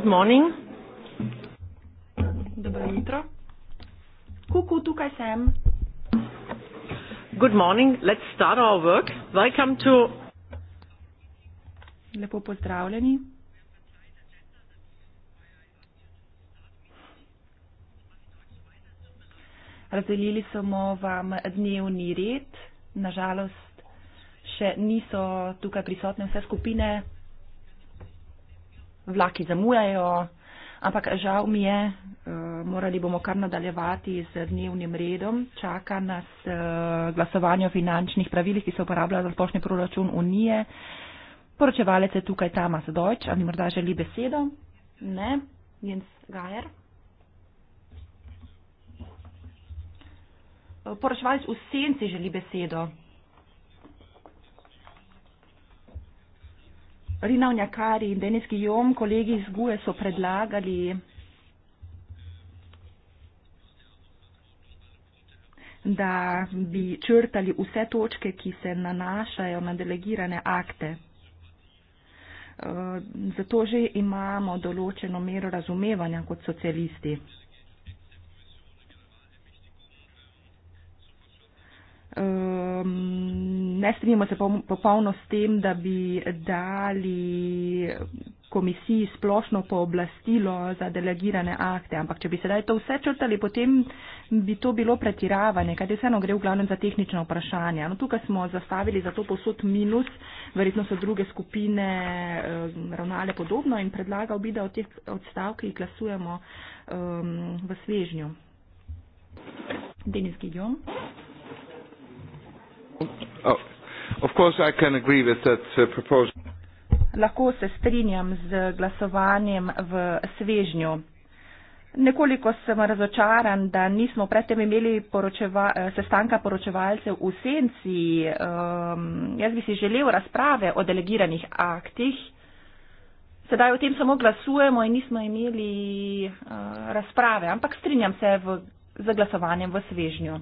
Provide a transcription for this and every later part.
Good morning. Dobro jutro. Kuku, tukaj sem. Good morning. Let's start our work. Welcome to. Lepo pozdravljeni. Razdelili smo vam dnevni red. Nažalost, še niso tukaj prisotne vse skupine, vlaki zamujajo, ampak žal mi je, eh, morali bomo kar nadaljevati z dnevnim redom. Čaka nas eh, glasovanje o finančnih pravilih, ki se uporabljajo za splošni proračun Unije. Poročevalec je tukaj Tamas Deutsch, ali morda želi besedo? Ne, Jens Gajer. Poročevalec v senci želi besedo. Rina Vnjakari in Denis Gijom, kolegi iz GUE, so predlagali da bi črtali vse točke, ki se nanašajo na delegirane akte. Zato že imamo določeno mero razumevanja kot socialisti. Um, ne strinjamo se popolno s tem, da bi dali komisiji splošno pooblastilo za delegirane akte, ampak če bi sedaj to vse črtali, potem bi to bilo pretiravanje, kajti vseeno gre v glavnem za tehnična vprašanja. No, tukaj smo zastavili za to posod minus, verjetno so druge skupine um, ravnale podobno in predlagal bi, da o teh odstavkih glasujemo um, v svežnju. Denis Gigion. Oh, uh, Lahko se strinjam z glasovanjem v svežnju. Nekoliko sem razočaran, da nismo predtem imeli poročeva, eh, sestanka poročevalcev v senci. Um, jaz bi si želel razprave o delegiranih aktih. Sedaj o tem samo glasujemo in nismo imeli uh, razprave, ampak strinjam se v, z glasovanjem v svežnju.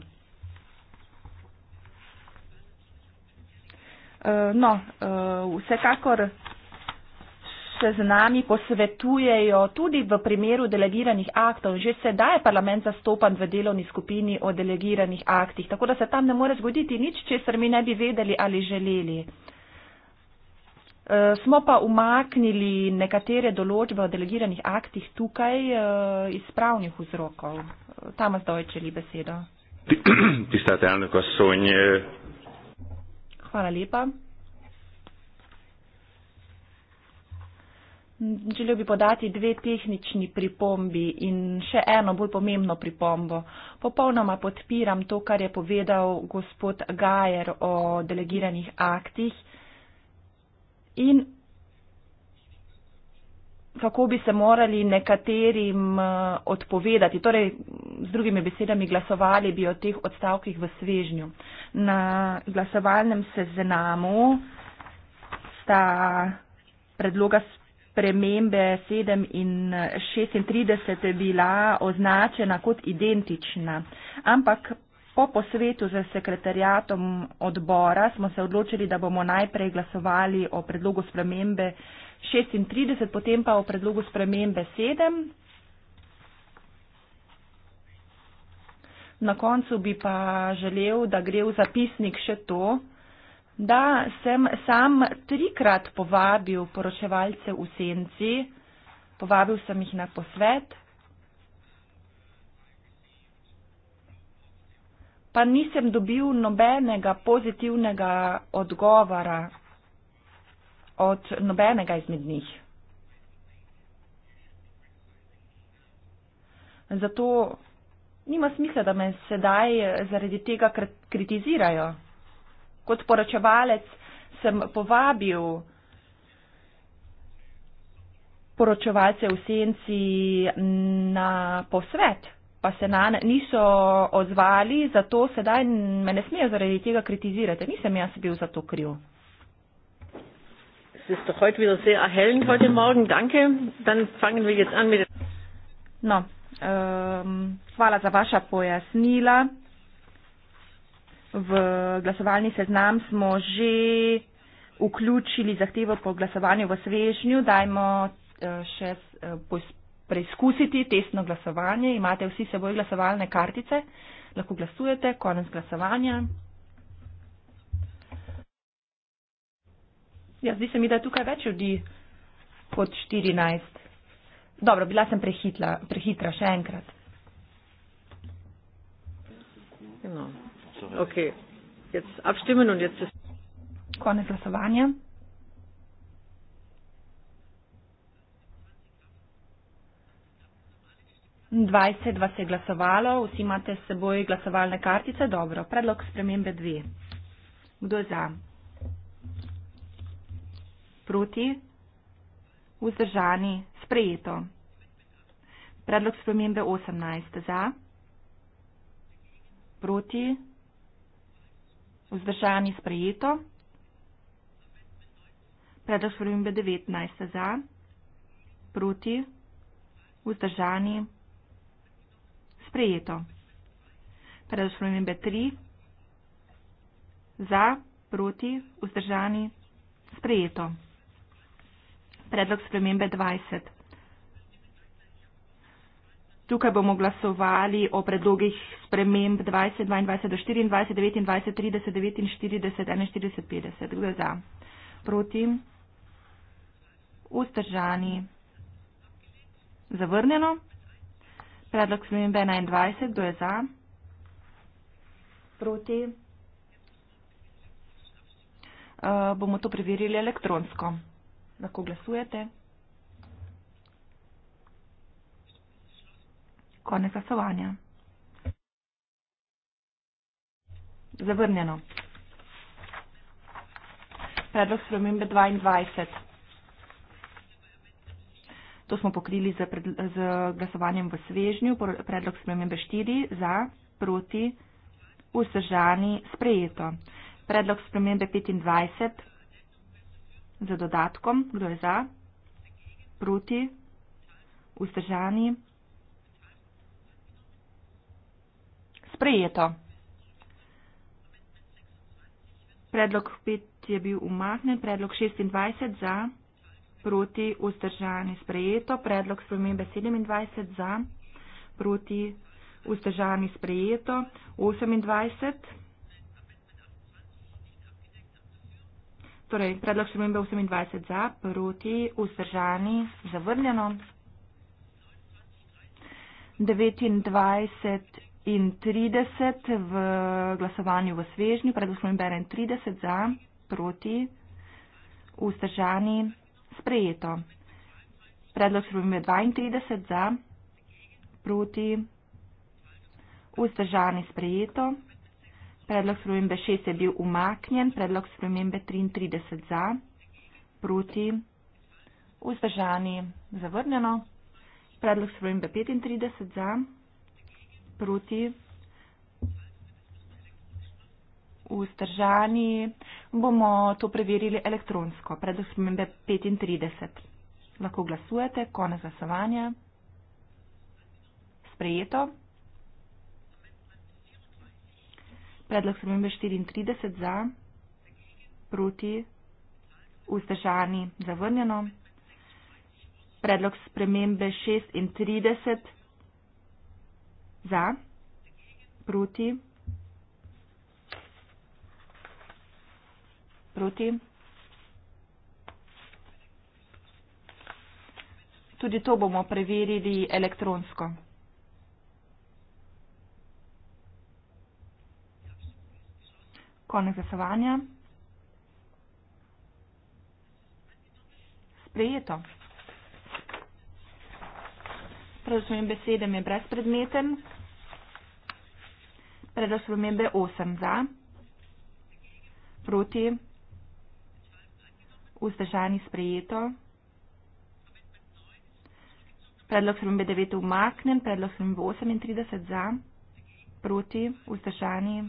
Eh, no, eh, vsekakor se z nami posvetujejo tudi v primeru delegiranih aktov. Že sedaj je parlament zastopan v delovni skupini o delegiranih aktih, tako da se tam ne more zgoditi nič, česar mi ne bi vedeli ali želeli. Eh, smo pa umaknili nekatere določbe o delegiranih aktih tukaj iz pravnih vzrokov. Tam zdaj očeli besedo. Tista tajna kosonje. Hvala lepa. Želel bi podati dve tehnični pripombi in še eno bolj pomembno pripombo. Popolnoma podpiram to, kar je povedal gospod Gajer o delegiranih aktih in kako bi se morali nekaterim eh, odpovedati, torej z drugimi besedami glasovali bi o teh odstavkih v svežnju. Na glasovalnem seznamu sta predloga spremembe 7 in 36 eh, bila označena kot identična, ampak po posvetu z sekretarjatom odbora smo se odločili, da bomo najprej glasovali o predlogu spremembe 36, potem pa o predlogu spremembe 7. Na koncu bi pa želel, da gre v zapisnik še to, da sem sam trikrat povabil poročevalce v senci, povabil sem jih na posvet, pa nisem dobil nobenega pozitivnega odgovora od nobenega izmed njih. Zato nima smisla, da me sedaj zaradi tega kritizirajo. Kot poročevalec sem povabil poročevalce v senci na posvet, pa se na ne niso odzvali, zato sedaj me ne smejo zaradi tega kritizirati. Nisem jaz bil za to kriv. Es ist doch heute wieder sehr erhellend heute Morgen. Danke. Dann fangen wir jetzt an mit. No. Ehm, hvala za vaša pojasnila. V glasovalni seznam smo že vključili zahtevo po glasovanju v svežnju. Dajmo e, še e, preizkusiti testno glasovanje. Imate vsi seboj glasovalne kartice, lahko glasujete, konec glasovanja. Ja, zdi se mi, da je tukaj več ljudi kot 14. Dobro, bila sem prehitla, prehitra, še enkrat. No. Okay. Konec glasovanja. Dvajset vas je glasovalo, vsi imate s seboj glasovalne kartice, dobro, predlog spremembe dve. Kdo je za? proti, vzdržani, sprejeto. Predlog spremembe 18 za, proti, vzdržani, sprejeto. Predlog spremembe 19 za, proti, vzdržani, sprejeto. Predlog spremembe 3 za, proti, vzdržani, sprejeto predlog spremembe 20. Tukaj bomo glasovali o predlogih sprememb 20, 22 do 24, 29, 30, 49, 41, 50. Kdo je za? Proti? Ustržani? Zavrnjeno? Predlog spremembe 21. Kdo je za? Proti? Uh, bomo to preverili elektronsko lahko glasujete. Konec glasovanja. Zavrnjeno. Predlog spremembe 22. To smo pokrili z, pred, z glasovanjem v svežnju. Predlog spremembe 4 za, proti, vzdržani, sprejeto. Predlog spremembe 25 Z dodatkom, kdo je za, proti, vzdržani. Sprejeto. Predlog 5 je bil umaknen, predlog 26 za, proti, vzdržani. Sprejeto. Predlog spremembe 27 za, proti, vzdržani. Sprejeto. 28. Torej, predlog spremembe 28 za, proti, vzdržani, zavrnjeno. 29 in 30 v glasovanju v svežnju, predlog spremembe 31 za, proti, vzdržani, sprejeto. Predlog spremembe 32 za, proti, vzdržani, sprejeto. Predlog spremembe 6 je bil umaknjen, predlog spremembe 33 za, proti, vzdržani, zavrnjeno. Predlog spremembe 35 za, proti, vzdržani. Bomo to preverili elektronsko. Predlog spremembe 35. Lahko glasujete, konec glasovanja. Sprejeto. predlog spremembe 34 za, proti, vzdržani, zavrnjeno. Predlog spremembe 36 za, proti, proti. Tudi to bomo preverili elektronsko. Konec glasovanja. Sprejeto. Predosvojen besedem je brezpredmeten. Predosvojen B8 za. Proti. Vzdržani sprejeto. Predlog sem B9 umaknen, predlog sem B38 za, proti, vzdržani.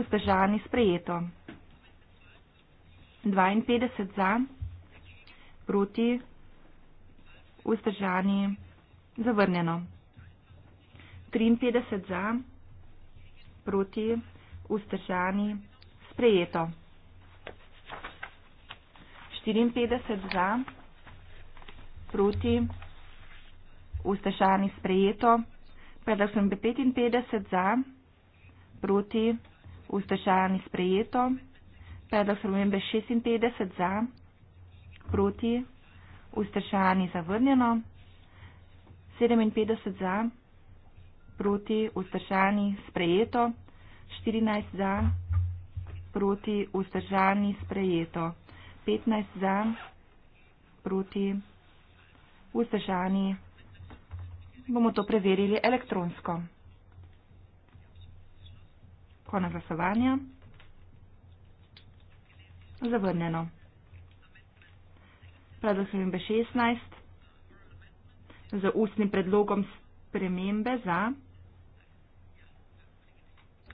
vzdržani sprejeto. 52 za, proti, vzdržani, zavrnjeno. 53 za, proti, vzdržani, sprejeto. 54 za, proti, vzdržani, sprejeto. Predlog sem 55 za, proti, vzdržani. Vzdržan je sprejeto. Predlog spremembe 56 za, proti, vzdržan je zavrnjeno. 57 za, proti, vzdržan je sprejeto. 14 za, proti, vzdržan je sprejeto. 15 za, proti, vzdržan je. Bomo to preverili elektronsko. Konec glasovanja. Zavrnjeno. Predlog sem imbe 16. Z ustnim predlogom spremembe za.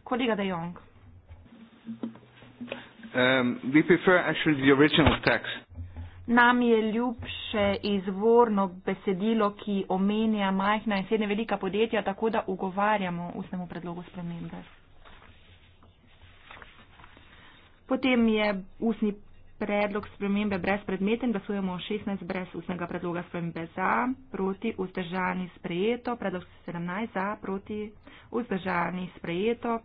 Kolega De Jong. Um, we prefer actually the original text. Nam je ljubše izvorno besedilo, ki omenja majhna in srednje velika podjetja, tako da ugovarjamo ustnemu predlogu spremembe. Potem je usni predlog spremembe brez predmeten, glasujemo 16 brez usnega predloga spremembe za, proti, vzdržani sprejeto, predlog 17 za, proti, vzdržani sprejeto,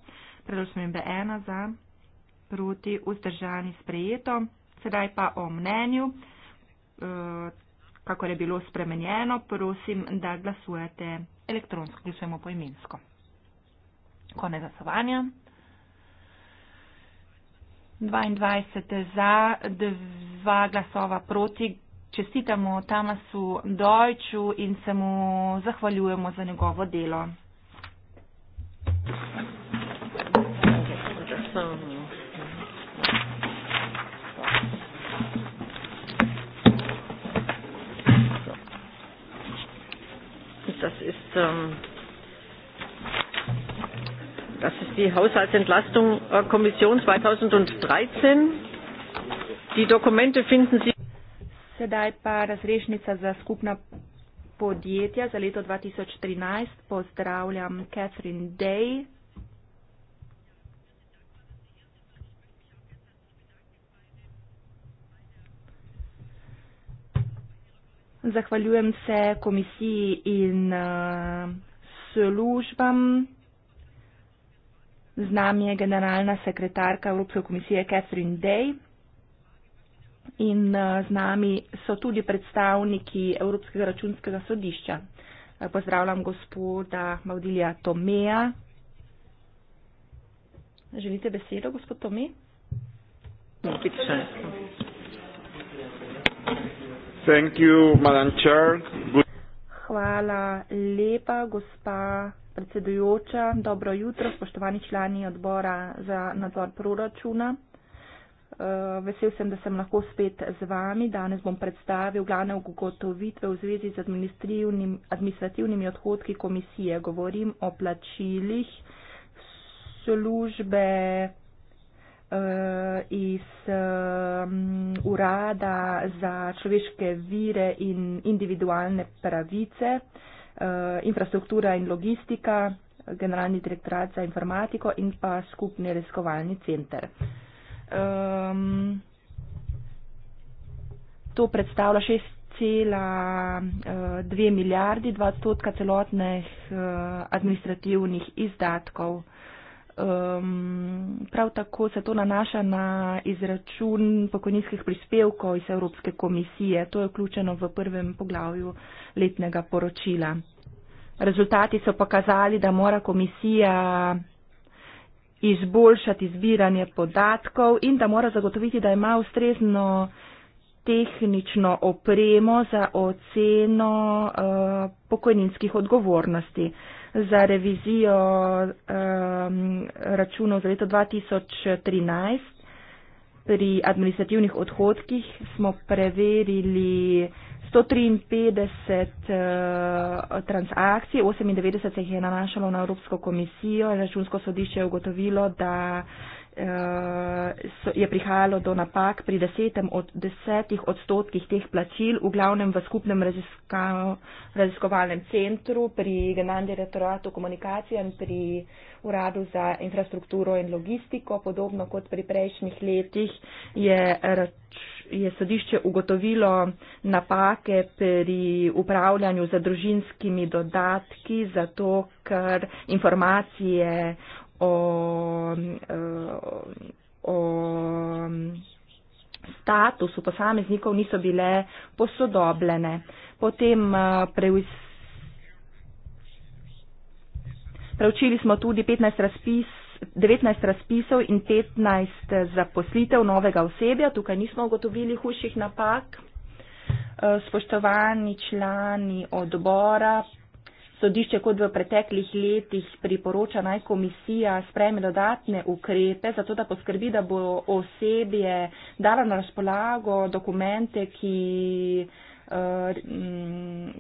predlog spremembe 1 za, proti, vzdržani sprejeto. Sedaj pa o mnenju, eh, kako je bilo spremenjeno, prosim, da glasujete elektronsko, glasujemo poimensko. Konec glasovanja. 22 za, 2 glasova proti. Čestitamo Tamasu Dojču in se mu zahvaljujemo za njegovo delo. Das ist ähm, Das ist die Haushaltsentlastung äh, Kommission 2013. Die Dokumente finden Sie. Sedaj pa razrešnica za skupna podjetja za leto 2013. Pozdravljam Catherine Day. Zahvaljujem se komisiji in uh, službam. Z nami je generalna sekretarka Evropske komisije Catherine Day in eh, z nami so tudi predstavniki Evropskega računskega sodišča. Eh, pozdravljam gospoda Maudilija Tomeja. Želite besedo, gospod Tome? Hvala lepa, gospa predsedujoča, dobro jutro, spoštovani člani odbora za nadzor proračuna. Eh, vesel sem, da sem lahko spet z vami. Danes bom predstavil glavne ugotovitve v zvezi z administrativnimi odhodki komisije. Govorim o plačilih službe eh, iz eh, urada za človeške vire in individualne pravice. Eh, infrastruktura in logistika, generalni direktorat za informatiko in pa skupni reskovalni center. Um, to predstavlja 6,2 eh, milijardi, 2 odstotka celotnih eh, administrativnih izdatkov. Um, prav tako se to nanaša na izračun pokojninskih prispevkov iz Evropske komisije. To je vključeno v prvem poglavju letnega poročila. Rezultati so pokazali, da mora komisija izboljšati zbiranje podatkov in da mora zagotoviti, da ima ustrezno tehnično opremo za oceno uh, pokojninskih odgovornosti. Uh, za revizijo um, računov za leto 2013. Pri administrativnih odhodkih smo preverili 153 uh, eh, transakcij, 98 se jih je nanašalo na Evropsko komisijo in računsko sodišče je ugotovilo, da uh, Eh, je prihajalo do napak pri desetem od desetih odstotkih teh plačil, v glavnem v skupnem raziska, raziskovalnem centru pri Generalnem direktoratu komunikacije in pri Uradu za infrastrukturo in logistiko. Podobno kot pri prejšnjih letih je, je sodišče ugotovilo napake pri upravljanju za družinskimi dodatki, zato ker informacije Eh, o, o statusu posameznikov niso bile posodobljene. Potem eh, preučili smo tudi 15 razpis. 19 razpisov in 15 zaposlitev novega osebja. Tukaj nismo ugotovili hujših napak. Eh, spoštovani člani odbora, Sodišče kot v preteklih letih priporoča naj komisija sprejme dodatne ukrepe, zato da poskrbi, da bo osebje dala na razpolago dokumente, ki, eh,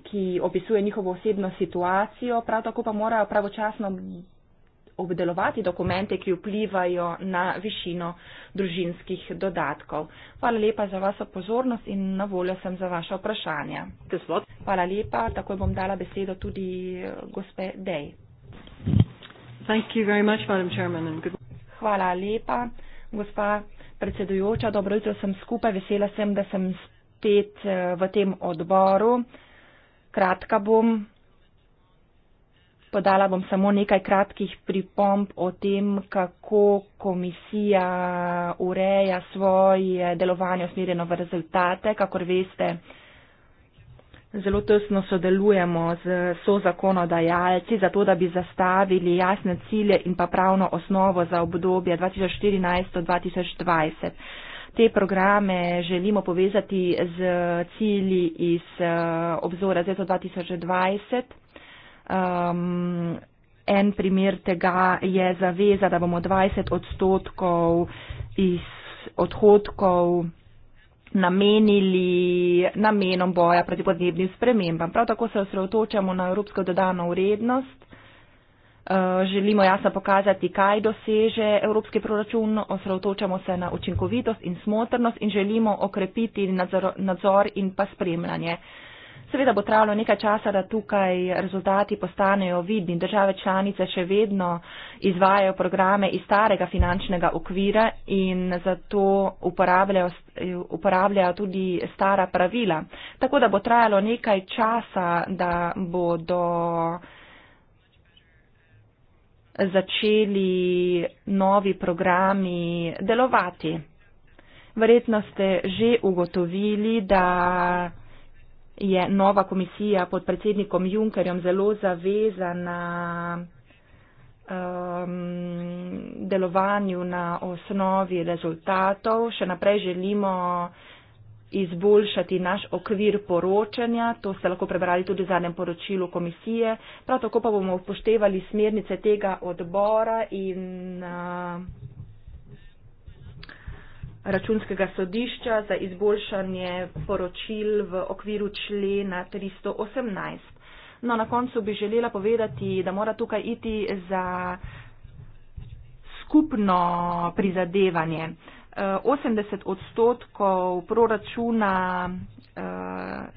ki opisuje njihovo osebno situacijo, prav tako pa morajo pravočasno obdelovati dokumente, ki vplivajo na višino družinskih dodatkov. Hvala lepa za vašo pozornost in na voljo sem za vaše vprašanje. Hvala lepa, takoj bom dala besedo tudi eh, gospe Dej. Much, good... Hvala lepa, gospa predsedujoča, dobro jutro sem skupaj, vesela sem, da sem spet eh, v tem odboru. Kratka bom. Podala bom samo nekaj kratkih pripomb o tem, kako komisija ureja svoje delovanje osmerjeno v rezultate. Kakor veste, zelo tesno sodelujemo z sozakonodajalci, zato da bi zastavili jasne cilje in pa pravno osnovo za obdobje 2014-2020. Te programe želimo povezati z cilji iz obzora ZETO 2020. Um, en primer tega je zaveza, da bomo 20 odstotkov iz odhodkov namenili namenom boja proti podnebnim spremembam. Prav tako se osredotočamo na evropsko dodano vrednost. Uh, želimo jasno pokazati, kaj doseže evropski proračun, osredotočamo se na učinkovitost in smotrnost in želimo okrepiti nadzor in pa spremljanje. Seveda bo trajalo nekaj časa, da tukaj rezultati postanejo vidni. Države članice še vedno izvajajo programe iz starega finančnega okvira in zato uporabljajo, uporabljajo tudi stara pravila. Tako da bo trajalo nekaj časa, da bodo začeli novi programi delovati. Verjetno ste že ugotovili, da je nova komisija pod predsednikom Junkerjem zelo zavezana um, delovanju na osnovi rezultatov. Še naprej želimo izboljšati naš okvir poročanja, to ste lahko prebrali tudi v zadnjem poročilu komisije. Prav tako pa bomo upoštevali smernice tega odbora in. Uh, računskega sodišča za izboljšanje poročil v okviru člena 318. No, na koncu bi želela povedati, da mora tukaj iti za skupno prizadevanje. 80 eh, odstotkov proračuna eh,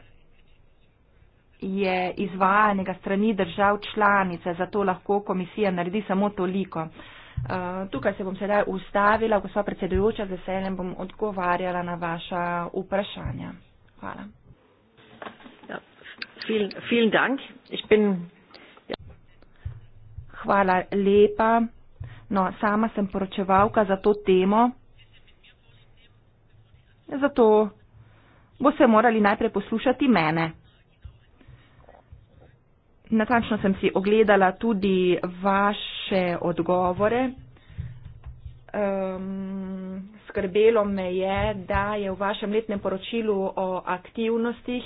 je izvajanega strani držav članice, zato lahko komisija naredi samo toliko. Eh, tukaj se bom sedaj ustavila, gospod predsedujoča, z veseljem bom odgovarjala na vaša vprašanja. Hvala. Ja, ja. Hvala lepa. No, sama sem poročevalka za to temo. Zato bo se morali najprej poslušati mene. Natančno sem si ogledala tudi vaš vaše odgovore. Um, skrbelo me je, da je v vašem letnem poročilu o aktivnostih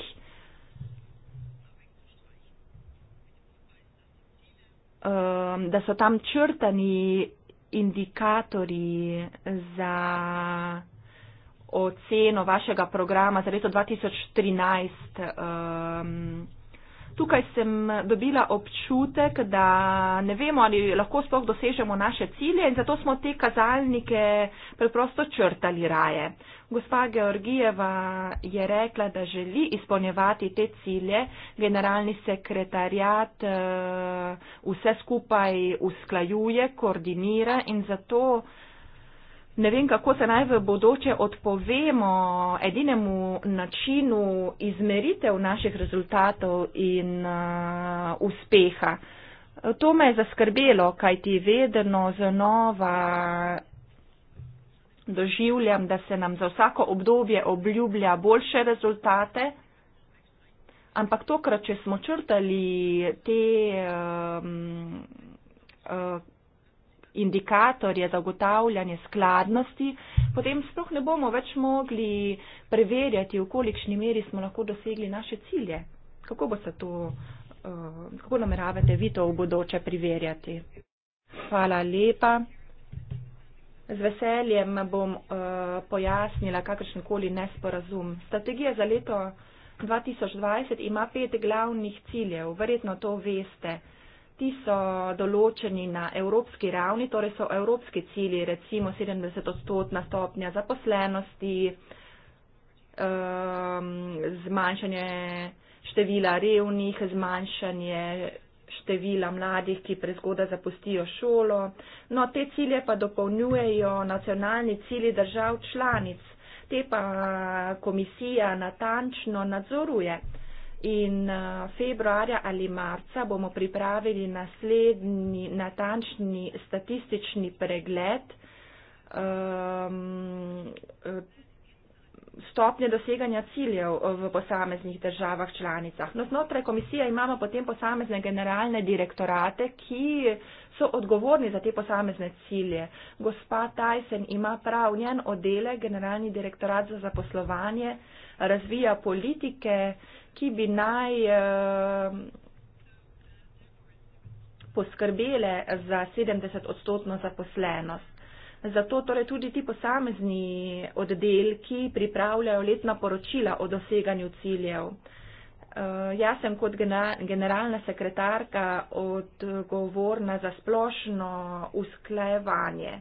da so tam črtani indikatorji za oceno vašega programa za leto 2013. Tukaj sem dobila občutek, da ne vemo, ali lahko sploh dosežemo naše cilje in zato smo te kazalnike preprosto črtali raje. Gospa Georgijeva je rekla, da želi izpolnjevati te cilje, generalni sekretarjat eh, vse skupaj usklajuje, koordinira in zato ne vem, kako se naj v bodoče odpovemo edinemu načinu izmeritev naših rezultatov in uh, uspeha. To me je zaskrbelo, kaj ti vedno znova doživljam, da se nam za vsako obdobje obljublja boljše rezultate, ampak tokrat, če smo črtali te um, uh, indikatorje za ugotavljanje skladnosti, potem sploh ne bomo več mogli preverjati, v kolikšni meri smo lahko dosegli naše cilje. Kako bo se to, eh, kako nameravate vi to v bodoče preverjati? Hvala lepa. Z veseljem bom eh, pojasnila kakršen koli nesporazum. Strategija za leto 2020 ima pet glavnih ciljev, verjetno to veste ti so določeni na evropski ravni, torej so evropski cilji, recimo 70 odstotna stopnja zaposlenosti, um, zmanjšanje števila revnih, zmanjšanje števila mladih, ki prezgoda zapustijo šolo. No, te cilje pa dopolnjujejo nacionalni cilji držav članic, te pa komisija natančno nadzoruje in eh, februarja ali marca bomo pripravili naslednji natančni statistični pregled. Um, stopnje doseganja ciljev eh, v posameznih državah članicah. No, znotraj komisije imamo potem posamezne generalne direktorate, ki so odgovorni za te posamezne cilje. Gospa Tyson ima prav njen oddelek, generalni direktorat za zaposlovanje, razvija politike, ki bi naj eh, poskrbele za 70-odstotno zaposlenost. Zato torej tudi ti posamezni oddelki pripravljajo letna poročila o doseganju ciljev. Eh, jaz sem kot generalna sekretarka odgovorna za splošno usklajevanje.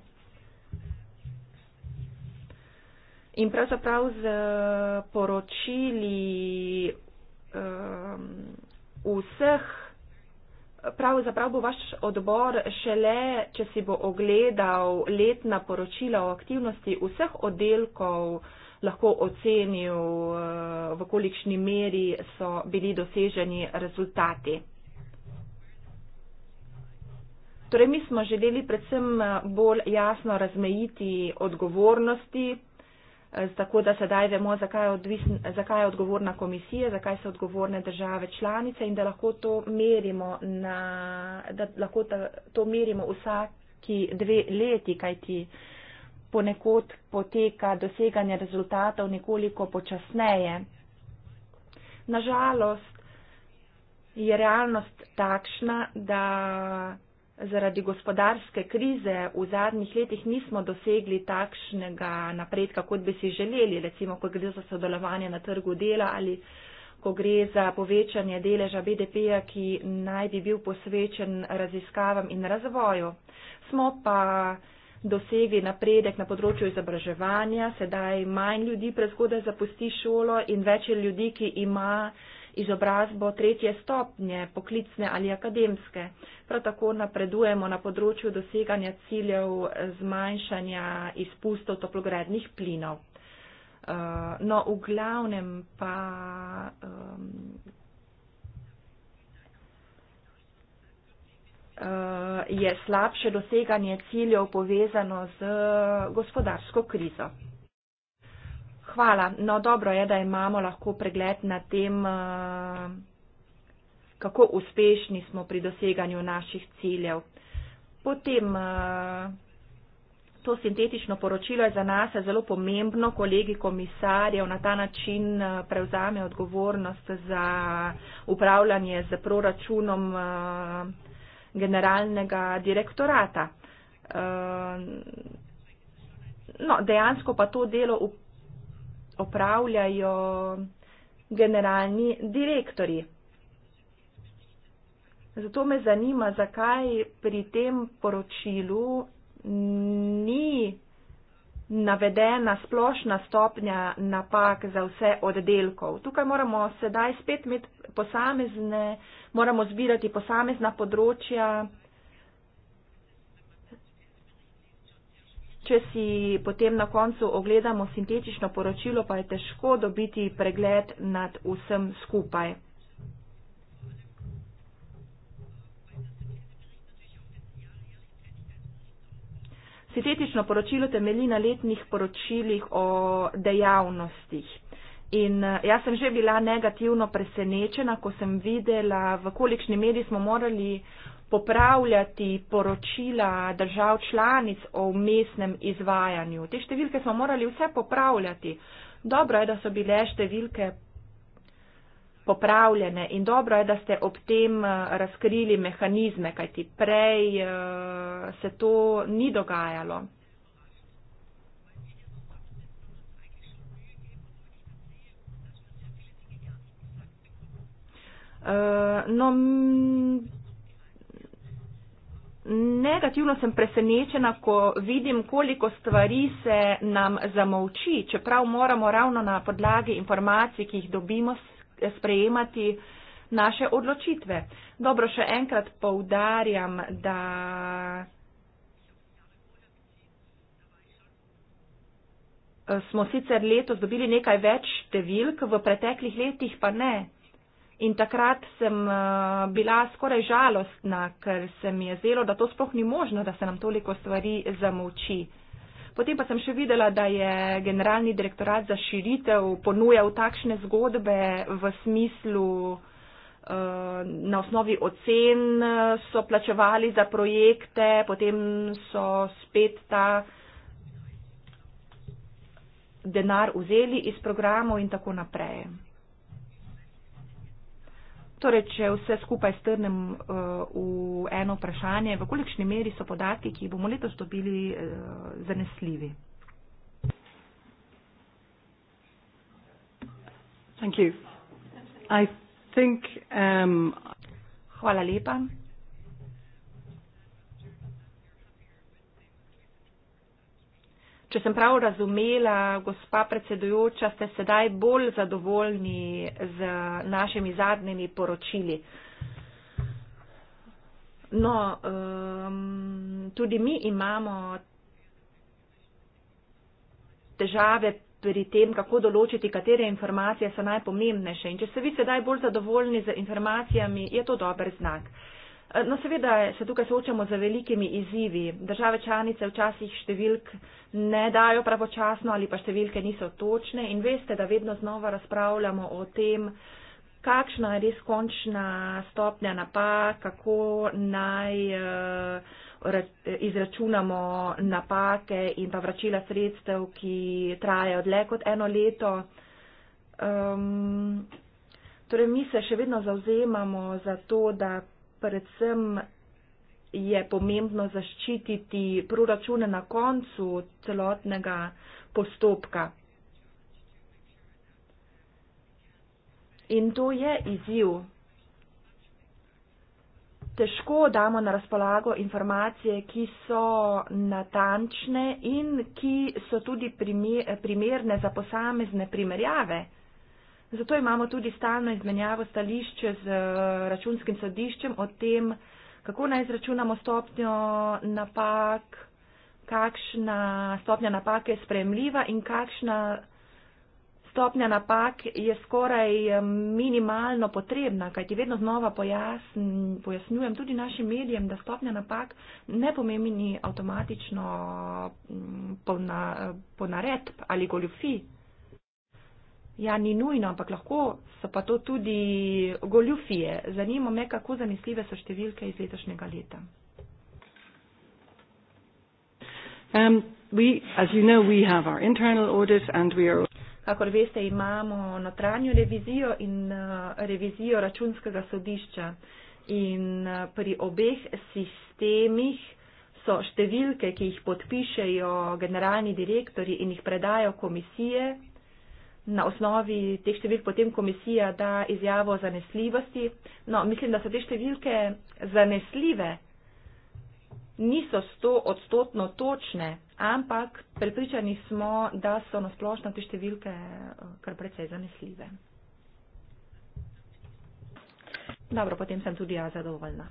In pravzaprav z eh, poročili um, vseh pravzaprav bo vaš odbor šele, če si bo ogledal letna poročila o aktivnosti vseh oddelkov, lahko ocenil, eh, v kolikšni meri so bili doseženi rezultati. Torej, mi smo želeli predvsem eh, bolj jasno razmejiti odgovornosti tako da sedaj vemo, zakaj je, odvisn, zakaj je odgovorna komisija, zakaj so odgovorne države članice in da lahko to merimo, na, da lahko ta, to merimo vsaki dve leti, kajti ponekod poteka doseganje rezultatov nekoliko počasneje. Nažalost je realnost takšna, da zaradi gospodarske krize v zadnjih letih nismo dosegli takšnega napredka, kot bi si želeli, recimo, ko gre za sodelovanje na trgu dela ali ko gre za povečanje deleža BDP-ja, ki naj bi bil posvečen raziskavam in razvoju. Smo pa dosegli napredek na področju izobraževanja, sedaj manj ljudi prezgodaj zapusti šolo in več ljudi, ki ima izobrazbo tretje stopnje, poklicne ali akademske. Prav tako napredujemo na področju doseganja ciljev zmanjšanja izpustov toplogrednih plinov. Eh, no, v glavnem pa. Eh, je slabše doseganje ciljev povezano z gospodarsko krizo. Hvala. No, dobro je, da imamo lahko pregled na tem, eh, kako uspešni smo pri doseganju naših ciljev. Potem eh, to sintetično poročilo je za nas zelo pomembno, kolegi komisarjev na ta način eh, prevzame odgovornost za upravljanje z proračunom generalnega direktorata. No, dejansko pa to delo upravljamo opravljajo generalni direktori. Zato me zanima, zakaj pri tem poročilu ni navedena splošna stopnja napak za vse oddelkov. Tukaj moramo sedaj spet imeti posamezne, moramo zbirati posamezna področja. če si potem na koncu ogledamo sintetično poročilo, pa je težko dobiti pregled nad vsem skupaj. Sintetično poročilo temelji na letnih poročilih o dejavnostih. In eh, jaz sem že bila negativno presenečena, ko sem videla, v kolikšni meri smo morali popravljati poročila držav članic o mestnem izvajanju. Te številke smo morali vse popravljati. Dobro je, da so bile številke popravljene in dobro je, da ste ob tem eh, razkrili mehanizme, kajti prej eh, se to ni dogajalo. Eh, no, negativno sem presenečena, ko vidim, koliko stvari se nam zamovči, čeprav moramo ravno na podlagi informacij, ki jih dobimo, sprejemati naše odločitve. Dobro, še enkrat poudarjam, da. Smo sicer letos dobili nekaj več številk, v preteklih letih pa ne. In takrat sem eh, bila skoraj žalostna, ker se mi je zelo, da to sploh ni možno, da se nam toliko stvari zamoči. Potem pa sem še videla, da je generalni direktorat za širitev ponujal takšne zgodbe v smislu eh, na osnovi ocen, eh, so plačevali za projekte, potem so spet ta denar vzeli iz programov in tako naprej. Torej, če vse skupaj strnem uh, v eno vprašanje, v kolikšni meri so podatki, ki bomo letos dobili, uh, zanesljivi? Um, Hvala lepa. Če sem prav razumela, gospa predsedujoča, ste sedaj bolj zadovoljni z našimi zadnjimi poročili. No, um, tudi mi imamo težave pri tem, kako določiti, katere informacije so najpomembnejše. In če ste vi sedaj bolj zadovoljni z informacijami, je to dober znak. Uh, Eh, no, seveda se tukaj soočamo z velikimi izzivi. Države članice včasih številk ne dajo pravočasno ali pa številke niso točne in veste, da vedno znova razpravljamo o tem, kakšna je res končna stopnja napak, kako naj eh, izračunamo napake in pa vračila sredstev, ki trajajo dlje kot eno leto. Um, torej, mi se še vedno zauzemamo za to, da predvsem je pomembno zaščititi proračune na koncu celotnega postopka. In to je izziv. Težko damo na razpolago informacije, ki so natančne in ki so tudi primerne za posamezne primerjave. Zato imamo tudi stalno izmenjavo stališče z eh, računskim sodiščem o tem, kako naj izračunamo stopnjo napak, kakšna stopnja napake je spremljiva in kakšna stopnja napak je skoraj eh, minimalno potrebna, kajti vedno znova pojasn, pojasnjujem tudi našim medijem, da stopnja napak ne pomeni avtomatično mm, ponaredb po ali goljufi. Ja, ni nujno, ampak lahko so pa to tudi goljufije. Zanima me, kako zanesljive so številke iz letošnjega leta. Um, we, as you know, we have our internal audit and we are. Kakor veste, imamo notranjo revizijo in uh, revizijo računskega sodišča. In uh, pri obeh sistemih so številke, ki jih podpišejo generalni direktori in jih predajo komisije, na osnovi teh številk potem komisija da izjavo o zanesljivosti. No, mislim, da so te številke zanesljive, niso sto odstotno točne, ampak prepričani smo, da so na splošno te številke eh, kar precej zanesljive. Dobro, potem sem tudi jaz zadovoljna.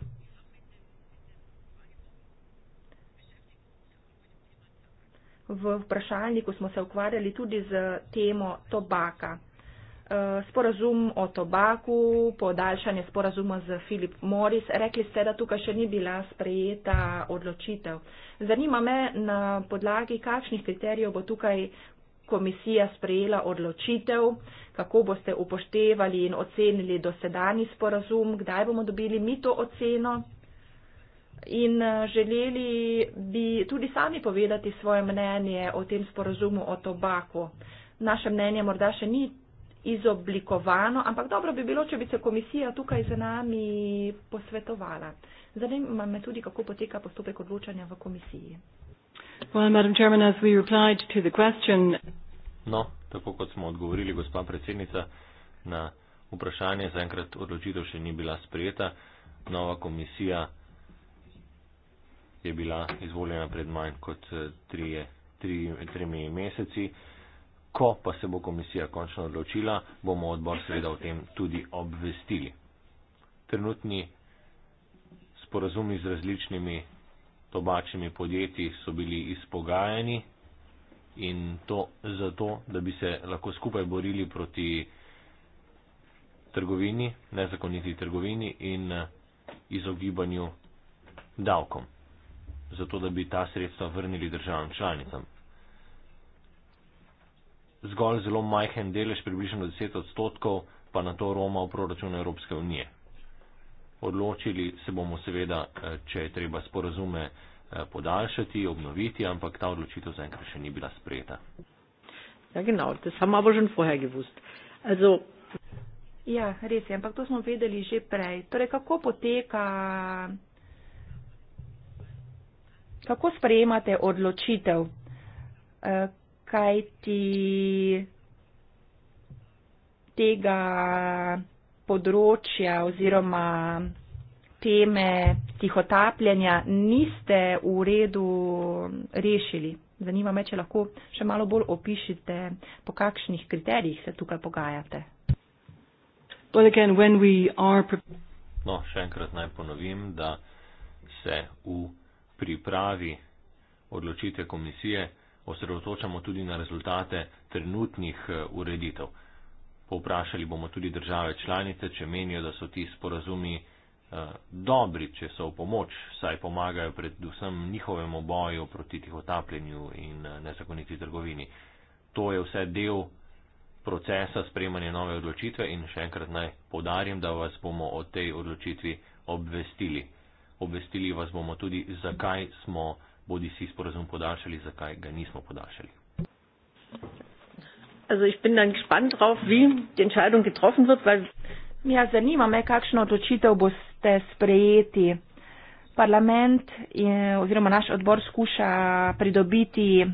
v vprašalniku smo se ukvarjali tudi z temo tobaka. Eh, sporazum o tobaku, podaljšanje sporazuma z Filip Moris, rekli ste, da tukaj še ni bila sprejeta odločitev. Zanima me, na podlagi kakšnih kriterijev bo tukaj komisija sprejela odločitev, kako boste upoštevali in ocenili dosedani sporazum, kdaj bomo dobili mi to oceno in eh, želeli bi tudi sami povedati svoje mnenje o tem sporazumu o tobaku. Naše mnenje morda še ni izoblikovano, ampak dobro bi bilo, če bi se komisija tukaj z nami posvetovala. Zanima me tudi, kako poteka postopek odločanja v komisiji. Well, Chairman, no, tako kot smo odgovorili, gospa predsednica, na vprašanje zaenkrat odločitev še ni bila sprejeta. Nova komisija je bila izvoljena pred manj kot eh, trije, tri, tremi meseci. Ko pa se bo komisija končno odločila, bomo odbor seveda o tem tudi obvestili. Trenutni sporazumi z različnimi tobačnimi podjetji so bili izpogajani in to zato, da bi se lahko skupaj borili proti trgovini, nezakoniti trgovini in eh, izogibanju davkom zato da bi ta sredstva vrnili državam članicam. Zgolj zelo majhen delež, približno 10 odstotkov, pa na to Roma v proračun Evropske unije. Odločili se bomo seveda, eh, če je treba sporazume eh, podaljšati, obnoviti, ampak ta odločitev zaenkrat še ni bila sprejeta. Ja, genau, das haben wir aber schon vorher gewusst. Also, ja, res je, ampak to smo vedeli že prej. Torej, kako poteka kako sprejemate odločitev, eh, kaj ti tega področja oziroma teme tihotapljenja niste v redu rešili. Zanima me, če lahko še malo bolj opišite, po kakšnih kriterijih se tukaj pogajate. No, še enkrat naj ponovim, da se v pripravi odločitve komisije osredotočamo tudi na rezultate trenutnih eh, ureditev. Povprašali bomo tudi države članice, če menijo, da so ti sporazumi eh, dobri, če so v pomoč, saj pomagajo predvsem njihovemu boju proti tihotapljenju in eh, nezakoniti trgovini. To je vse del procesa spremanja nove odločitve in še enkrat naj podarim, da vas bomo o tej odločitvi obvestili obvestili vas bomo tudi, zakaj smo bodi si sporazum podaljšali, zakaj ga nismo podaljšali. Ja, zanima me, kakšno odločitev boste sprejeti. Parlament je, oziroma naš odbor skuša pridobiti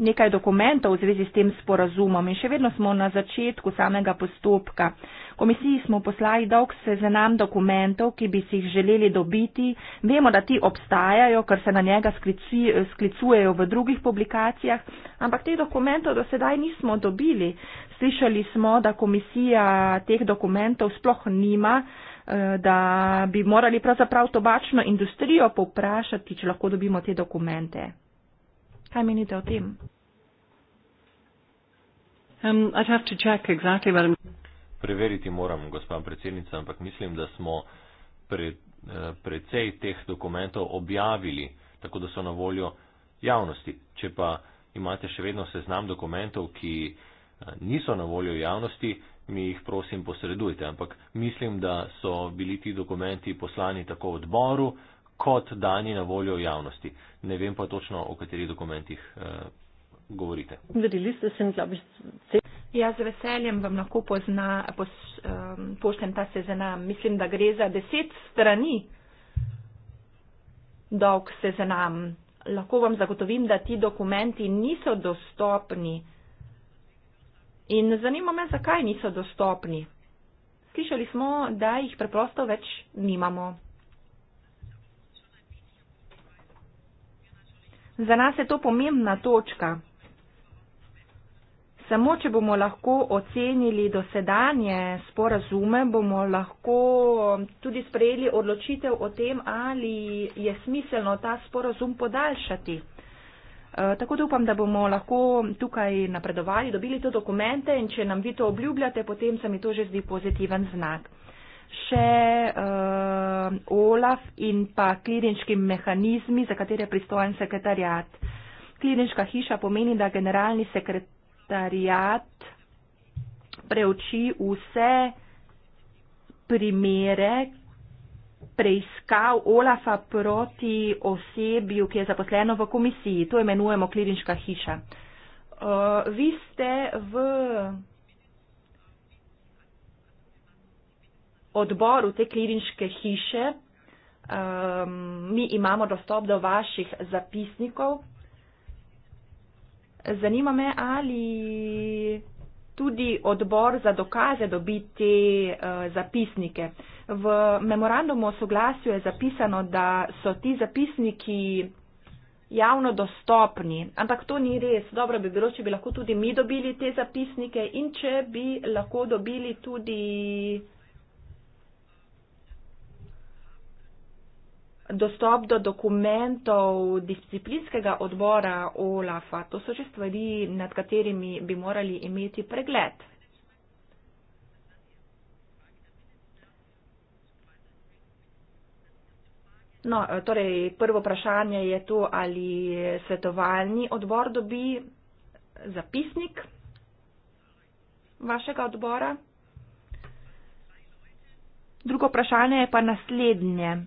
nekaj dokumentov v zvezi s tem sporazumom in še vedno smo na začetku samega postopka. Komisiji smo poslali dolg seznam dokumentov, ki bi si jih želeli dobiti. Vemo, da ti obstajajo, ker se na njega sklicujejo v drugih publikacijah, ampak teh dokumentov do sedaj nismo dobili. Slišali smo, da komisija teh dokumentov sploh nima eh, da bi morali pravzaprav tobačno industrijo poprašati, če lahko dobimo te dokumente. Kaj menite o tem? Um, Preveriti moram, gospod predsednica, ampak mislim, da smo pre, eh, precej teh dokumentov objavili, tako da so na voljo javnosti. Če pa imate še vedno seznam dokumentov, ki eh, niso na voljo javnosti, mi jih prosim posredujte. Ampak mislim, da so bili ti dokumenti poslani tako odboru, kot dani na voljo javnosti. Ne vem pa točno, o katerih dokumentih eh, govorite. Ja, z veseljem vam lahko pozna, pos, eh, poštem ta seznam. Mislim, da gre za deset strani dolg seznam. Lahko vam zagotovim, da ti dokumenti niso dostopni. In zanima me, zakaj niso dostopni. Slišali smo, da jih preprosto več nimamo. Za nas je to pomembna točka. Samo, če bomo lahko ocenili dosedanje sporazume, bomo lahko um, tudi sprejeli odločitev o tem, ali je smiselno ta sporazum podaljšati. E, tako da upam, da bomo lahko tukaj napredovali, dobili to dokumente in če nam vi to obljubljate, potem se mi to že zdi pozitiven znak še uh, OLAF in pa klinički mehanizmi, za katere je pristojen sekretarjat. Klinička hiša pomeni, da generalni sekretarjat preuči vse primere preiskav OLAFA proti osebju, ki je zaposleno v komisiji. To imenujemo klinička hiša. Uh, vi ste v. odboru te kliniške hiše um, mi imamo dostop do vaših zapisnikov. Zanima me, ali tudi odbor za dokaze dobi te uh, zapisnike. V memorandumu o soglasju je zapisano, da so ti zapisniki javno dostopni, ampak to ni res. Dobro bi bilo, če bi lahko tudi mi dobili te zapisnike in če bi lahko dobili tudi. dostop do dokumentov disciplinskega odbora OLAFA. To so že stvari, nad katerimi bi morali imeti pregled. No, torej, prvo vprašanje je to, ali svetovalni odbor dobi zapisnik vašega odbora. Drugo vprašanje je pa naslednje.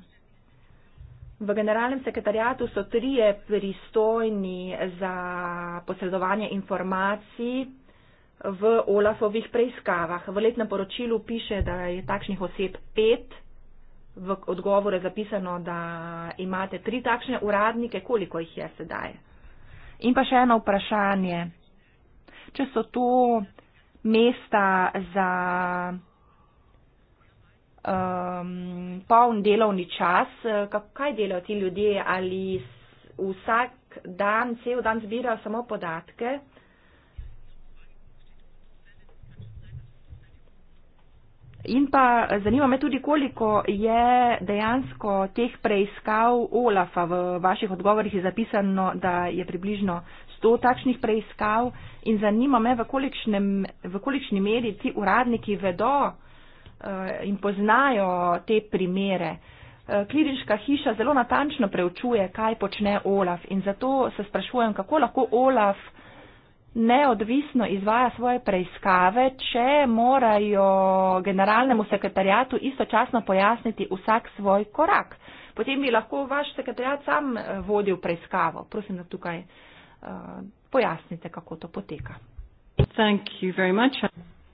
V generalnem sekretarjatu so trije pristojni za posredovanje informacij v Olafovih preiskavah. V letnem poročilu piše, da je takšnih oseb pet. V odgovore je zapisano, da imate tri takšne uradnike, koliko jih je sedaj. In pa še eno vprašanje. Če so to mesta za um, poln delovni čas. Kaj delajo ti ljudje? Ali vsak dan, cel dan zbirajo samo podatke? In pa zanima me tudi, koliko je dejansko teh preiskav Olafa v vaših odgovorih je zapisano, da je približno 100 takšnih preiskav. In zanima me, v, v kolikšni meri ti uradniki vedo, Eh, in poznajo te primere. Eh, Kliriška hiša zelo natančno preučuje, kaj počne Olaf in zato se sprašujem, kako lahko Olaf neodvisno izvaja svoje preiskave, če morajo generalnemu sekretarjatu istočasno pojasniti vsak svoj korak. Potem bi lahko vaš sekretarjat sam eh, vodil preiskavo. Prosim, da tukaj pojasnite, kako to poteka.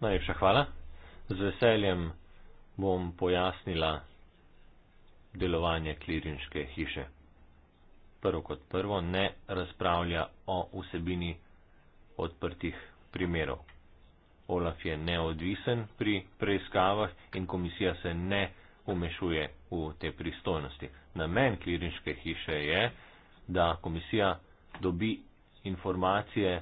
Najlepša hvala. Z veseljem bom pojasnila delovanje klirinške hiše. Prvo kot prvo ne razpravlja o vsebini odprtih primerov. Olaf je neodvisen pri preiskavah in komisija se ne umešuje v te pristojnosti. Namen klirinške hiše je, da komisija dobi informacije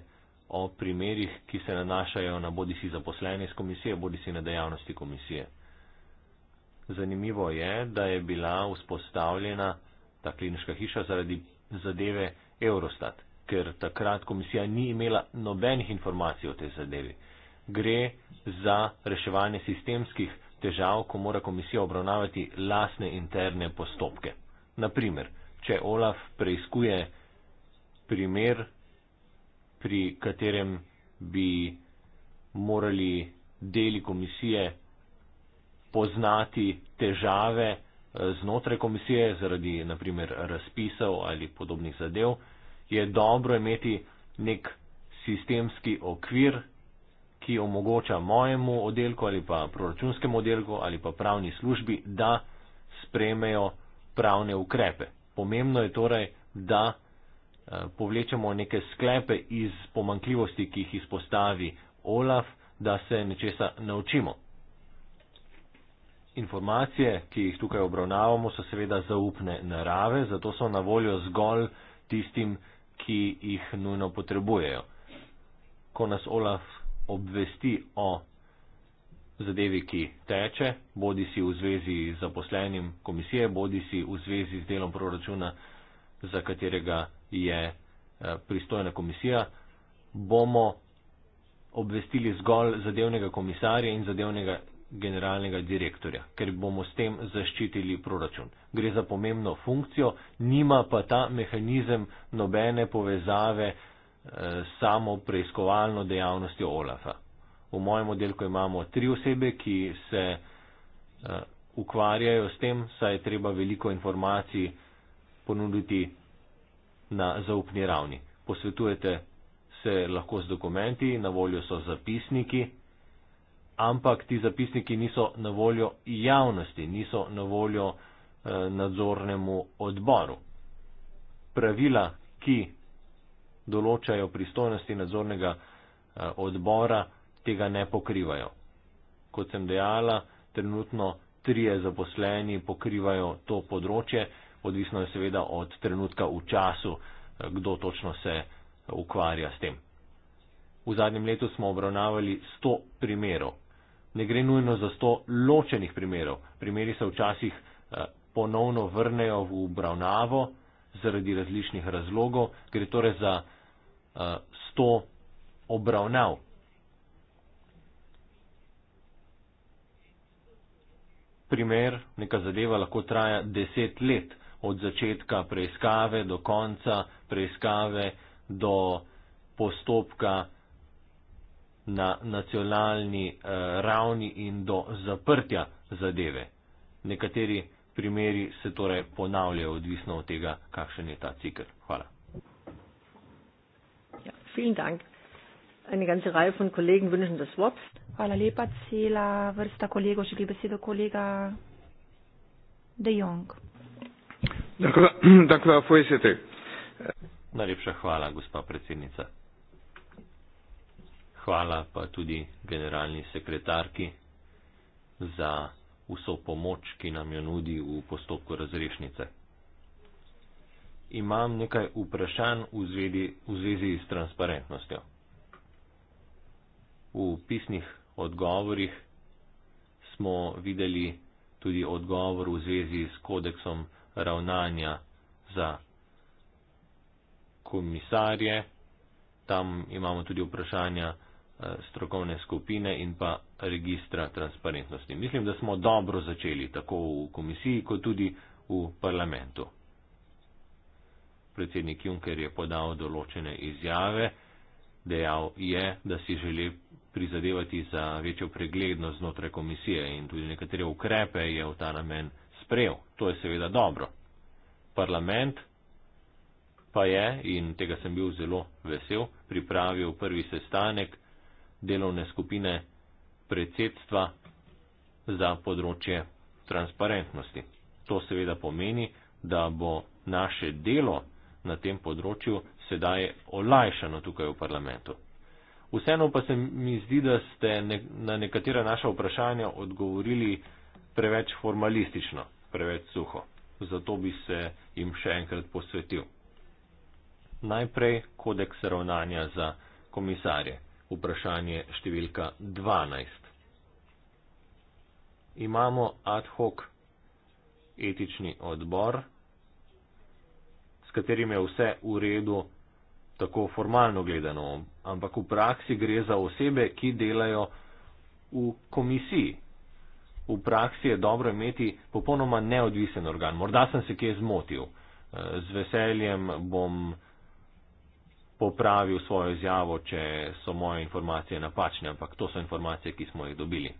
o primerih, ki se nanašajo na bodi si zaposlene iz komisije, bodi si na dejavnosti komisije. Zanimivo je, da je bila vzpostavljena ta klinična hiša zaradi zadeve Eurostat, ker takrat komisija ni imela nobenih informacij o tej zadevi. Gre za reševanje sistemskih težav, ko mora komisija obravnavati lasne interne postopke. Naprimer, če Olaf preizkuje primer, pri katerem bi morali deli komisije poznati težave eh, znotraj komisije zaradi naprimer razpisov ali podobnih zadev, je dobro imeti nek sistemski okvir, ki omogoča mojemu oddelku ali pa proračunskemu oddelku ali pa pravni službi, da spremejo pravne ukrepe. Pomembno je torej, da eh, povlečemo neke sklepe iz pomankljivosti, ki jih izpostavi Olaf, da se nečesa naučimo. Informacije, ki jih tukaj obravnavamo, so seveda zaupne narave, zato so na voljo zgolj tistim, ki jih nujno potrebujejo. Ko nas Olaf obvesti o zadevi, ki teče, bodi si v zvezi z zaposlenim komisije, bodi si v zvezi z delom proračuna, za katerega je eh, pristojna komisija, bomo obvestili zgolj zadevnega komisarja in zadevnega generalnega direktorja, ker bomo s tem zaščitili proračun. Gre za pomembno funkcijo, nima pa ta mehanizem nobene povezave eh, s samo preiskovalno dejavnostjo OLAF-a. V mojem oddelku imamo tri osebe, ki se eh, ukvarjajo s tem, saj je treba veliko informacij ponuditi na zaupni ravni. Posvetujete se lahko z dokumenti, na voljo so zapisniki, ampak ti zapisniki niso na voljo javnosti, niso na voljo eh, nadzornemu odboru. Pravila, ki določajo pristojnosti nadzornega eh, odbora, tega ne pokrivajo. Kot sem dejala, trenutno trije zaposleni pokrivajo to področje, odvisno je seveda od trenutka v času, eh, kdo točno se eh, ukvarja s tem. V zadnjem letu smo obravnavali 100 primerov ne gre nujno za sto ločenih primerov. Primeri se včasih eh, ponovno vrnejo v obravnavo zaradi različnih razlogov, gre torej za eh, sto obravnav. Primer, neka zadeva lahko traja deset let od začetka preiskave do konca preiskave do postopka na nacionalni eh, ravni in do zaprtja zadeve. Nekateri primeri se torej ponavljajo, odvisno od tega, kakšen je ta cikl. Hvala. Ja, Hvala lepa, cela vrsta kolegov želi besedo, kolega De Jong. Dakle, dakle, Najlepša hvala, gospa predsednica hvala pa tudi generalni sekretarki za vso pomoč, ki nam jo nudi v postopku razrešnice. Imam nekaj vprašanj v zvezi, v zvezi s transparentnostjo. V pisnih odgovorih smo videli tudi odgovor v zvezi s kodeksom ravnanja za komisarje. Tam imamo tudi vprašanja, Eh, strokovne skupine in pa registra transparentnosti. Mislim, da smo dobro začeli, tako v komisiji, kot tudi v parlamentu. Predsednik Juncker je podal določene izjave, dejal je, da si želi prizadevati za večjo preglednost znotraj komisije in tudi nekatere ukrepe je v ta namen sprejel. To je seveda dobro. Parlament pa je, in tega sem bil zelo vesel, pripravil prvi sestanek delovne skupine predsedstva za področje transparentnosti. To seveda pomeni, da bo naše delo na tem področju sedaj olajšano tukaj v parlamentu. Vseeno pa se mi zdi, da ste na nekatera naša vprašanja odgovorili preveč formalistično, preveč suho. Zato bi se jim še enkrat posvetil. Najprej kodeks ravnanja za komisarje vprašanje številka 12. Imamo ad hoc etični odbor, s katerim je vse v redu, tako formalno gledano, ampak v praksi gre za osebe, ki delajo v komisiji. V praksi je dobro imeti popolnoma neodvisen organ. Morda sem se kje zmotil. Z veseljem bom popravil svojo izjavo, če so moje informacije napačne, ampak to so informacije, ki smo jih dobili.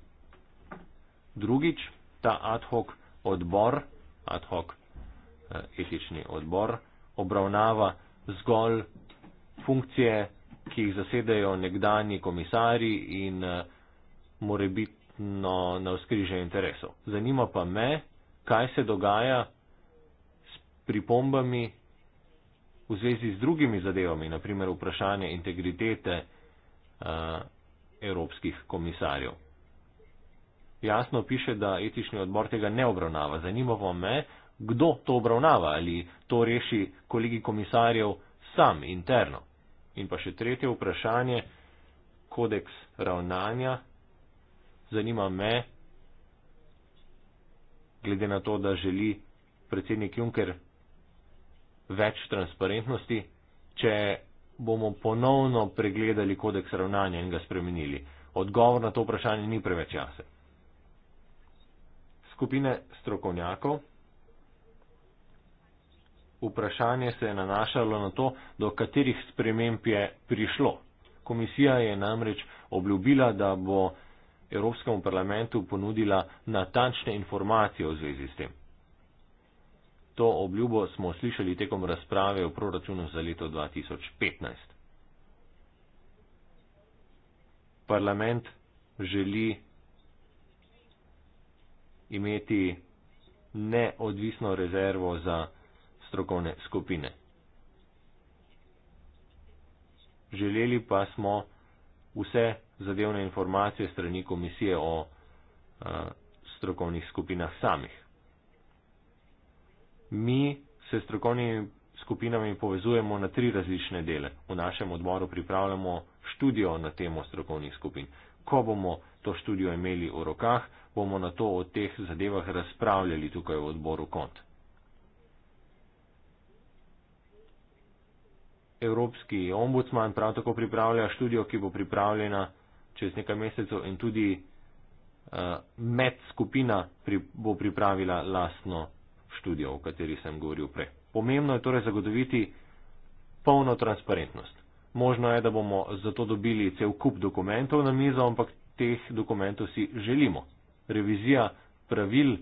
Drugič, ta ad hoc odbor, ad hoc eh, etični odbor, obravnava zgolj funkcije, ki jih zasedajo nekdani komisari in eh, morebitno na vzkrižje interesov. Zanima pa me, kaj se dogaja s pripombami v zvezi z drugimi zadevami, naprimer vprašanje integritete uh, evropskih komisarjev. Jasno piše, da etični odbor tega ne obravnava. Zanimivo me, kdo to obravnava, ali to reši kolegi komisarjev sam interno. In pa še tretje vprašanje, kodeks ravnanja. Zanima me, glede na to, da želi predsednik Juncker več transparentnosti, če bomo ponovno pregledali kodeks ravnanja in ga spremenili. Odgovor na to vprašanje ni preveč jasen. Skupine strokovnjakov. Vprašanje se je nanašalo na to, do katerih sprememb je prišlo. Komisija je namreč obljubila, da bo Evropskemu parlamentu ponudila natančne informacije v zvezi s tem. To obljubo smo slišali tekom razprave o proračunu za leto 2015. Parlament želi imeti neodvisno rezervo za strokovne skupine. Želeli pa smo vse zadevne informacije strani komisije o a, eh, strokovnih skupinah samih mi se strokovnimi skupinami povezujemo na tri različne dele. V našem odboru pripravljamo študijo na temo strokovnih skupin. Ko bomo to študijo imeli v rokah, bomo na to o teh zadevah razpravljali tukaj v odboru kont. Evropski ombudsman prav tako pripravlja študijo, ki bo pripravljena čez nekaj mesecev in tudi uh, med skupina pri, bo pripravila lastno študija, o kateri sem govoril prej. Pomembno je torej zagotoviti polno transparentnost. Možno je, da bomo zato dobili cel kup dokumentov na mizo, ampak teh dokumentov si želimo. Revizija pravil,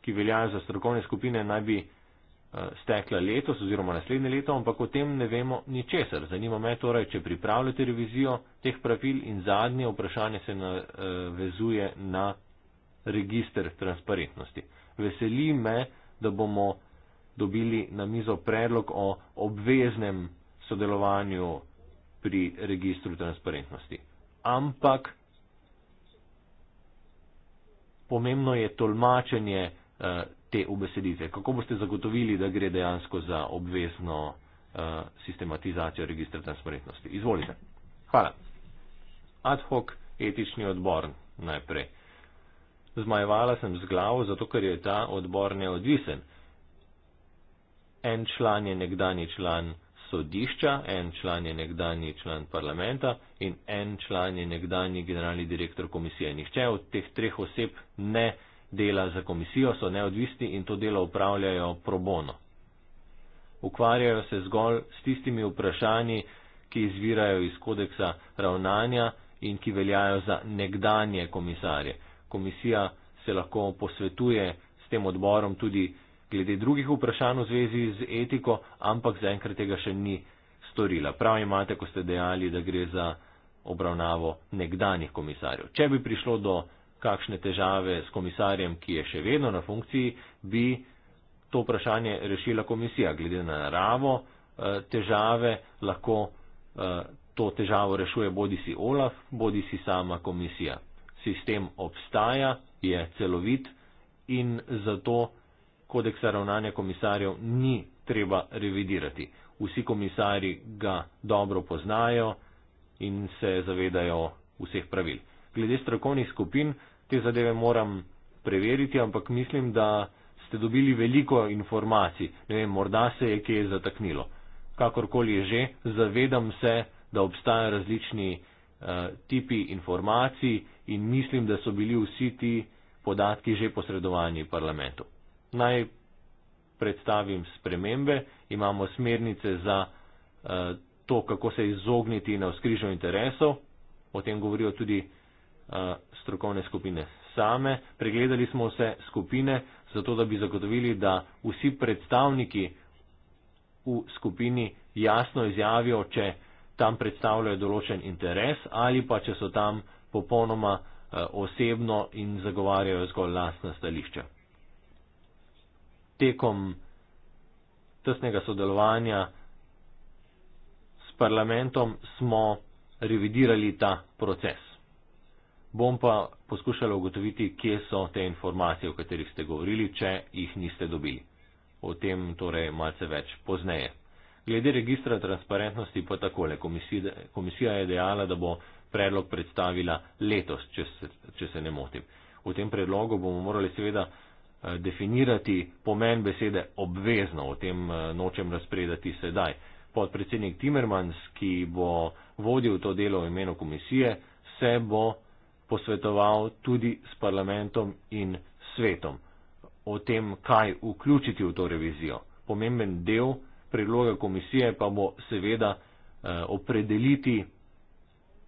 ki veljajo za strokovne skupine, naj bi eh, stekla letos oziroma naslednje leto, ampak o tem ne vemo ničesar. Zanima me torej, če pripravljate revizijo teh pravil in zadnje vprašanje se navezuje eh, na register transparentnosti. Veseli me, da bomo dobili na mizo predlog o obveznem sodelovanju pri registru transparentnosti. Ampak pomembno je tolmačenje eh, te ubesedice. Kako boste zagotovili, da gre dejansko za obvezno eh, sistematizacijo registra transparentnosti? Izvolite. Hvala. Ad hoc etični odbor najprej. Zmajevala sem z glavo, zato ker je ta odbor neodvisen. En član je nekdani član sodišča, en član je nekdani član parlamenta in en član je nekdani generalni direktor komisije. Nihče od teh treh oseb ne dela za komisijo, so neodvisni in to delo upravljajo pro bono. Ukvarjajo se zgolj s tistimi vprašanji, ki izvirajo iz kodeksa ravnanja in ki veljajo za nekdanje komisarje komisija se lahko posvetuje s tem odborom tudi glede drugih vprašanj v zvezi z etiko, ampak zaenkrat tega še ni storila. Prav imate, ko ste dejali, da gre za obravnavo nekdanjih komisarjev. Če bi prišlo do kakšne težave s komisarjem, ki je še vedno na funkciji, bi to vprašanje rešila komisija. Glede na naravo eh, težave lahko eh, to težavo rešuje bodi si Olaf, bodi si sama komisija sistem obstaja, je celovit in zato kodeksa ravnanja komisarjev ni treba revidirati. Vsi komisari ga dobro poznajo in se zavedajo vseh pravil. Glede strokovnih skupin te zadeve moram preveriti, ampak mislim, da ste dobili veliko informacij. Ne vem, morda se je kje zataknilo. Kakorkoli je že, zavedam se, da obstajajo različni uh, tipi informacij in mislim, da so bili vsi ti podatki že posredovani parlamentu. Naj predstavim spremembe, imamo smernice za eh, to, kako se izogniti na vzkrižju interesov, o tem govorijo tudi eh, strokovne skupine same. Pregledali smo vse skupine, zato da bi zagotovili, da vsi predstavniki v skupini jasno izjavijo, če tam predstavljajo določen interes ali pa če so tam uh, popolnoma eh, osebno in zagovarjajo zgolj lastna stališča. Tekom tesnega sodelovanja s parlamentom smo revidirali ta proces. Bom pa poskušala ugotoviti, kje so te informacije, o katerih ste govorili, če jih niste dobili. O tem torej malce več pozneje. Glede registra transparentnosti pa takole. Komisija je dejala, da bo predlog predstavila letos, če se, če se ne motim. V tem predlogu bomo morali seveda eh, definirati pomen besede obvezno, o tem eh, nočem razpredati sedaj. Podpredsednik Timmermans, ki bo vodil to delo v imenu komisije, se bo posvetoval tudi s parlamentom in svetom o tem, kaj vključiti v to revizijo. Pomemben del predloga komisije pa bo seveda eh, opredeliti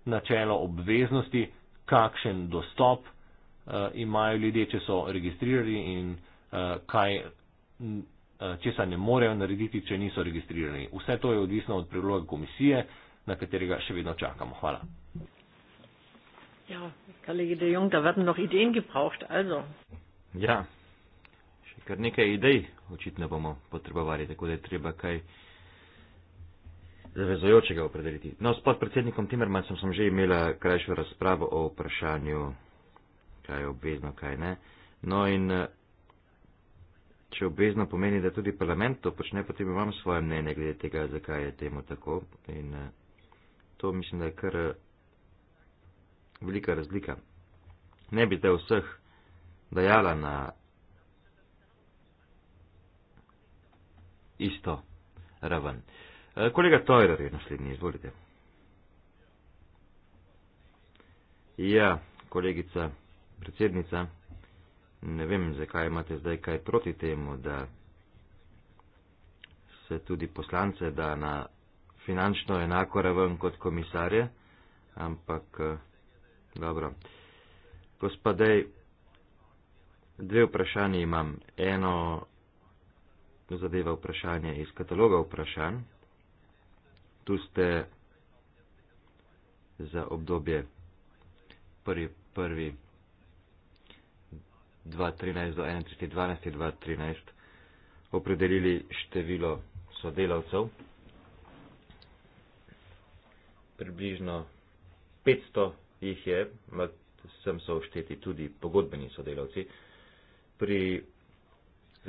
načelo obveznosti, kakšen dostop uh, imajo ljudje, če so registrirani in uh, kaj, eh, če se ne morejo narediti, če niso registrirani. Vse to je odvisno od priloga komisije, na katerega še vedno čakamo. Hvala. Ja, kolegi De Jong, da verjetno noh idej gebraucht, also. Ja, še kar nekaj idej očitno bomo potrebovali, tako da je treba kaj zavezojočega opredeliti. No, s podpredsednikom Timermansom sem že imela krajšo razpravo o vprašanju, kaj je obvezno, kaj ne. No in če obvezno pomeni, da tudi parlament to počne, potem imam svoje mnenje glede tega, zakaj je temu tako. In to mislim, da je kar velika razlika. Ne bi te vseh dajala na isto raven. Uh, Eh, kolega Tojrer je naslednji, izvolite. Ja, kolegica, predsednica, ne vem, zakaj imate zdaj kaj proti temu, da se tudi poslance da na finančno enako raven kot komisarje, ampak eh, dobro. Gospodej, dve vprašanje imam. Eno zadeva vprašanje iz kataloga vprašanj tu ste za obdobje prvi, prvi 2013 do 31. 12. 2013 opredelili število sodelavcev, približno 500 jih je, sem so všteti tudi pogodbeni sodelavci. Pri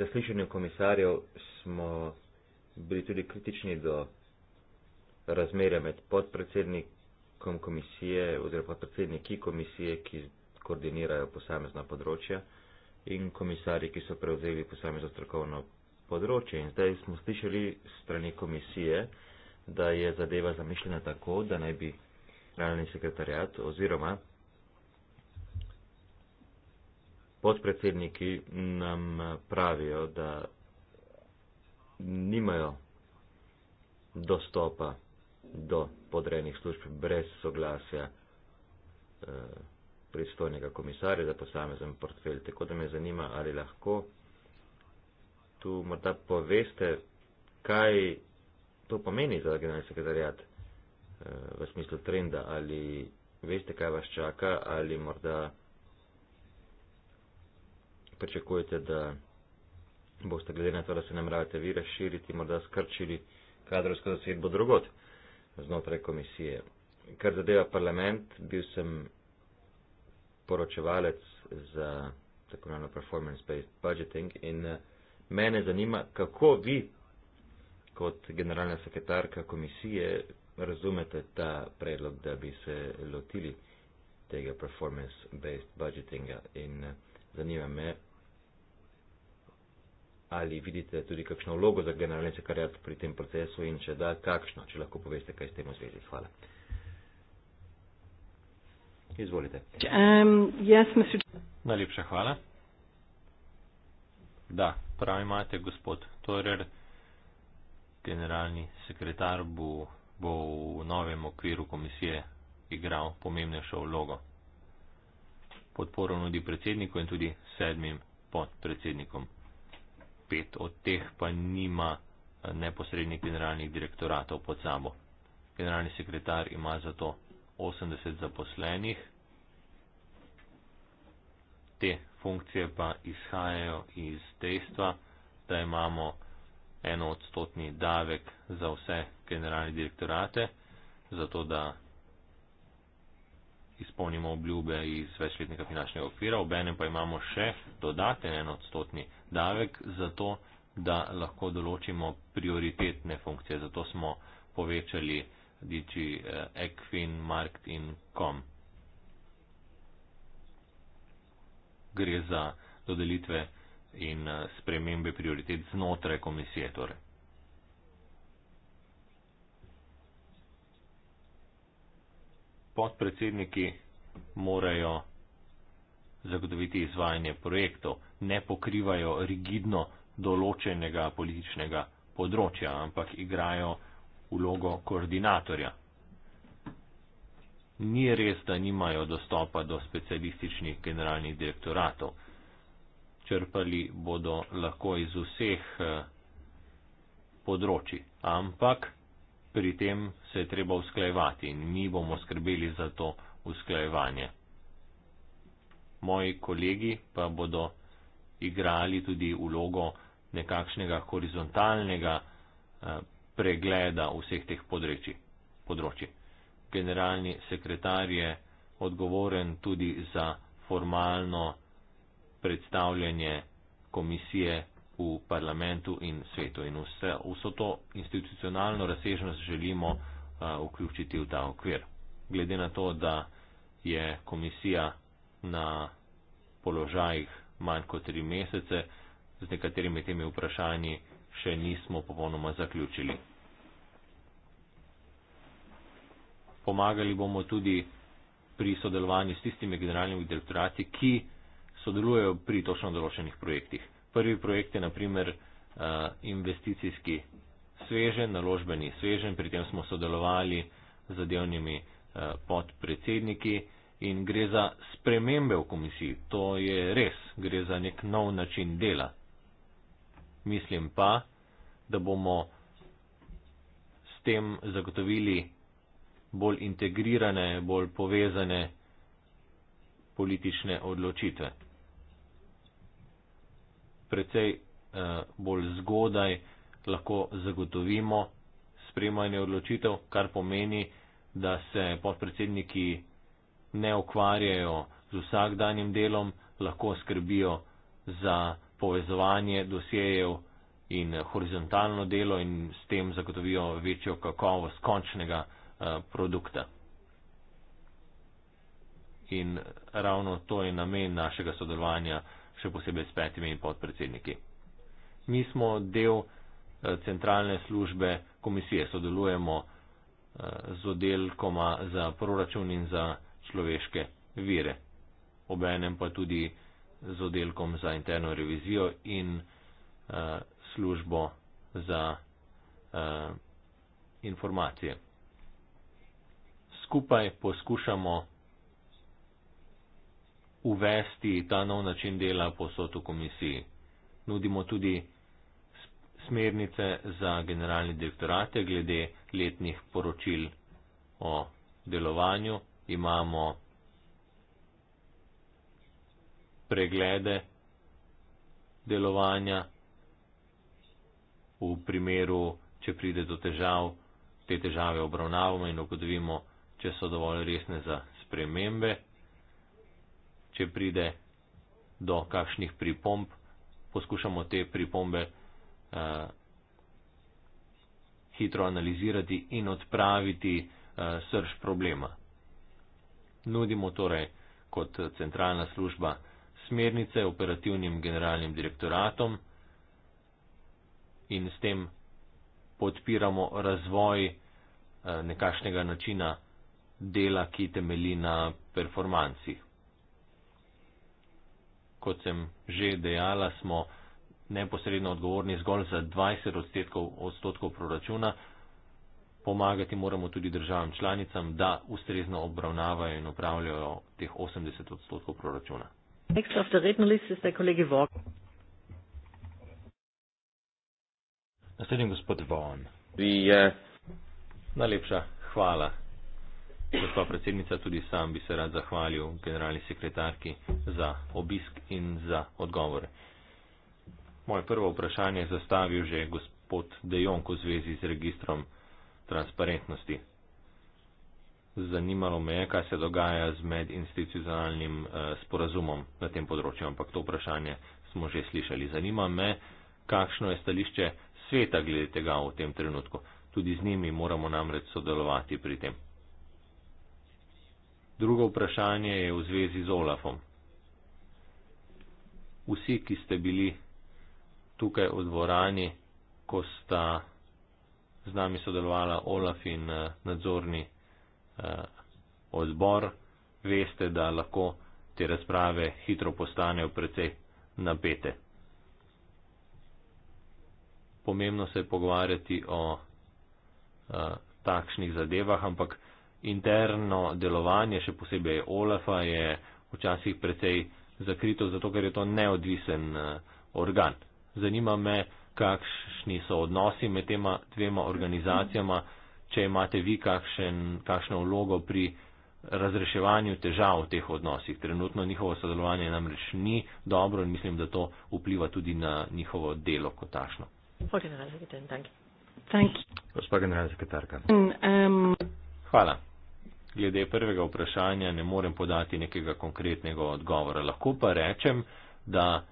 zaslišanju komisarjev smo bili tudi kritični do razmerja med podpredsednikom komisije oziroma podpredsedniki komisije, ki koordinirajo posamezna področja in komisari, ki so prevzeli posamezno strokovno področje. In zdaj smo slišali strani komisije, da je zadeva zamišljena tako, da naj bi realni sekretarjat oziroma podpredsedniki nam eh, pravijo, da nimajo dostopa do podrejenih služb brez soglasja eh, pristojnega komisarja za posamezen portfelj. Tako da me zanima, ali lahko tu morda poveste, kaj to pomeni za generalni sekretarjat eh, v smislu trenda, ali veste, kaj vas čaka, ali morda pričakujete, da boste glede na to, da se namravate vi razširiti, morda skrčili kadrovsko zasedbo drugot znotraj komisije. Kar zadeva parlament, bil sem poročevalec za tako imenovano performance-based budgeting in eh, mene zanima, kako vi kot generalna sekretarka komisije razumete ta predlog, da bi se lotili tega performance-based budgetinga in eh, zanima me, ali vidite tudi kakšno vlogo za generalni sekretariat pri tem procesu in če da, kakšno, če lahko poveste, kaj s tem v zvezi. Hvala. Izvolite. Um, yes, Mr. Najlepša hvala. Da, pravi imate gospod Torer, generalni sekretar bo, bo v novem okviru komisije igral pomembnejšo vlogo. Podporo nudi predsedniku in tudi sedmim podpredsednikom pet od teh pa nima eh, neposrednih generalnih direktoratov pod sabo. Generalni sekretar ima zato 80 zaposlenih, te funkcije pa izhajajo iz dejstva, da imamo eno odstotni davek za vse generalne direktorate, zato da izpolnimo obljube iz večletnega finančnega okvira, ob enem pa imamo še dodaten en odstotni davek davek, zato da lahko določimo prioritetne funkcije. Zato smo povečali diči Equin, eh, Markt in Com. Gre za dodelitve in eh, spremembe prioritet znotraj komisije. Torej. Podpredsedniki morajo zagotoviti izvajanje projektov ne pokrivajo rigidno določenega političnega področja, ampak igrajo vlogo koordinatorja. Ni res, da nimajo dostopa do specialističnih generalnih direktoratov. Črpali bodo lahko iz vseh eh, področji, ampak pri tem se je treba usklajevati in mi bomo skrbeli za to usklajevanje. Moji kolegi pa bodo igrali tudi vlogo nekakšnega horizontalnega eh, pregleda vseh teh področji. Generalni sekretar je odgovoren tudi za formalno predstavljanje komisije v parlamentu in svetu in vse, vso to institucionalno razsežnost želimo a, eh, vključiti v ta okvir. Glede na to, da je komisija na položajih manj kot tri mesece, z nekaterimi temi vprašanji še nismo popolnoma zaključili. Pomagali bomo tudi pri sodelovanju s tistimi generalnimi direktorati, ki sodelujejo pri točno določenih projektih. Prvi projekt je naprimer eh, investicijski svežen, naložbeni svežen, pri tem smo sodelovali z zadevnimi eh, podpredsedniki in gre za spremembe v komisiji. To je res, gre za nek nov način dela. Mislim pa, da bomo s tem zagotovili bolj integrirane, bolj povezane politične odločitve. Predvsej eh, bolj zgodaj lahko zagotovimo spremanje odločitev, kar pomeni, da se podpredsedniki ne ukvarjajo z vsakdanjem delom, lahko skrbijo za povezovanje dosjejev in horizontalno delo in s tem zagotovijo večjo kakovost končnega eh, produkta. In ravno to je namen našega sodelovanja, še posebej s petimi podpredsedniki. Mi smo del eh, centralne službe komisije, sodelujemo eh, z oddelkoma za proračun in za človeške vire. Obenem pa tudi z oddelkom za interno revizijo in uh, službo za uh, informacije. Skupaj poskušamo uvesti ta nov način dela posod v komisiji. Nudimo tudi smernice za generalni direktorate glede letnih poročil o delovanju imamo preglede delovanja. V primeru, če pride do težav, te težave obravnavamo in ugotovimo, če so dovolj resne za spremembe. Če pride do kakšnih pripomb, poskušamo te pripombe eh, hitro analizirati in odpraviti eh, srč problema. Nudimo torej kot centralna služba smernice operativnim generalnim direktoratom in s tem podpiramo razvoj eh, nekašnega načina dela, ki temeli na performanci. Kot sem že dejala, smo neposredno odgovorni zgolj za 20 odstotkov, odstotkov proračuna, pomagati moramo tudi državam članicam, da ustrezno obravnavajo in upravljajo teh 80 odstotkov proračuna. Naslednji gospod Von. Je... Eh, Najlepša hvala. Gospa predsednica, tudi sam bi se rad zahvalil generalni sekretarki za obisk in za odgovore. Moje prvo vprašanje je zastavil že gospod Dejonko v zvezi z registrom transparentnosti. Zanimalo me je, kaj se dogaja z medinstitucionalnim eh, sporazumom na tem področju, ampak to vprašanje smo že slišali. Zanima me, kakšno je stališče sveta glede tega v tem trenutku. Tudi z njimi moramo namreč sodelovati pri tem. Drugo vprašanje je v zvezi z Olafom. Vsi, ki ste bili tukaj v dvorani, ko sta z nami sodelovala Olaf in eh, nadzorni eh, odbor, veste, da lahko te razprave hitro postanejo precej napete. Pomembno se je pogovarjati o eh, takšnih zadevah, ampak interno delovanje, še posebej Olafa, je včasih precej zakrito, zato ker je to neodvisen organ. Zanima me, kakšni so odnosi med tema dvema organizacijama, če imate vi kakšen, kakšno vlogo pri razreševanju težav v teh odnosih. Trenutno njihovo sodelovanje namreč ni dobro in mislim, da to vpliva tudi na njihovo delo kot tašno. Hvala. Glede prvega vprašanja ne morem podati nekega konkretnega odgovora. Lahko pa rečem, da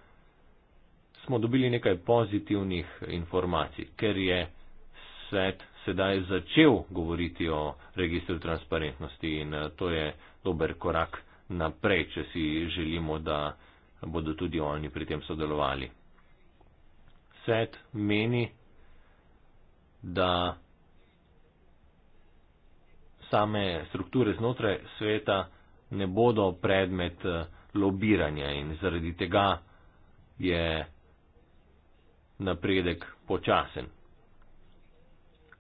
smo dobili nekaj pozitivnih informacij, ker je svet sedaj začel govoriti o registru transparentnosti in eh, to je dober korak naprej, če si želimo, da bodo tudi oni pri tem sodelovali. Svet meni, da same strukture znotraj sveta ne bodo predmet eh, lobiranja in zaradi tega je napredek počasen.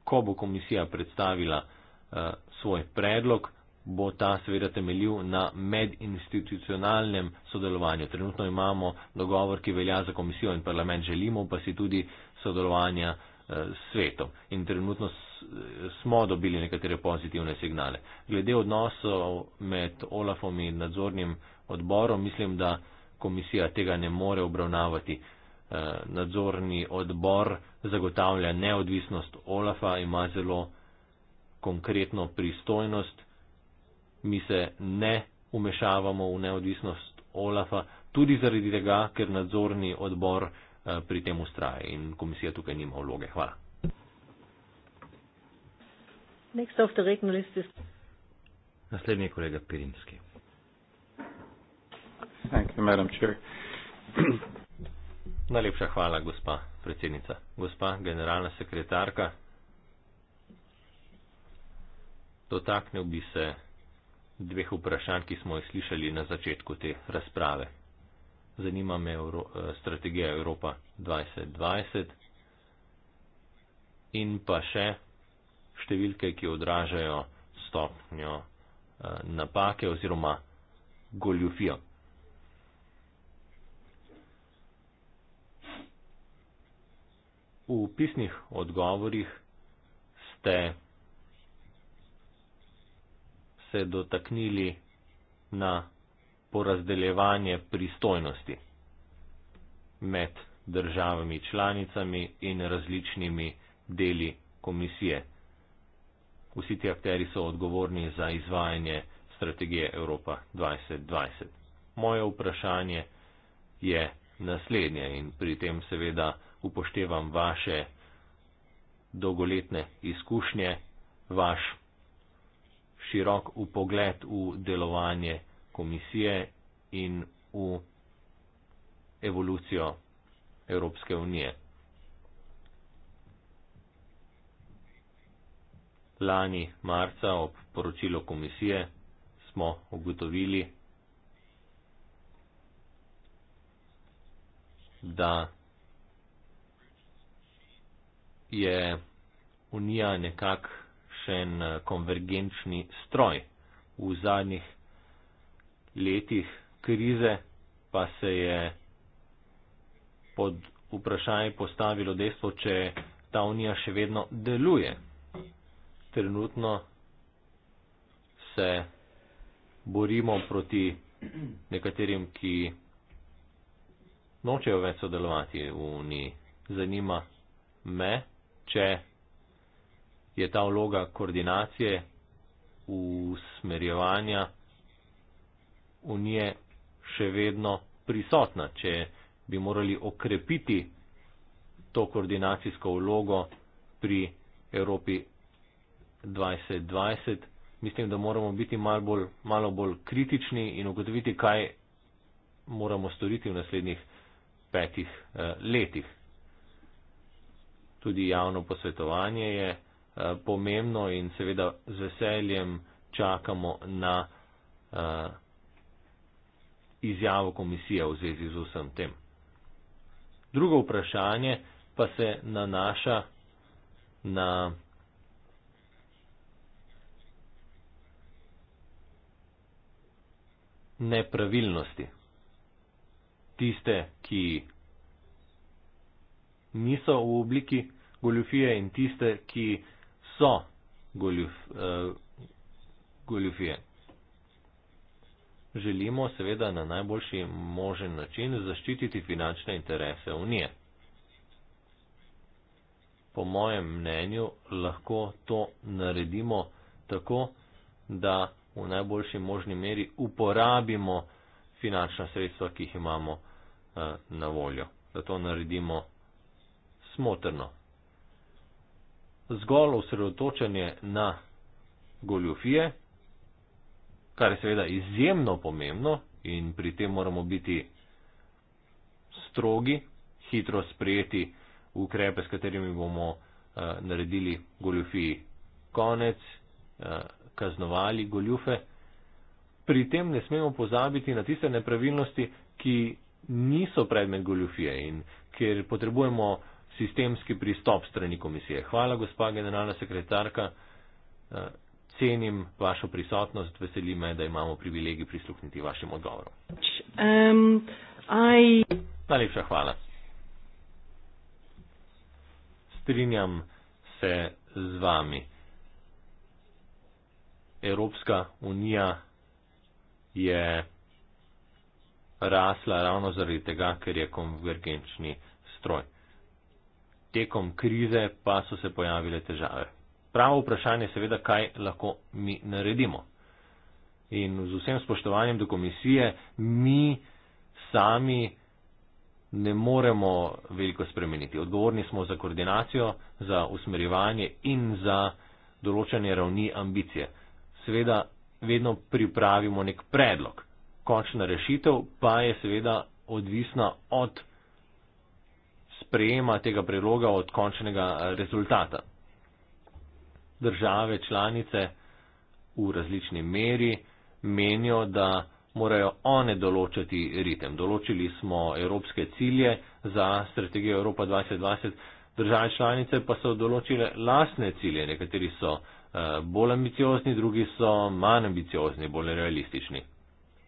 Ko bo komisija predstavila uh, svoj predlog, bo ta seveda temeljil na medinstitucionalnem sodelovanju. Trenutno imamo dogovor, ki velja za komisijo in parlament, želimo pa si tudi sodelovanja eh, s uh, svetom. In trenutno s, eh, smo dobili nekatere pozitivne signale. Glede odnosov med Olafom in nadzornim odborom, mislim, da komisija tega ne more obravnavati. Uh, Eh, nadzorni odbor zagotavlja neodvisnost Olafa, ima zelo konkretno pristojnost. Mi se ne umešavamo v neodvisnost Olafa, tudi zaradi tega, ker nadzorni odbor eh, pri tem ustraja in komisija tukaj nima vloge. Hvala. Naslednji je kolega Pirinski. Thank you, Madam Chair. Najlepša hvala, gospa predsednica. Gospa generalna sekretarka, dotaknil bi se dveh vprašanj, ki smo jih slišali na začetku te razprave. Zanima me Euro eh, strategija Evropa 2020 in pa še številke, ki odražajo stopnjo eh, napake oziroma goljufijo. V pisnih odgovorih ste se dotaknili na porazdeljevanje pristojnosti med državami članicami in različnimi deli komisije. Vsi ti akteri so odgovorni za izvajanje strategije Evropa 2020. Moje vprašanje je naslednje in pri tem seveda upoštevam vaše dolgoletne izkušnje, vaš širok upogled v delovanje komisije in v evolucijo Evropske unije. Lani marca ob poročilo komisije smo ugotovili, da je Unija nekako še en eh, konvergenčni stroj. V zadnjih letih krize pa se je pod vprašanje postavilo dejstvo, če ta Unija še vedno deluje. Trenutno se borimo proti nekaterim, ki nočejo več sodelovati v Uniji. Zanima me, če je ta vloga koordinacije, usmerjevanja unije še vedno prisotna, če bi morali okrepiti to koordinacijsko vlogo pri Evropi 2020. Mislim, da moramo biti malo bolj, malo bolj kritični in ugotoviti, kaj moramo storiti v naslednjih petih eh, letih tudi javno posvetovanje je eh, pomembno in seveda z veseljem čakamo na eh, izjavo komisije v zvezi z vsem tem. Drugo vprašanje pa se nanaša na nepravilnosti. Tiste, ki niso v obliki goljufije in tiste, ki so goljuf, uh, goljufije. Želimo seveda na najboljši možen način zaščititi finančne interese Unije. Po mojem mnenju lahko to naredimo tako, da v najboljši možni meri uporabimo finančna sredstva, ki jih imamo uh, na voljo. Da to naredimo smotrno zgolj osredotočenje na goljofije, kar je seveda izjemno pomembno in pri tem moramo biti strogi, hitro sprejeti ukrepe, s katerimi bomo eh, naredili goljofiji konec, eh, kaznovali goljufe. Pri tem ne smemo pozabiti na tiste nepravilnosti, ki niso predmet goljufije in kjer potrebujemo sistemski pristop strani komisije. Hvala, gospa generalna sekretarka. Eh, cenim vašo prisotnost, veseli me, da imamo privilegij prisluhniti vašim odgovorom. Um, I... Najlepša hvala. Strinjam se z vami. Evropska unija je rasla ravno zaradi tega, ker je konvergenčni stroj tekom krize pa so se pojavile težave. Pravo vprašanje je seveda, kaj lahko mi naredimo. In z vsem spoštovanjem do komisije, mi sami ne moremo veliko spremeniti. Odgovorni smo za koordinacijo, za usmerjevanje in za določanje ravni ambicije. Seveda vedno pripravimo nek predlog. Končna rešitev pa je seveda odvisna od sprejema tega priloga od končnega eh, rezultata. Države članice v različni meri menijo, da morajo one določiti ritem. Določili smo evropske cilje za strategijo Evropa 2020, države članice pa so določile lasne cilje. Nekateri so eh, bolj ambiciozni, drugi so manj ambiciozni, bolj realistični.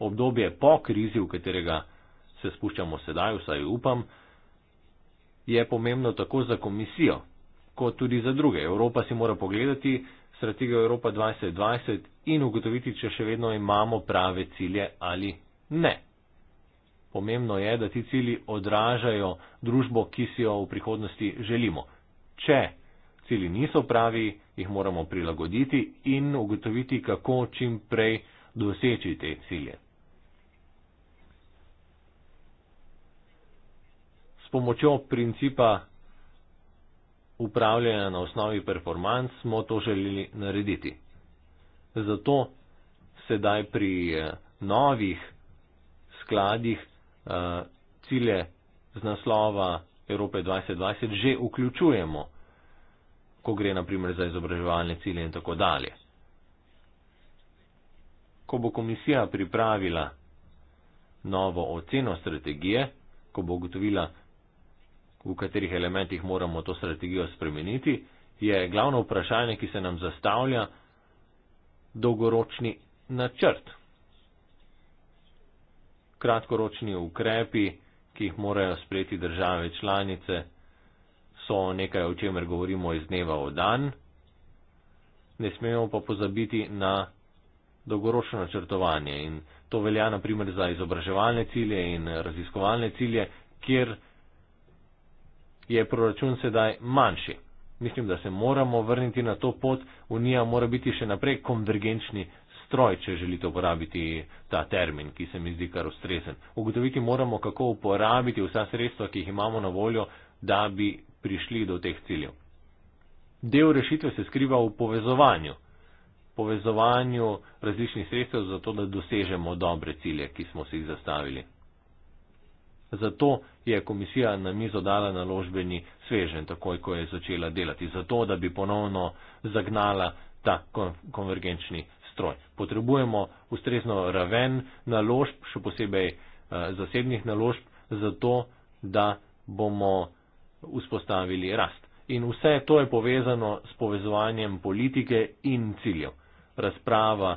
Obdobje po krizi, v katerega se spuščamo sedaj, vsaj upam, je pomembno tako za komisijo, kot tudi za druge. Evropa si mora pogledati strategijo Evropa 2020 in ugotoviti, če še vedno imamo prave cilje ali ne. Pomembno je, da ti cilji odražajo družbo, ki si jo v prihodnosti želimo. Če cilji niso pravi, jih moramo prilagoditi in ugotoviti, kako čim prej doseči te cilje. pomočjo principa upravljanja na osnovi performanc smo to želeli narediti. Zato sedaj pri eh, novih skladih eh, cilje z naslova Evrope 2020 že vključujemo, ko gre naprimer za izobraževalne cilje in tako dalje. Ko bo komisija pripravila novo oceno strategije, ko bo ugotovila, v katerih elementih moramo to strategijo spremeniti, je glavno vprašanje, ki se nam zastavlja, dolgoročni načrt. Kratkoročni ukrepi, ki jih morajo sprejeti države članice, so nekaj, o čemer govorimo iz dneva v dan. Ne smemo pa pozabiti na dolgoročno načrtovanje in to velja naprimer za izobraževalne cilje in raziskovalne cilje, kjer je proračun sedaj manjši. Mislim, da se moramo vrniti na to pot. Unija mora biti še naprej konvergenčni stroj, če želite uporabiti ta termin, ki se mi zdi kar ustrezen. Ugotoviti moramo, kako uporabiti vsa sredstva, ki jih imamo na voljo, da bi prišli do teh ciljev. Del rešitve se skriva v povezovanju. Povezovanju različnih sredstev zato, da dosežemo dobre cilje, ki smo si jih zastavili. Zato je komisija na mizo dala naložbeni svežen, takoj ko je začela delati, zato da bi ponovno zagnala ta konvergenčni stroj. Potrebujemo ustrezno raven naložb, še posebej eh, zasebnih naložb, zato da bomo vzpostavili rast. In vse to je povezano s povezovanjem politike in ciljev. Razprava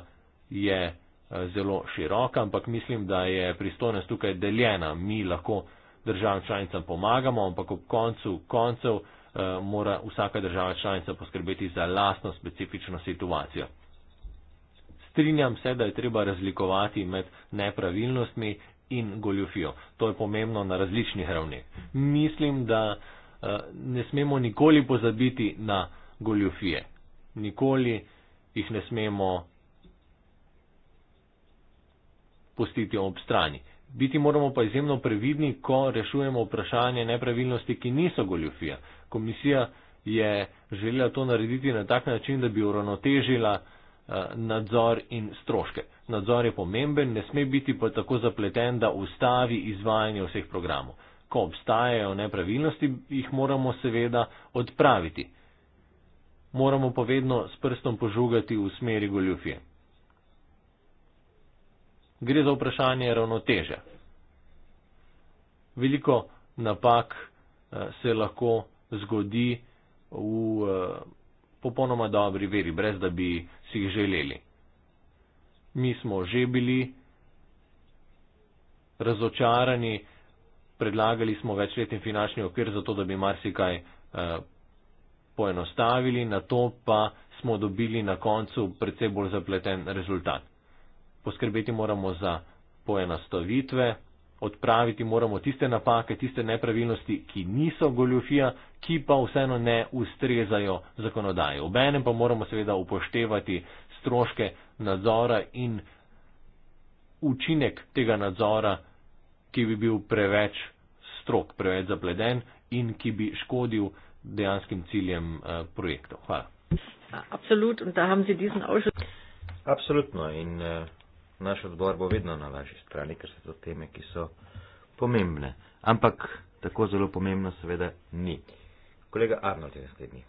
je eh, zelo široka, ampak mislim, da je pristojnost tukaj deljena. Mi lahko državam članicam pomagamo, ampak ob koncu koncev eh, mora vsaka država članica poskrbeti za lastno specifično situacijo. Strinjam se, da je treba razlikovati med nepravilnostmi in goljufijo. To je pomembno na različnih ravneh. Mislim, da eh, ne smemo nikoli pozabiti na goljufije. Nikoli jih ne smemo pustiti ob strani. Biti moramo pa izjemno previdni, ko rešujemo vprašanje nepravilnosti, ki niso goljofija. Komisija je želela to narediti na tak način, da bi uravnotežila eh, nadzor in stroške. Nadzor je pomemben, ne sme biti pa tako zapleten, da ustavi izvajanje vseh programov. Ko obstajajo nepravilnosti, jih moramo seveda odpraviti. Moramo pa vedno s prstom požugati v smeri goljofije gre za vprašanje ravnotežja. Veliko napak eh, se lahko zgodi v eh, popolnoma dobri veri, brez da bi si jih želeli. Mi smo že bili razočarani, predlagali smo večletni finančni okvir za to, da bi marsikaj eh, poenostavili, na to pa smo dobili na koncu predvsej bolj zapleten rezultat poskrbeti moramo za poenostavitve, odpraviti moramo tiste napake, tiste nepravilnosti, ki niso goljofija, ki pa vseeno ne ustrezajo zakonodaji. Obenem pa moramo seveda upoštevati stroške nadzora in učinek tega nadzora, ki bi bil preveč strok, preveč zapleden in ki bi škodil dejanskim ciljem eh, projektov. Hvala. Absolutno, in eh, naš odbor bo vedno na vaši strani, ker so to teme, ki so pomembne. Ampak tako zelo pomembno seveda ni. Kolega Arnold je naslednji.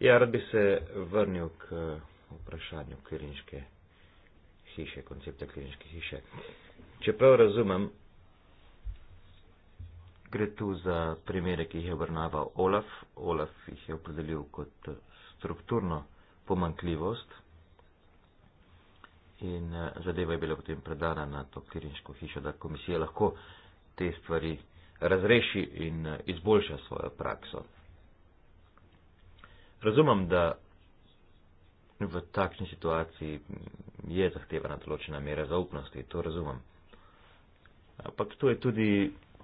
Ja, rad bi se vrnil k eh, vprašanju kliniške hiše, koncepta kliniške hiše. Čeprav razumem, Gre tu za primere, ki jih je obravnaval Olaf. Olaf jih je opredelil kot strukturno pomankljivost in eh, zadeva je bila potem predana na to kliniško hišo, da komisija lahko te stvari razreši in eh, izboljša svojo prakso. Razumem, da v takšni situaciji mm, je zahtevana določena mera zaupnosti, to razumem. Ampak to je tudi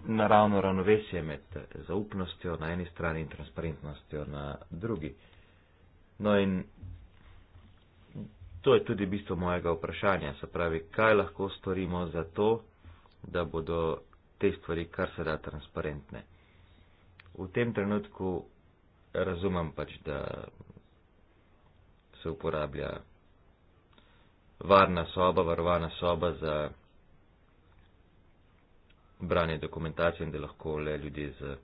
naravno ravnovesje med zaupnostjo na eni strani in transparentnostjo na drugi. No in to je tudi bistvo mojega vprašanja, se pravi, kaj lahko storimo za to, da bodo te stvari kar se da transparentne. V tem trenutku razumem pač, da se uporablja varna soba, varovana soba za branje dokumentacije in da lahko le ljudje, z,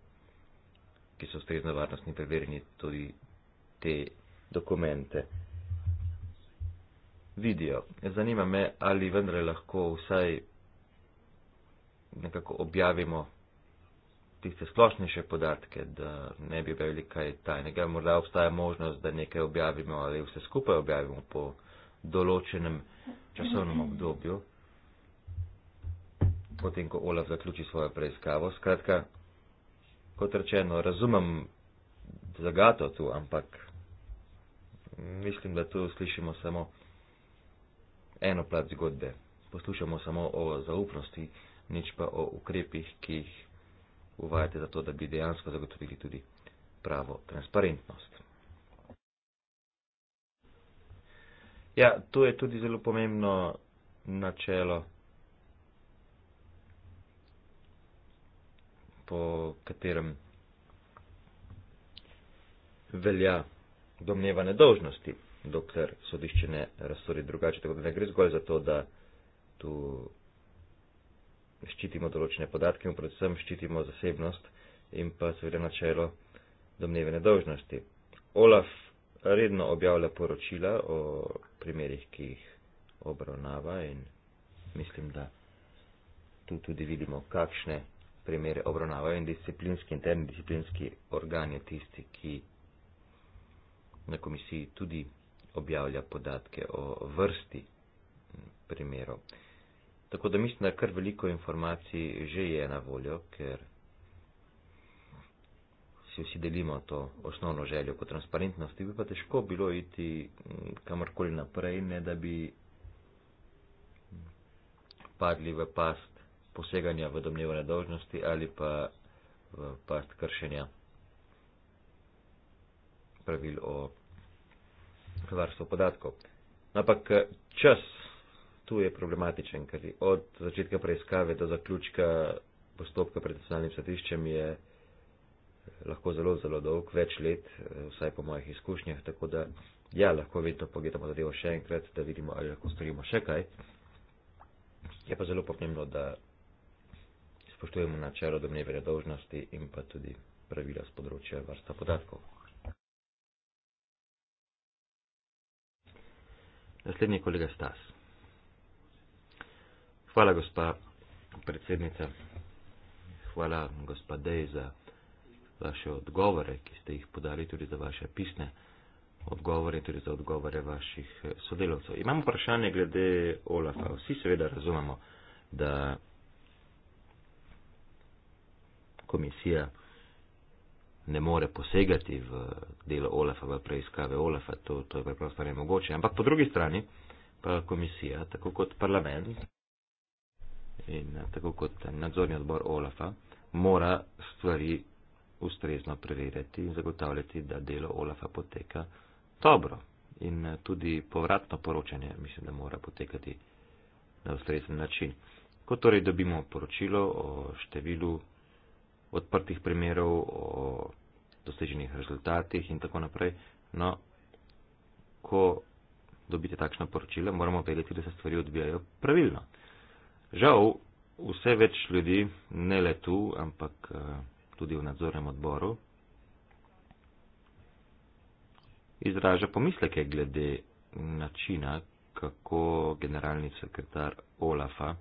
ki so ustrezno varnostni preverjeni, tudi te dokumente vidijo. Zanima me, ali vendar lahko vsaj nekako objavimo tiste splošnejše podatke, da ne bi objavili kaj tajnega. Morda obstaja možnost, da nekaj objavimo ali vse skupaj objavimo po določenem časovnem obdobju potem, ko Olaf zaključi svojo preiskavo. Skratka, kot rečeno, razumem zagato tu, ampak mislim, da tu slišimo samo eno plat zgodbe. Poslušamo samo o zaupnosti, nič pa o ukrepih, ki jih uvajate za to, da bi dejansko zagotovili tudi pravo transparentnost. Ja, tu je tudi zelo pomembno načelo. po katerem velja domneva nedolžnosti, dokler sodišče ne razsori drugače. Tako da ne gre zgolj za to, da tu ščitimo določene podatke in predvsem ščitimo zasebnost in pa seveda načelo domneve nedolžnosti. Olaf redno objavlja poročila o primerih, ki jih obravnava in mislim, da tu tudi vidimo, kakšne primere obravnavajo in disciplinski, interni disciplinski organ je tisti, ki na komisiji tudi objavlja podatke o vrsti primerov. Tako da mislim, da kar veliko informacij že je na voljo, ker si vsi delimo to osnovno željo po transparentnosti, bi pa težko bilo iti mm, kamorkoli naprej, ne da bi padli v past poseganja v domnevne dožnosti ali pa v past kršenja pravil o varstvu podatkov. Ampak eh, čas tu je problematičen, ker od začetka preiskave do zaključka postopka pred nacionalnim sodiščem je eh, lahko zelo, zelo dolg, več let, eh, vsaj po mojih izkušnjah, tako da ja, lahko vedno pogledamo zadevo še enkrat, da vidimo, ali lahko storimo še kaj. Je pa zelo pomembno, da spoštujemo načelo domnevne dožnosti in pa tudi pravila z področja varstva podatkov. Naslednji kolega Stas. Hvala, gospa predsednica. Hvala, gospa Dej, za vaše odgovore, ki ste jih podali, tudi za vaše pisne odgovore, tudi za odgovore vaših eh, sodelovcev. Imamo vprašanje glede Olafa. Vsi seveda razumemo, da komisija ne more posegati v delo Olafa, v preiskave Olafa, to, to je preprosto nemogoče. Ampak po drugi strani pa komisija, tako kot parlament in eh, tako kot nadzorni odbor Olafa, mora stvari ustrezno preverjati in zagotavljati, da delo Olafa poteka dobro. In eh, tudi povratno poročanje mislim, da mora potekati na ustrezen način. Ko torej dobimo poročilo o številu odprtih primerov, o doseženih rezultatih in tako naprej. No, ko dobite takšno poročilo, moramo vedeti, da se stvari odvijajo pravilno. Žal, vse več ljudi, ne le tu, ampak eh, tudi v nadzornem odboru, izraža pomisleke glede načina, kako generalni sekretar Olafa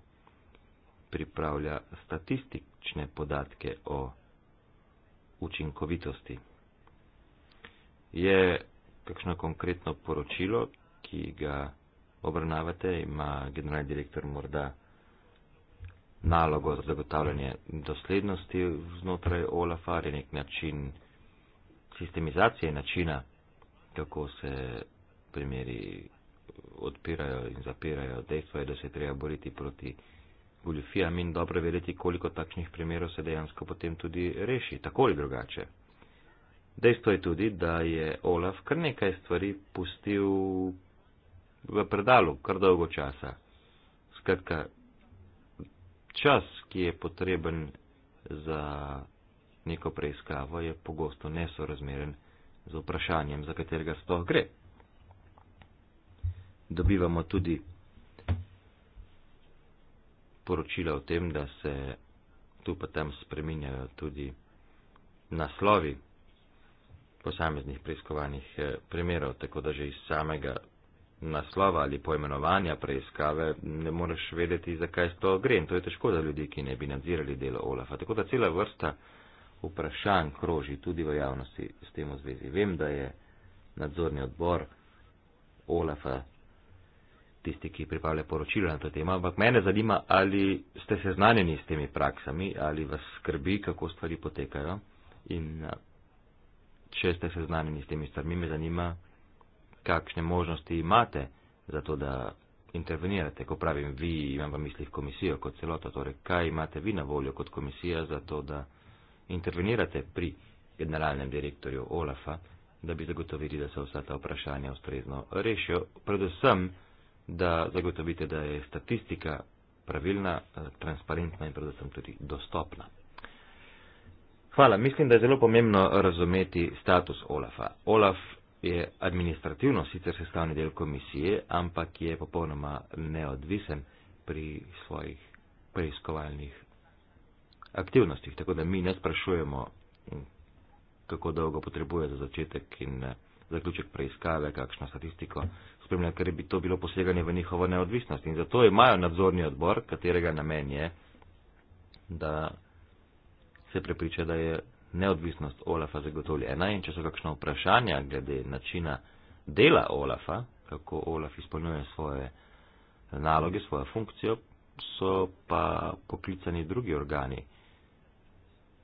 pripravlja statistične podatke o učinkovitosti. Je kakšno konkretno poročilo, ki ga obravnavate, ima generalni direktor morda nalogo za zagotavljanje doslednosti znotraj OLAF-a ali nek način sistemizacije načina, kako se primeri odpirajo in zapirajo. Dejstvo je, da se treba boriti proti goljufija in dobro vedeti, koliko takšnih primerov se dejansko potem tudi reši, tako ali drugače. Dejstvo je tudi, da je Olaf kar nekaj stvari pustil v predalu, kar dolgo časa. Skratka, čas, ki je potreben za neko preiskavo, je pogosto nesorazmeren z vprašanjem, za katerega sploh gre. Dobivamo tudi poročila o tem, da se tu pa tam spreminjajo tudi naslovi posameznih preiskovanih eh, primerov, tako da že iz samega naslova ali poimenovanja preiskave ne moreš vedeti, zakaj s to gre. In to je težko za ljudi, ki ne bi nadzirali delo Olafa. Tako da cela vrsta vprašanj kroži tudi v javnosti s tem v zvezi. Vem, da je nadzorni odbor Olafa tisti, ki pripravlja poročilo na to temo, ampak mene zanima, ali ste seznanjeni s temi praksami, ali vas skrbi, kako stvari potekajo in eh, če ste seznanjeni s temi stvarmi, me zanima, kakšne možnosti imate za to, da intervenirate. Ko pravim vi, imam v mislih komisijo kot celota, torej kaj imate vi na voljo kot komisija za to, da intervenirate pri generalnem direktorju Olafa, da bi zagotovili, da se vsa ta vprašanja ustrezno rešijo. Predvsem, da zagotovite, da je statistika pravilna, eh, transparentna in predvsem tudi dostopna. Hvala. Mislim, da je zelo pomembno razumeti status OLAF-a. OLAF je administrativno sicer sestavni del komisije, ampak je popolnoma neodvisen pri svojih preiskovalnih aktivnostih. Tako da mi ne sprašujemo, mm, kako dolgo potrebuje za začetek in eh, zaključek preiskave, kakšno statistiko spremljali, ker bi to bilo poseganje v njihovo neodvisnost. In zato imajo nadzorni odbor, katerega namen je, da se prepriča, da je neodvisnost Olafa zagotovljena in če so kakšno vprašanja glede načina dela Olafa, kako Olaf izpolnjuje svoje naloge, svojo funkcijo, so pa poklicani drugi organi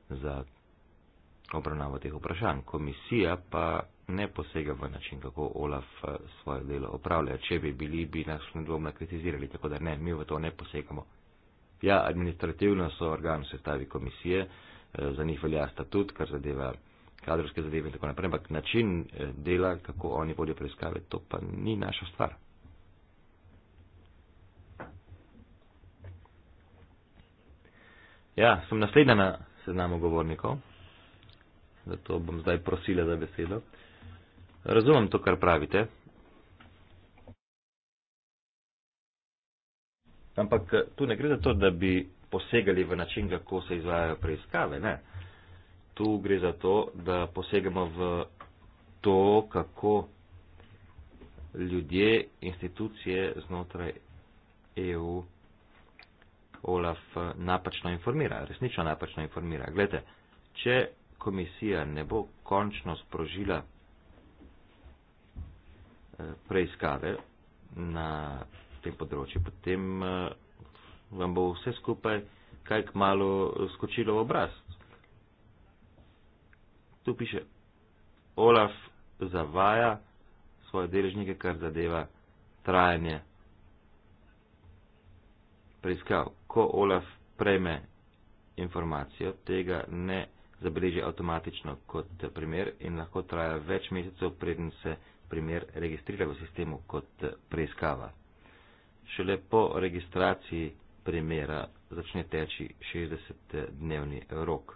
za obravnavo teh vprašanj. Komisija pa ne posega v način, kako Olaf eh, svoje delo opravlja. Če bi bili, bi nas nedvomno kritizirali, tako da ne, mi v to ne posegamo. Ja, administrativno so organ sestavi komisije, eh, za njih velja statut, kar zadeva kadrovske zadeve in tako naprej, ampak način eh, dela, kako oni vodijo preiskave, to pa ni naša stvar. Ja, sem naslednja na seznamu govornikov, zato bom zdaj prosila za besedo. Razumem to, kar pravite. Ampak eh, tu ne gre za to, da bi posegali v način, kako se izvajajo preiskave. Ne. Tu gre za to, da posegamo v to, kako ljudje, institucije znotraj EU, OLAF napačno informira, resnično napačno informira. Glede, če komisija ne bo končno sprožila preiskave na tem področju, potem eh, vam bo vse skupaj kaj k malu skočilo v obraz. Tu piše, Olaf zavaja svoje deležnike, kar zadeva trajanje preiskav. Ko Olaf prejme informacijo, tega ne zabeleži avtomatično kot primer in lahko traja več mesecev, preden se primer registrira v sistemu kot eh, preiskava. Šele po registraciji primera začne teči 60-dnevni rok,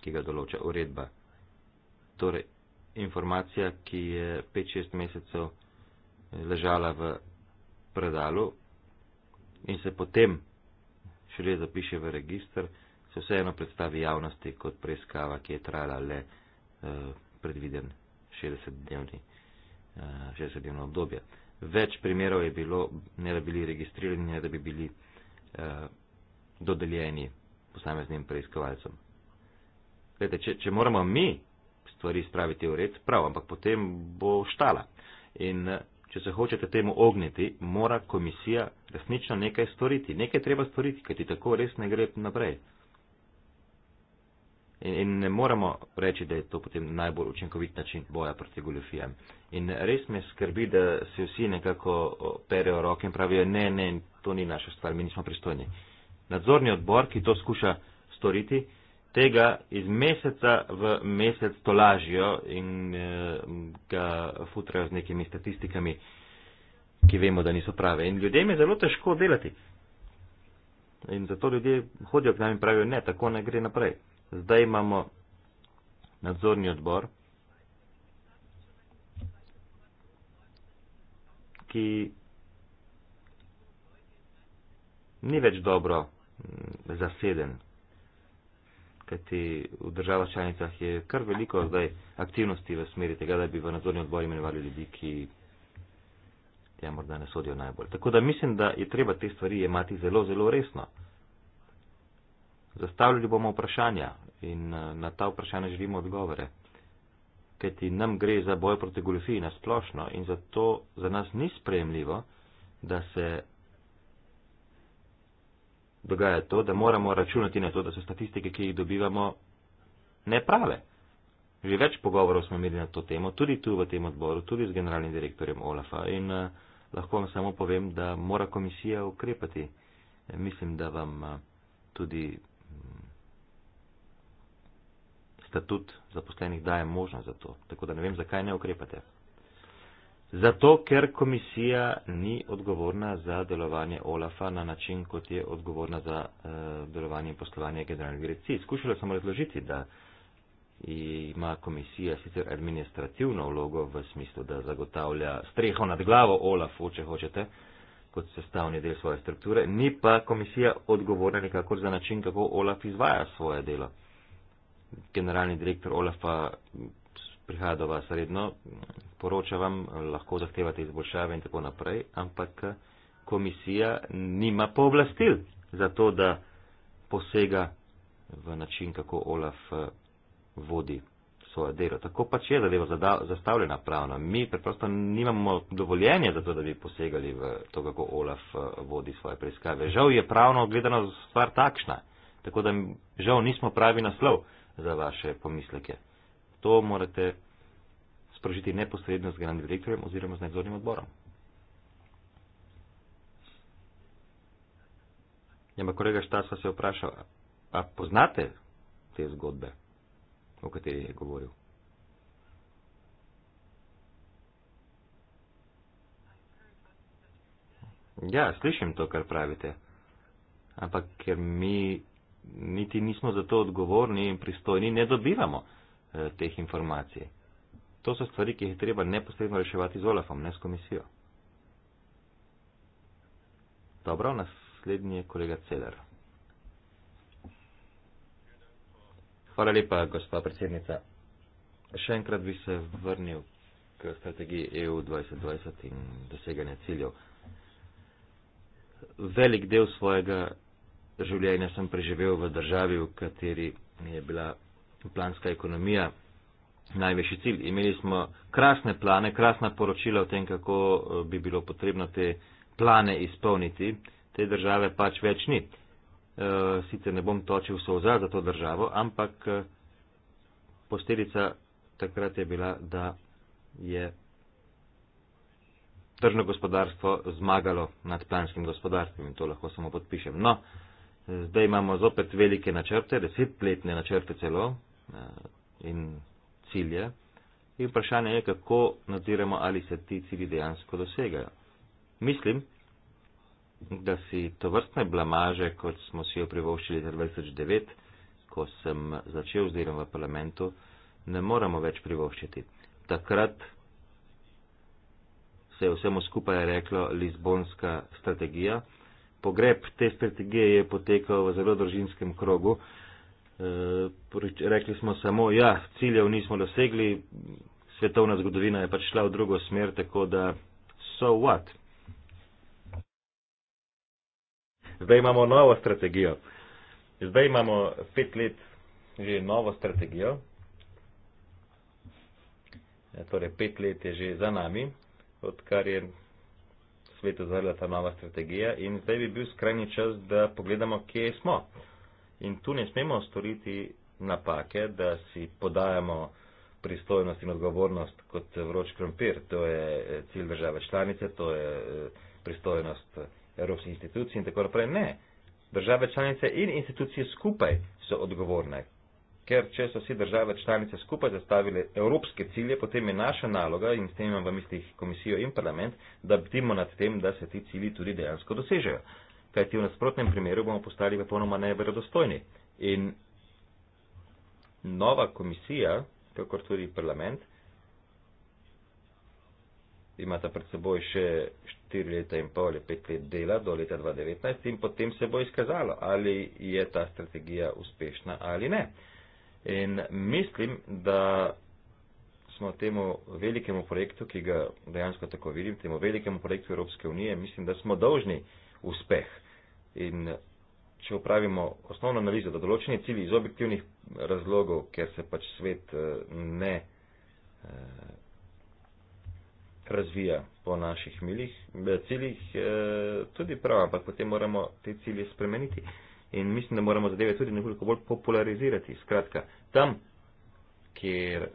ki ga določa uredba. Torej, informacija, ki je 5-6 mesecev eh, ležala v predalu in se potem šele zapiše v registr, se vseeno predstavi javnosti kot preiskava, ki je trajala le. Eh, predviden 60-dnevni 60 eh, obdobje. Več primerov je bilo, ne da bi bili registrirani, ne da bi bili eh, dodeljeni posameznim preiskovalcem. Glede, če, če moramo mi stvari spraviti v red, prav, ampak potem bo štala. In eh, če se hočete temu ogniti, mora komisija resnično nekaj storiti. Nekaj treba storiti, kajti tako res ne gre naprej. In, in ne moremo reči, da je to potem najbolj učinkovit način boja proti goljofijam. In res me skrbi, da se vsi nekako perejo roke in pravijo, ne, ne, to ni naša stvar, mi nismo pristojni. Nadzorni odbor, ki to skuša storiti, tega iz meseca v mesec tolažijo in eh, ga futrajo z nekimi statistikami, ki vemo, da niso prave. In ljudem je zelo težko delati. In zato ljudje hodijo k nam in pravijo, ne, tako ne gre naprej zdaj imamo nadzorni odbor, ki ni več dobro mm, zaseden, kajti v državah članicah je kar veliko zdaj aktivnosti v smeri tega, da bi v nadzorni odbor imenovali ljudi, ki tja morda ne sodijo najbolj. Tako da mislim, da je treba te stvari imati zelo, zelo resno. Zastavljali bomo vprašanja in eh, na ta vprašanja želimo odgovore. Ker ti nam gre za boj proti goljofiji na splošno in zato za nas ni sprejemljivo, da se dogaja to, da moramo računati na to, da so statistike, ki jih dobivamo, neprave. Že več pogovorov smo imeli na to temo, tudi tu v tem odboru, tudi z generalnim direktorjem Olafa in uh, lahko vam samo povem, da mora komisija ukrepati. E, mislim, da vam uh, tudi statut zaposlenih daje možnost za to. Tako da ne vem, zakaj ne ukrepate. Zato, ker komisija ni odgovorna za delovanje OLAFA na način, kot je odgovorna za uh, delovanje in poslovanje generalne direkcije. Skušala sem razložiti, da ima komisija sicer administrativno vlogo v smislu, da zagotavlja streho nad glavo OLAFu, če hočete, kot sestavni del svoje strukture, ni pa komisija odgovorna nekako za način, kako OLAF izvaja svoje delo generalni direktor Olafa prihaja do vas redno, poroča vam, lahko zahtevate izboljšave in tako naprej, ampak komisija nima pooblastil za to, da posega v način, kako Olaf eh, vodi svojo delo. Tako pač je zadeva zastavljena pravno. Mi preprosto nimamo dovoljenja za to, da bi posegali v to, kako Olaf eh, vodi svoje preiskave. Žal je pravno gledano stvar takšna, tako da žal nismo pravi naslov za vaše pomisleke. To morate sprožiti neposredno z generalnim direktorjem oziroma z nadzornim odborom. Ja, ma kolega Štasva se je vprašal, a poznate te zgodbe, o kateri je govoril? Ja, slišim to, kar pravite. Ampak ker mi niti nismo za to odgovorni in pristojni, ne dobivamo eh, teh informacij. To so stvari, ki jih je treba neposredno reševati z Olafom, ne s komisijo. Dobro, naslednji je kolega Celer. Hvala lepa, gospa predsednica. Še enkrat bi se vrnil k strategiji EU 2020 in doseganje ciljev. Velik del svojega življenja sem preživel v državi, v kateri je bila planska ekonomija največji cilj. Imeli smo krasne plane, krasna poročila o tem, kako eh, bi bilo potrebno te plane izpolniti. Te države pač več ni. Eh, sicer ne bom točil soza za to državo, ampak eh, posteljica takrat je bila, da je tržno gospodarstvo zmagalo nad planskim gospodarstvom in to lahko samo podpišem. No, Zdaj imamo zopet velike načrte, desetletne načrte celo eh, in cilje. In vprašanje je, kako nadziramo, ali se ti cilji dejansko dosegajo. Mislim, da si to vrstne blamaže, kot smo si jo privoščili 2009, ko sem začel z delom v parlamentu, ne moramo več privoščiti. Takrat se je vsemu skupaj reklo Lizbonska strategija pogreb te strategije je potekal v zelo družinskem krogu. E, rekli smo samo, ja, ciljev nismo dosegli, svetovna zgodovina je pač šla v drugo smer, tako da so what. Zdaj imamo novo strategijo. Zdaj imamo pet let že novo strategijo. E, torej, pet let je že za nami, odkar je svet ozrla ta nova strategija in zdaj bi bil skrajni čas, da pogledamo, kje smo. In tu ne smemo storiti napake, da si podajamo pristojnost in odgovornost kot vroč krompir. To je eh, cilj države članice, to je eh, pristojnost eh, evropskih institucij in tako naprej. Ne, države članice in institucije skupaj so odgovorne, ker če so vsi države članice skupaj zastavili evropske cilje, potem je naša naloga in s tem imam v mislih komisijo in parlament, da bdimo nad tem, da se ti cilji tudi dejansko dosežejo. Kajti v nasprotnem primeru bomo postali popolnoma neverodostojni. In nova komisija, kakor tudi parlament, imata pred seboj še 4 leta in pol ali 5 let dela do leta 2019 in potem se bo izkazalo, ali je ta strategija uspešna ali ne. In mislim, da smo temu velikemu projektu, ki ga dejansko tako vidim, temu velikemu projektu Evropske unije, mislim, da smo dolžni uspeh. In če upravimo osnovno analizo, da določeni cilji iz objektivnih razlogov, ker se pač svet eh, ne eh, razvija po naših milih, eh, ciljih tudi prav, ampak potem moramo te cilje spremeniti in mislim, da moramo zadeve tudi nekoliko bolj popularizirati. Skratka, tam, kjer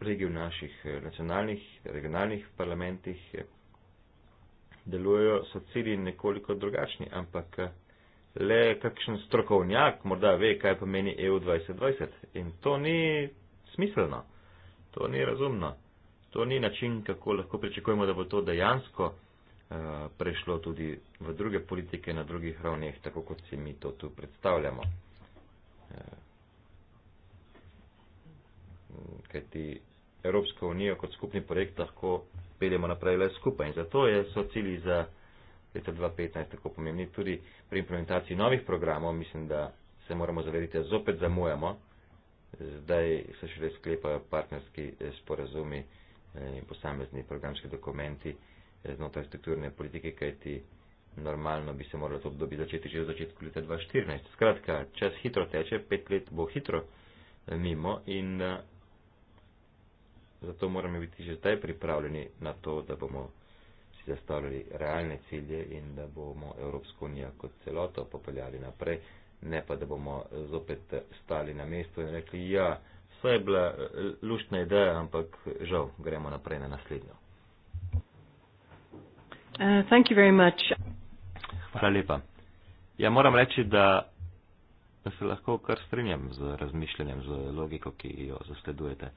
regi v naših eh, nacionalnih, regionalnih parlamentih eh, delujejo, so cilji nekoliko drugačni, ampak eh, le kakšen strokovnjak morda ve, kaj pomeni EU 2020 in to ni smiselno, to ni razumno, to ni način, kako lahko pričakujemo, da bo to dejansko Eh, prešlo tudi v druge politike na drugih ravneh, tako kot si mi to tu predstavljamo. Eh, Kaj ti Evropsko unijo kot skupni projekt lahko peljemo naprej le skupaj in zato je, so cilji za leto 2015 tako pomembni. Tudi pri implementaciji novih programov mislim, da se moramo zavedati, da zopet zamujamo, zdaj se šele sklepajo partnerski eh, sporazumi in posamezni programski dokumenti znotraj strukturne politike, kajti normalno bi se moralo to obdobje začeti že v začetku leta 2014. Skratka, čas hitro teče, pet let bo hitro eh, mimo in eh, zato moramo biti že zdaj pripravljeni na to, da bomo si zastavljali realne cilje in da bomo Evropsko unijo kot celoto popeljali naprej, ne pa da bomo eh, zopet stali na mestu in rekli, ja, vse je bila luštna ideja, ampak žal gremo naprej na naslednjo. Uh, thank you very much. Hvala lepa. Ja, moram reči, da se lahko kar strinjam z razmišljanjem, z logiko, ki jo zasledujete.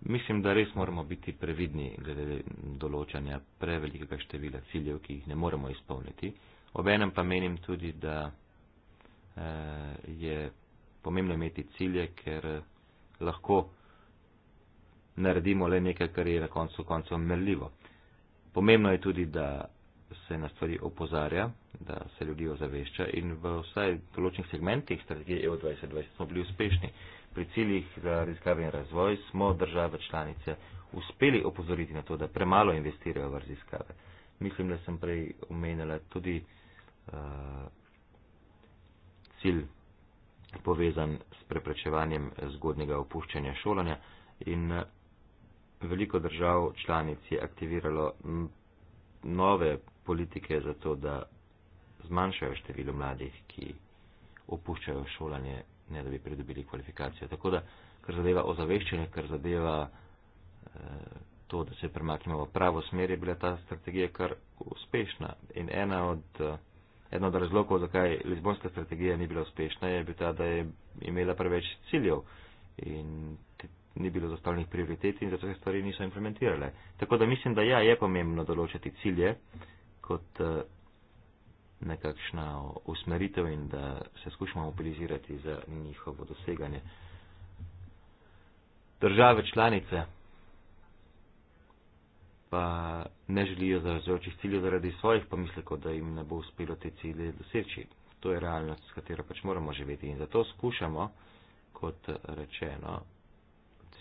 Mislim, da res moramo biti previdni glede določanja prevelikega števila ciljev, ki jih ne moremo izpolniti. Obenem pa menim tudi, da eh, je pomembno imeti cilje, ker eh, lahko naredimo le nekaj, kar je na koncu koncev merljivo. Pomembno je tudi, da se na stvari opozarja, da se ljudi ozavešča in v vsaj določenih segmentih strategije EU 2020 smo bili uspešni. Pri ciljih za raziskave in razvoj smo države članice uspeli opozoriti na to, da premalo investirajo v raziskave. Mislim, da sem prej omenjala tudi uh, cilj povezan s preprečevanjem zgodnega opuščanja šolanja in veliko držav članic je aktiviralo nove politike za to, da zmanjšajo število mladih, ki opuščajo šolanje, ne da bi pridobili kvalifikacijo. Tako da, kar zadeva ozaveščenje, kar zadeva eh, to, da se premaknemo v pravo smer, je bila ta strategija kar uspešna. In ena od, eh, ena od razlogov, zakaj Lizbonska strategija ni bila uspešna, je bila ta, da je imela preveč ciljev. In ni bilo zastavljenih prioritet in zato se stvari niso implementirale. Tako da mislim, da ja, je pomembno določiti cilje kot eh, nekakšna usmeritev in da se skušamo mobilizirati za njihovo doseganje. Države članice pa ne želijo zarazujočih ciljev zaradi svojih pomislekov, da jim ne bo uspelo te cilje doseči. To je realnost, s katero pač moramo živeti in zato skušamo, kot rečeno,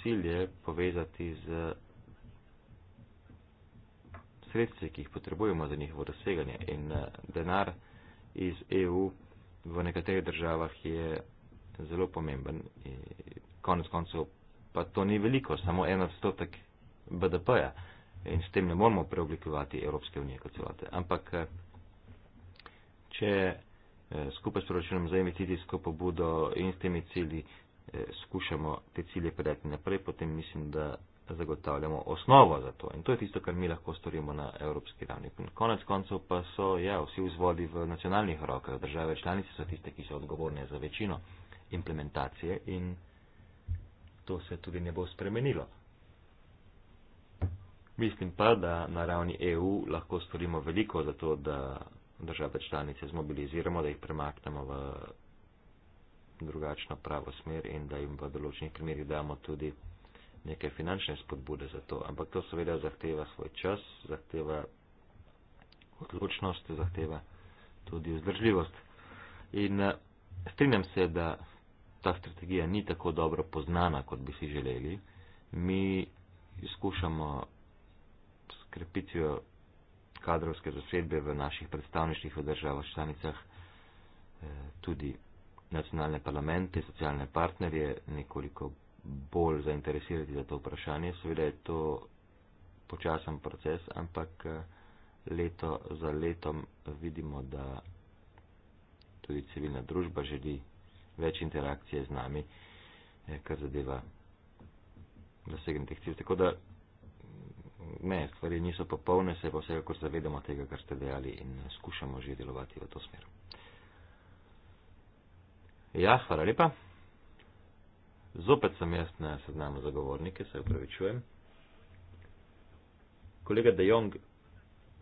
cilje povezati z sredstvi, ki jih potrebujemo za njihovo doseganje. In eh, denar iz EU v nekaterih državah je zelo pomemben. Konec koncev pa to ni veliko, samo en odstotek BDP-ja. In s tem ne moramo preoblikovati Evropske unije kot celote. Ampak eh, če eh, skupaj s proračunom za investicijsko pobudo in s temi cilji eh, skušamo te cilje predati naprej, potem mislim, da zagotavljamo osnovo za to. In to je tisto, kar mi lahko storimo na evropski ravni. In konec koncev pa so ja, vsi vzvodi v nacionalnih rokah. Države članice so tiste, ki so odgovorne za večino implementacije in to se tudi ne bo spremenilo. Mislim pa, da na ravni EU lahko storimo veliko za to, da države članice zmobiliziramo, da jih premaknemo v drugačno pravo smer in da jim v določenih primerjih damo tudi neke finančne spodbude za to. Ampak to seveda zahteva svoj čas, zahteva odločnost, zahteva tudi vzdržljivost. In eh, strinjam se, da ta strategija ni tako dobro poznana, kot bi si želeli. Mi izkušamo s krepitvijo kadrovske zasedbe v naših predstavništvih v državah članicah eh, tudi nacionalne parlamente, socialne partnerje nekoliko bolj zainteresirati za to vprašanje. Seveda je to počasen proces, ampak eh, leto za letom vidimo, da tudi civilna družba želi več interakcije z nami, eh, kar zadeva dosegen teh cilj. Tako da ne, stvari niso popolne, se pa vsekakor zavedamo tega, kar ste dejali in eh, skušamo že delovati v to smer. Ja, hvala lepa. Zopet sem jaz na seznamu zagovornike, se upravičujem. Kolega De Jong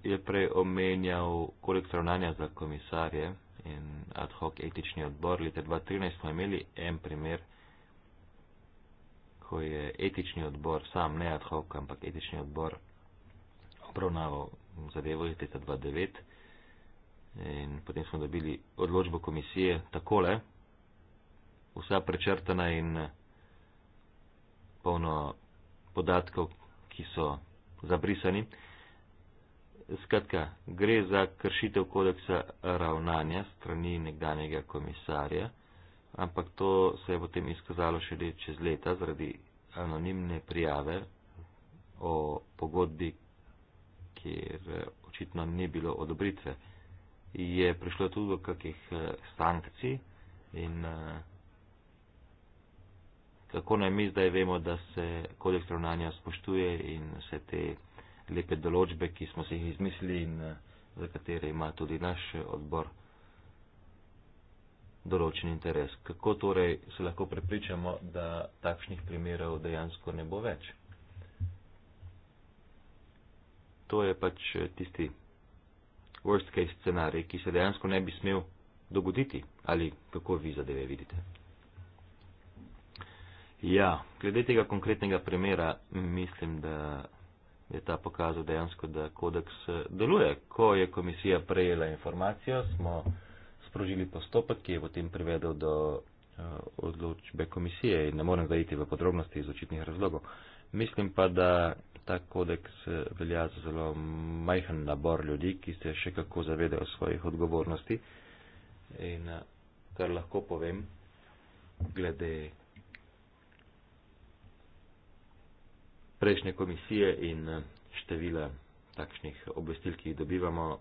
je prej omenjal kolik ravnanja za komisarje in ad hoc etični odbor. Leta 2013 smo imeli en primer, ko je etični odbor, sam ne ad hoc, ampak etični odbor obravnaval zadevo iz leta 2009. In potem smo dobili odločbo komisije takole vsa prečrtana in eh, polno podatkov, ki so zabrisani. Skratka, gre za kršitev kodeksa ravnanja strani nekdanjega komisarja, ampak to se je potem izkazalo šele čez leta zaradi anonimne prijave o pogodbi, kjer eh, očitno ni bilo odobritve. Je prišlo tudi do kakih eh, sankcij in uh, kako naj mi zdaj vemo, da se kodeks ravnanja spoštuje in vse te lepe določbe, ki smo si jih izmislili in eh, za katere ima tudi naš odbor določen interes. Kako torej se lahko prepričamo, da takšnih primerov dejansko ne bo več? To je pač eh, tisti worst case scenarij, ki se dejansko ne bi smel dogoditi. Ali kako vi zadeve vidite? Ja, glede tega konkretnega primera mislim, da je ta pokazal dejansko, da kodeks eh, deluje. Ko je komisija prejela informacijo, smo sprožili postopek, ki je potem privedel do eh, odločbe komisije in ne morem zaiti v podrobnosti iz očitnih razlogov. Mislim pa, da ta kodeks eh, velja za zelo majhen nabor ljudi, ki se še kako zavedajo svojih odgovornosti. In kar lahko povem, glede prejšnje komisije in eh, števila takšnih obvestil, ki jih dobivamo,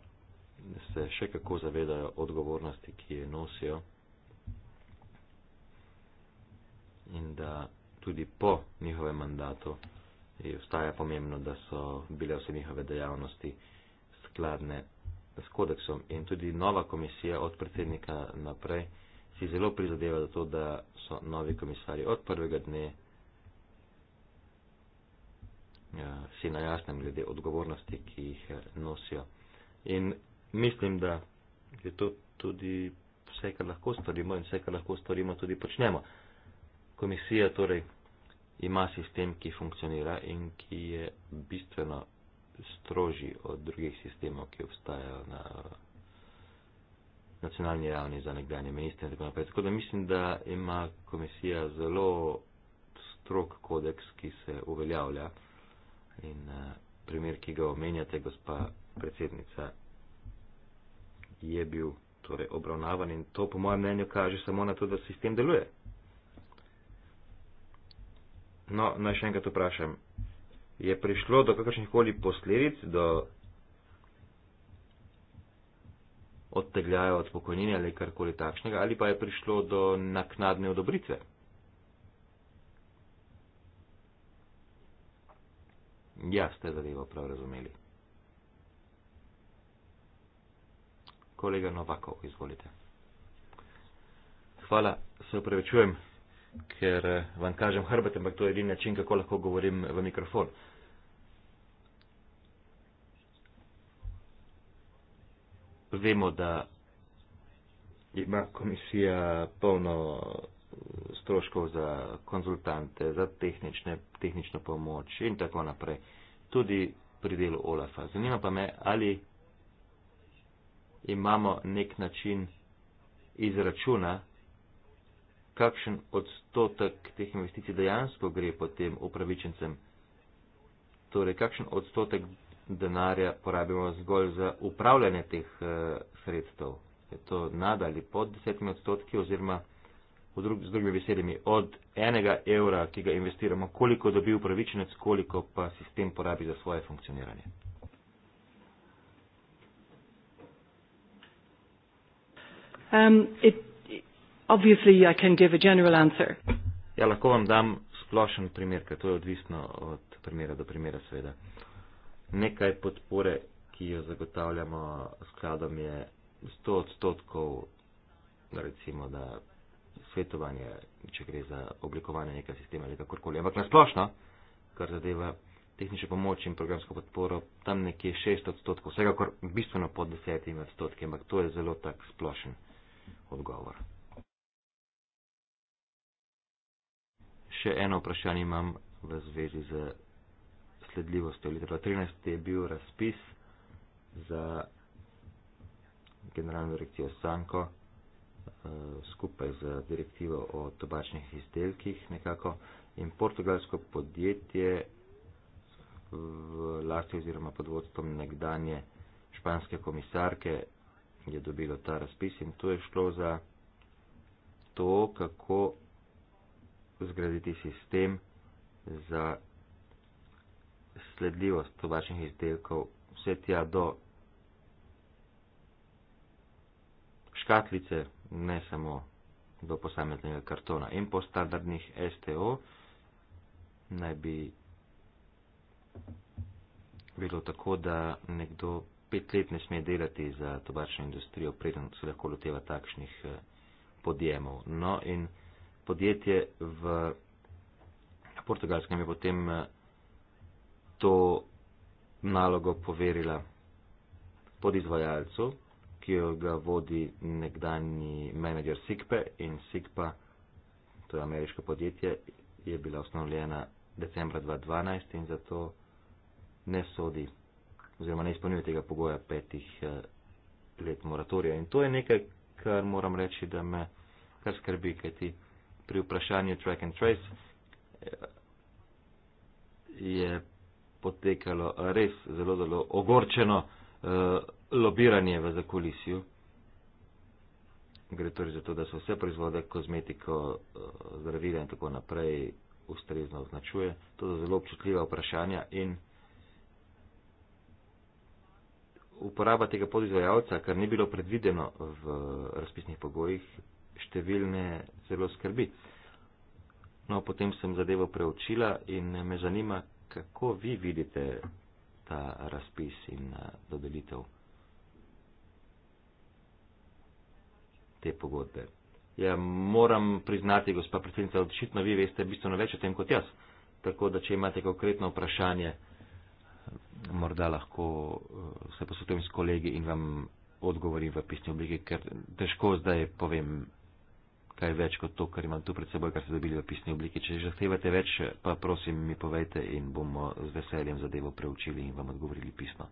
se še kako zavedajo odgovornosti, ki jo nosijo in da tudi po njihovem mandatu je ostaja pomembno, da so bile vse njihove dejavnosti skladne s kodeksom. In tudi nova komisija od predsednika naprej si zelo prizadeva za to, da so novi komisari od prvega dne Ja, vsi na jasnem glede odgovornosti, ki jih eh, nosijo. In mislim, da je to tudi vse, kar lahko storimo in vse, kar lahko storimo, tudi počnemo. Komisija torej ima sistem, ki funkcionira in ki je bistveno stroži od drugih sistemov, ki obstajajo na nacionalni ravni za nekdanje ministre in tako naprej. Tako da mislim, da ima komisija zelo strok kodeks, ki se uveljavlja In eh, primer, ki ga omenjate, gospa predsednica, je bil torej, obravnavan in to, po mojem mnenju, kaže samo na to, da sistem deluje. No, naj še enkrat vprašam. Je prišlo do kakršnih koli posledic, do odtegljaja od pokojnine ali karkoli takšnega, ali pa je prišlo do naknadne odobritve? Ja, ste zadevo prav razumeli. Kolega Novakov, izvolite. Hvala, se upravičujem, ker eh, vam kažem hrbet, ampak to je edini način, kako lahko govorim v mikrofon. Vemo, da ima komisija polno stroškov za konzultante, za tehnične, tehnično pomoč in tako naprej. Tudi pri delu Olafa. Zanima pa me, ali imamo nek način izračuna, kakšen odstotek teh investicij dejansko gre potem upravičencem. Torej, kakšen odstotek denarja porabimo zgolj za upravljanje teh uh, sredstev. Je to nadalje pod 10 odstotki oziroma drug, z drugimi besedami, od enega evra, ki ga investiramo, koliko dobi upravičenec, koliko pa sistem porabi za svoje funkcioniranje. Um, it, obviously I can give a general answer. Ja, lahko vam dam splošen primer, ker to je odvisno od primera do primera sveda. Nekaj podpore, ki jo zagotavljamo skladom je 100 odstotkov, recimo da svetovanje, če gre za oblikovanje nekega sistema ali kakorkoli. Ampak nasplošno, kar zadeva tehnično pomoč in programsko podporo, tam nekje 6 odstotkov, vsega kar bistveno pod 10 odstotkov, ampak to je zelo tak splošen odgovor. Še eno vprašanje imam v zvezi z sledljivostjo. Leta 2013 je bil razpis za generalno direkcijo Sanko. Eh, skupaj z direktivo o tobačnih izdelkih nekako in portugalsko podjetje v lasti oziroma pod vodstvom nekdanje španske komisarke je dobilo ta razpis in to je šlo za to, kako zgraditi sistem za sledljivost tobačnih izdelkov vse tja do škatlice ne samo do posameznega kartona. In po standardnih STO naj bi bilo tako, da nekdo pet let ne sme delati za tobačno industrijo, preden se lahko loteva takšnih eh, podjemov. No in podjetje v Portugalskem je potem eh, to nalogo poverila podizvajalcu ki jo ga vodi nekdani menedžer Sikpe in Sikpa, to je ameriško podjetje, je bila ustanovljena decembra 2012 in zato ne sodi oziroma ne izpolnjuje tega pogoja petih eh, let moratorija. In to je nekaj, kar moram reči, da me kar skrbi, kajti pri vprašanju track and trace eh, je potekalo res zelo, zelo ogorčeno. Uh, lobiranje v zakolisju. Gre torej za to, da se vse proizvode, kozmetiko, eh, zdravila in tako naprej ustrezno označuje. To so zelo občutljiva vprašanja in uporaba tega podizvajalca, kar ni bilo predvideno v razpisnih pogojih, številne zelo skrbi. No, potem sem zadevo preučila in me zanima, kako vi vidite ta razpis in eh, dodelitev. te pogodbe. Ja, moram priznati, gospa predsednica, očitno vi veste bistveno več o tem kot jaz. Tako da, če imate konkretno vprašanje, morda lahko eh, se posvetujem s kolegi in vam odgovorim v pisni obliki, ker težko zdaj povem kaj več kot to, kar imam tu pred seboj, kar ste dobili v pisni obliki. Če zahtevate več, pa prosim mi povejte in bomo z veseljem zadevo preučili in vam odgovorili pisno.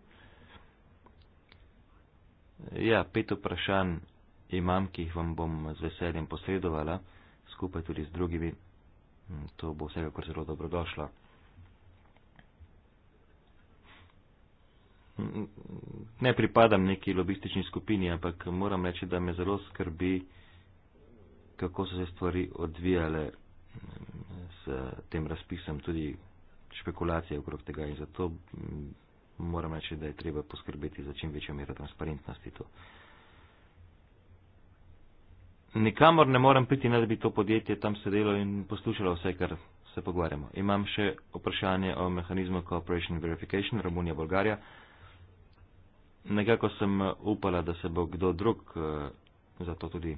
Ja, pet vprašanj imam, ki jih vam bom z veseljem posredovala, skupaj tudi z drugimi, mm, to bo vsekakor zelo dobrodošlo. Mm, ne pripadam neki lobistični skupini, ampak moram reči, da me zelo skrbi, kako so se stvari odvijale mm, s tem razpisom, tudi špekulacije okrog tega in zato moram reči, da je treba poskrbeti za čim večjo mero transparentnosti. To nikamor ne morem priti, ne da bi to podjetje tam sedelo in poslušalo vse, kar se pogovarjamo. Imam še vprašanje o mehanizmu Cooperation Verification, Romunija, Bolgarija. Nekako sem upala, da se bo kdo drug uh, za to tudi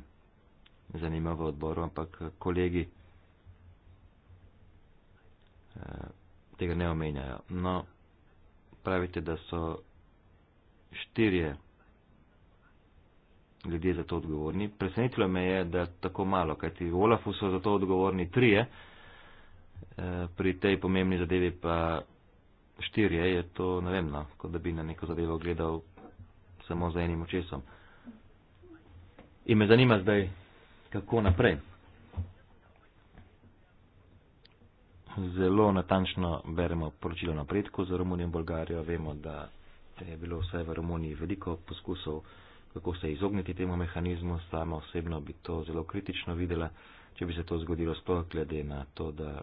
zanimal v odboru, ampak eh, kolegi uh, tega ne omenjajo. No, pravite, da so štirje ljudje za to odgovorni. Presenetilo me je, da tako malo, kajti v Olafu so za to odgovorni trije, eh, pri tej pomembni zadevi pa štirje je to nevemno, kot da bi na neko zadevo gledal samo za enim očesom. In me zanima zdaj, kako naprej. Zelo natančno beremo poročilo napredku za Romunijo in Bolgarijo. Vemo, da je bilo vsaj v Romuniji veliko poskusov kako se izogniti temu mehanizmu, sama osebno bi to zelo kritično videla, če bi se to zgodilo sploh glede na to, da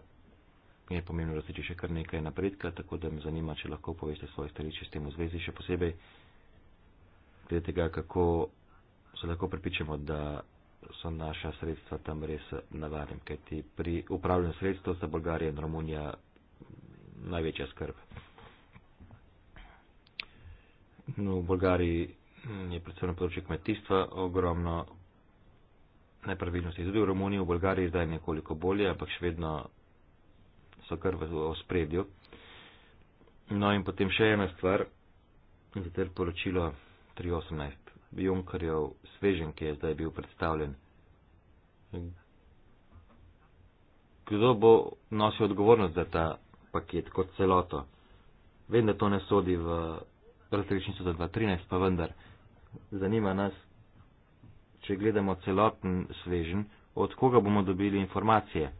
mi je pomembno doseči še kar nekaj napredka, tako da me zanima, če lahko poveste svoje stališče s tem v zvezi, še posebej glede tega, kako se lahko pripičemo, da so naša sredstva tam res navarim, kajti pri upravljanju sredstva sta Bolgarija in Romunija največja skrb. No, v Bolgariji je predvsem na področju kmetijstva ogromno nepravilnosti. Tudi v Romuniji, v Bolgariji zdaj nekoliko bolje, ampak še vedno so kar v ospredju. No in potem še ena stvar, za ter poročilo 318. Junkarjev svežen, ki je zdaj bil predstavljen. Kdo bo nosil odgovornost za ta paket kot celoto? Vem, da to ne sodi v različnico 2013, pa vendar zanima nas, če gledamo celoten svežen, od koga bomo dobili informacije.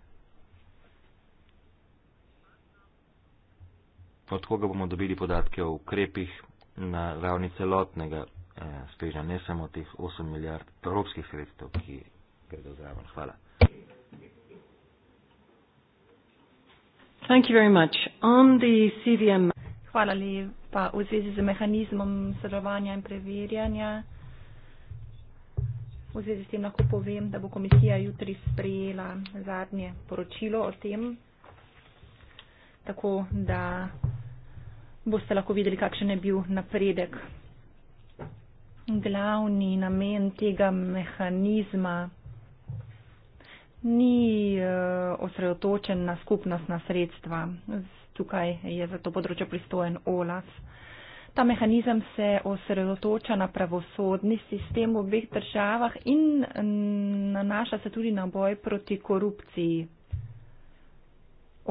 Od koga bomo dobili podatke o ukrepih na ravni celotnega eh, svežnja, ne samo teh 8 milijard evropskih sredstev, ki gredo zraven. Hvala. Thank you very much. On the CVM Hvala lepa. V zvezi z mehanizmom sodelovanja in preverjanja, v zvezi s tem lahko povem, da bo komisija jutri sprejela zadnje poročilo o tem, tako da boste lahko videli, kakšen je bil napredek. Glavni namen tega mehanizma ni eh, osredotočen na skupnostna sredstva. Z tukaj je za to področje pristojen OLAF. Ta mehanizem se osredotoča na pravosodni sistem v obeh državah in nanaša se tudi na boj proti korupciji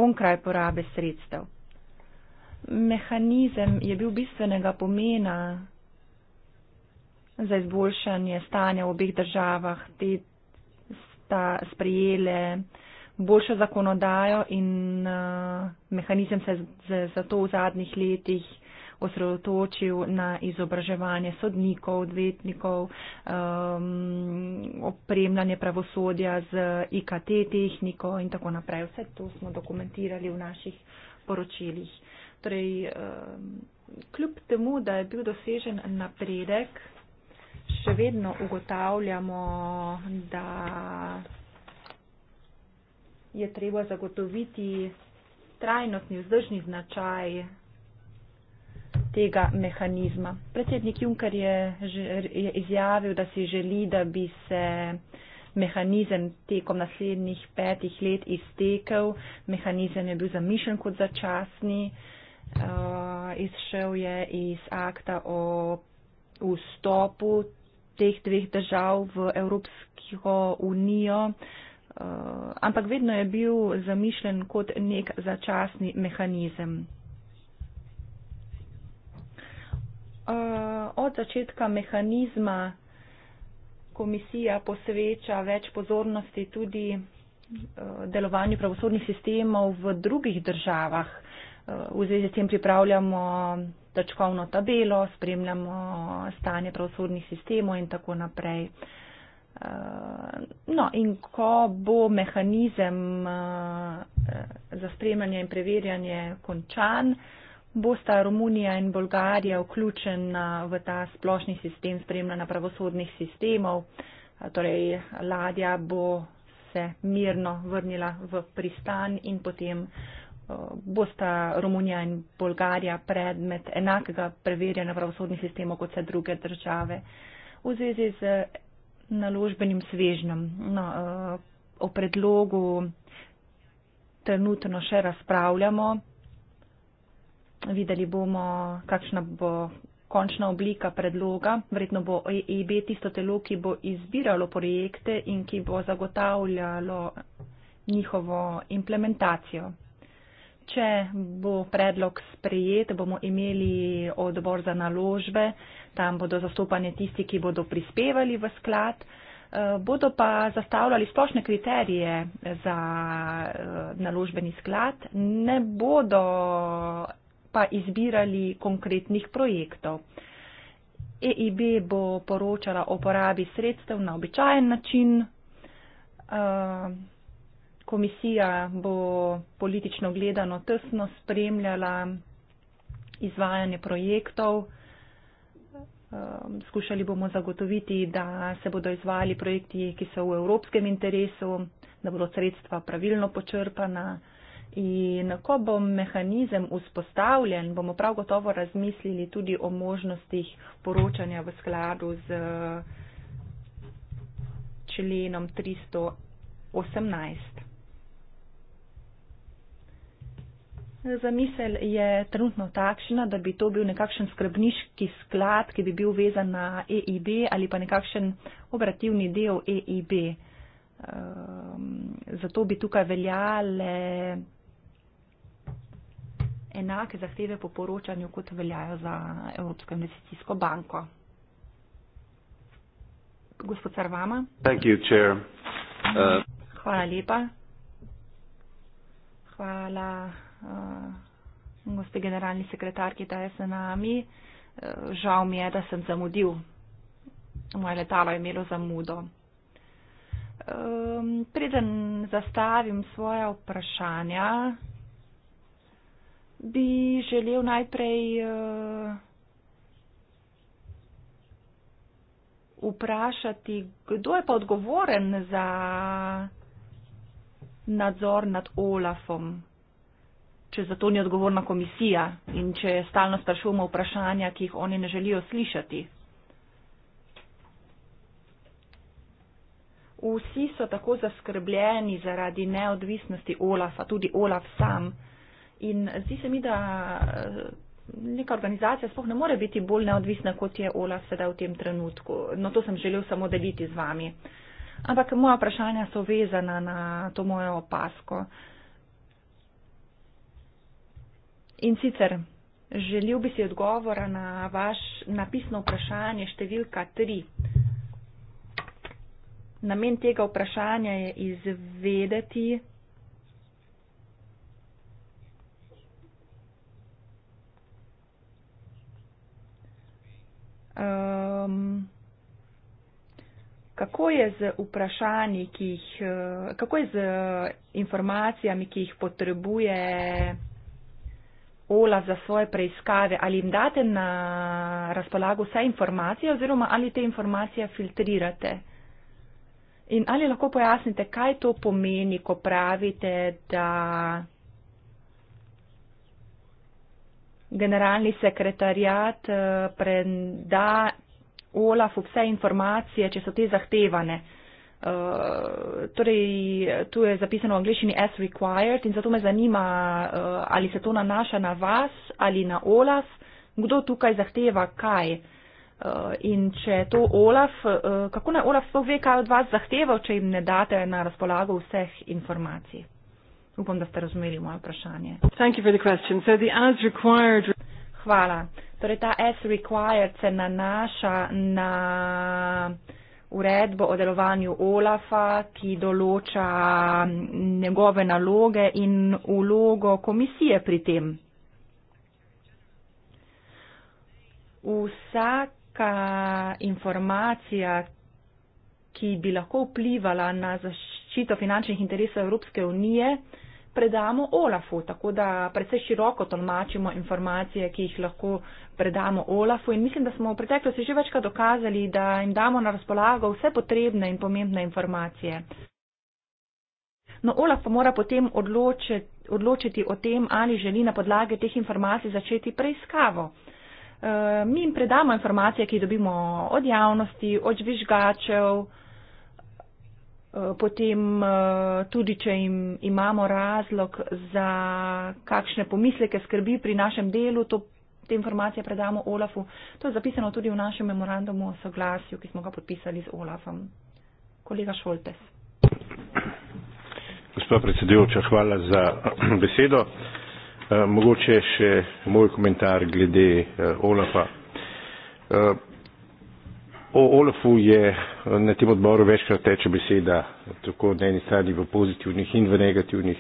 onkraj porabe sredstev. Mehanizem je bil bistvenega pomena za izboljšanje stanja v obeh državah, te sta sprejele uh, boljšo zakonodajo in uh, mehanizem se je zato v zadnjih letih osredotočil na izobraževanje sodnikov, odvetnikov, um, opremljanje pravosodja z IKT tehniko in tako naprej. Vse to smo dokumentirali v naših poročilih. Torej, um, kljub temu, da je bil dosežen napredek, še vedno ugotavljamo, da je treba zagotoviti trajnostni vzdržni značaj tega mehanizma. Predsednik Juncker je, je izjavil, da si želi, da bi se mehanizem tekom naslednjih petih let iztekel. Mehanizem je bil zamišljen kot začasni. Uh, izšel je iz akta o vstopu teh dveh držav v Evropsko unijo. Uh, Eh, ampak vedno je bil zamišljen kot nek začasni mehanizem. Uh, od začetka mehanizma komisija posveča več pozornosti tudi uh, delovanju pravosodnih sistemov v drugih državah. Uh, v zvezi s tem pripravljamo točkovno tabelo, spremljamo stanje pravosodnih sistemov in tako naprej. Uh, Eh, no, in ko bo mehanizem eh, za spremljanje in preverjanje končan, bosta Romunija in Bolgarija vključena v ta splošni sistem spremljanja pravosodnih sistemov, eh, torej ladja bo se mirno vrnila v pristan in potem bosta Romunija in Bolgarija predmet enakega preverjanja pravosodnih sistemov kot vse druge države. V zvezi z naložbenim svežnjem. No, eh, o predlogu trenutno še razpravljamo. Videli bomo, kakšna bo končna oblika predloga. Vredno bo EIB e tisto telo, ki bo izbiralo projekte in ki bo zagotavljalo njihovo implementacijo. Če bo predlog sprejet, bomo imeli odbor za naložbe, uh, tam bodo zastopani tisti, ki bodo prispevali v sklad, eh, bodo pa zastavljali splošne kriterije za eh, naložbeni sklad, ne bodo pa izbirali konkretnih projektov. EIB bo poročala o porabi sredstev na običajen način, eh, komisija bo politično gledano tesno spremljala izvajanje projektov, Ehm, skušali bomo zagotoviti, da se bodo izvali projekti, ki so v evropskem interesu, da bodo sredstva pravilno počrpana. In ko bo mehanizem vzpostavljen, bomo prav gotovo razmislili tudi o možnostih poročanja v skladu z členom 318. Zamisel je trenutno takšna, da bi to bil nekakšen skrbniški sklad, ki bi bil vezan na EIB ali pa nekakšen operativni del EIB. Um, ehm, zato bi tukaj veljale enake zahteve po poročanju, kot veljajo za Evropsko investicijsko banko. Gospod Sarvama. Thank you, chair. Uh... Hvala lepa. Hvala uh, gospe generalni sekretarki, da je se nami. Uh, eh, žal mi je, da sem zamudil. Moje letalo je imelo zamudo. Um, preden zastavim svoja vprašanja, bi želel najprej uh, vprašati, kdo je pa odgovoren za nadzor nad Olafom, če za to ni odgovorna komisija in če stalno sprašujemo vprašanja, ki jih oni ne želijo slišati. Vsi so tako zaskrbljeni zaradi neodvisnosti OLAF-a, tudi OLAF sam. In zdi se mi, da eh, neka organizacija sploh ne more biti bolj neodvisna, kot je OLAF sedaj v tem trenutku. No, to sem želel samo deliti z vami. Ampak moja vprašanja so vezana na to mojo opasko. Uh, In sicer želil bi si odgovora na vaš napisno vprašanje številka 3. Namen tega vprašanja je izvedeti, um, kako je z vprašanji, ki jih, uh, kako je z informacijami, ki jih potrebuje. OLAF za svoje preiskave, ali jim date na razpolago vse informacije oziroma ali te informacije filtrirate? In ali lahko pojasnite, kaj to pomeni, ko pravite, da generalni sekretarjat eh, preda OLAFu vse informacije, če so te zahtevane? Uh, torej, tu je zapisano v angliščini as required in zato me zanima, uh, ali se to nanaša na vas ali na Olaf, kdo tukaj zahteva kaj. Uh, in če to Olaf, uh, kako naj Olaf sploh ve, kaj od vas zahteva, če jim ne date na razpolago vseh informacij? Upam, da ste razumeli moje vprašanje. Hvala. Torej, ta as required se nanaša na uredbo o delovanju OLAFA, ki določa njegove naloge in ulogo komisije pri tem. Vsaka informacija, ki bi lahko vplivala na zaščito finančnih interesov Evropske unije, predamo Olafu, tako da predvsej široko tolmačimo informacije, ki jih lahko predamo Olafu in mislim, da smo v preteklosti že večkrat dokazali, da jim damo na razpolago vse potrebne in pomembne informacije. No, Olaf pa mora potem odločiti, odločiti o tem, ali želi na podlage teh informacij začeti preiskavo. Eh, mi jim predamo informacije, ki jih dobimo od javnosti, od žvižgačev, potem eh, tudi, če im, imamo razlog za kakšne pomisleke, skrbi pri našem delu, to, te informacije predamo Olafu. To je zapisano tudi v našem memorandumu o soglasju, ki smo ga podpisali z Olafom. Kolega Šoltes. Gospod predsedujoča, hvala za besedo. Eh, mogoče še moj komentar glede eh, Olafa. O Olafu je eh, na tem odboru večkrat teče beseda, tako na eni strani v pozitivnih in v negativnih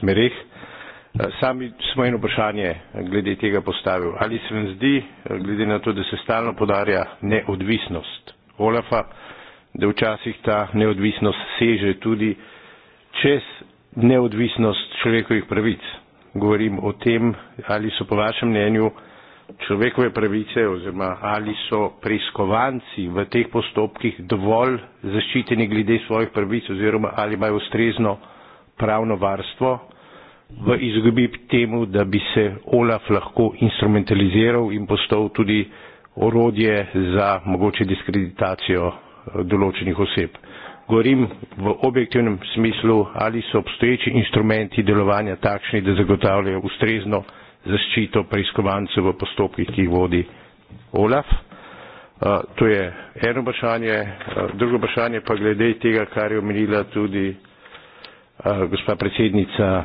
smereh. Eh, sami smo eno vprašanje glede tega postavil. Ali se vam zdi, eh, glede na to, da se stalno podarja neodvisnost Olafa, da včasih ta neodvisnost seže tudi čez neodvisnost človekovih pravic? Govorim o tem, ali so po vašem mnenju človekove pravice oziroma ali so preiskovanci v teh postopkih dovolj zaščiteni glede svojih pravic oziroma ali imajo ustrezno pravno varstvo v izgubi temu, da bi se OLAF lahko instrumentaliziral in postal tudi orodje za mogoče diskreditacijo eh, določenih oseb. Govorim v objektivnem smislu, ali so obstoječi instrumenti delovanja takšni, da zagotavljajo ustrezno pravno varstvo zaščito preiskovancev v postopkih, ki jih vodi OLAF. Eh, to je eno vprašanje. Eh, drugo vprašanje pa glede tega, kar je omenila tudi eh, gospa predsednica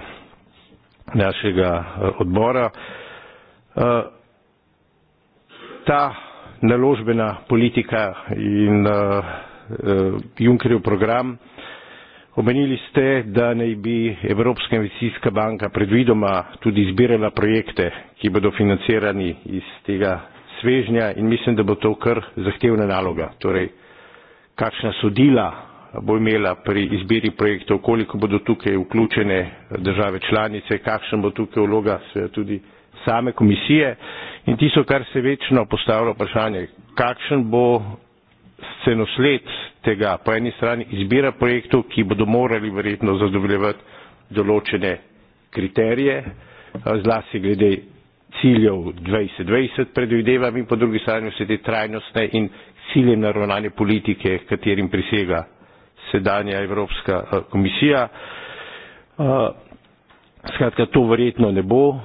našega odbora. Ta naložbena politika in Junkerjev program Omenili ste, da naj bi Evropska investicijska banka predvidoma tudi izbirala projekte, ki bodo financirani iz tega svežnja in mislim, da bo to kar zahtevna naloga. Torej, kakšna sodila bo imela pri izbiri projektov, koliko bodo tukaj vključene države članice, kakšna bo tukaj vloga tudi same komisije in tisto, kar se večno postavlja vprašanje, kakšen bo scenosled tega, po eni strani izbira projektov, ki bodo morali verjetno zadovoljevati določene kriterije, zlasti glede ciljev 2020 predvidevam in po drugi strani vse te trajnostne in cilje naravnane politike, katerim prisega sedanja Evropska komisija. Skratka, to verjetno ne bo uh,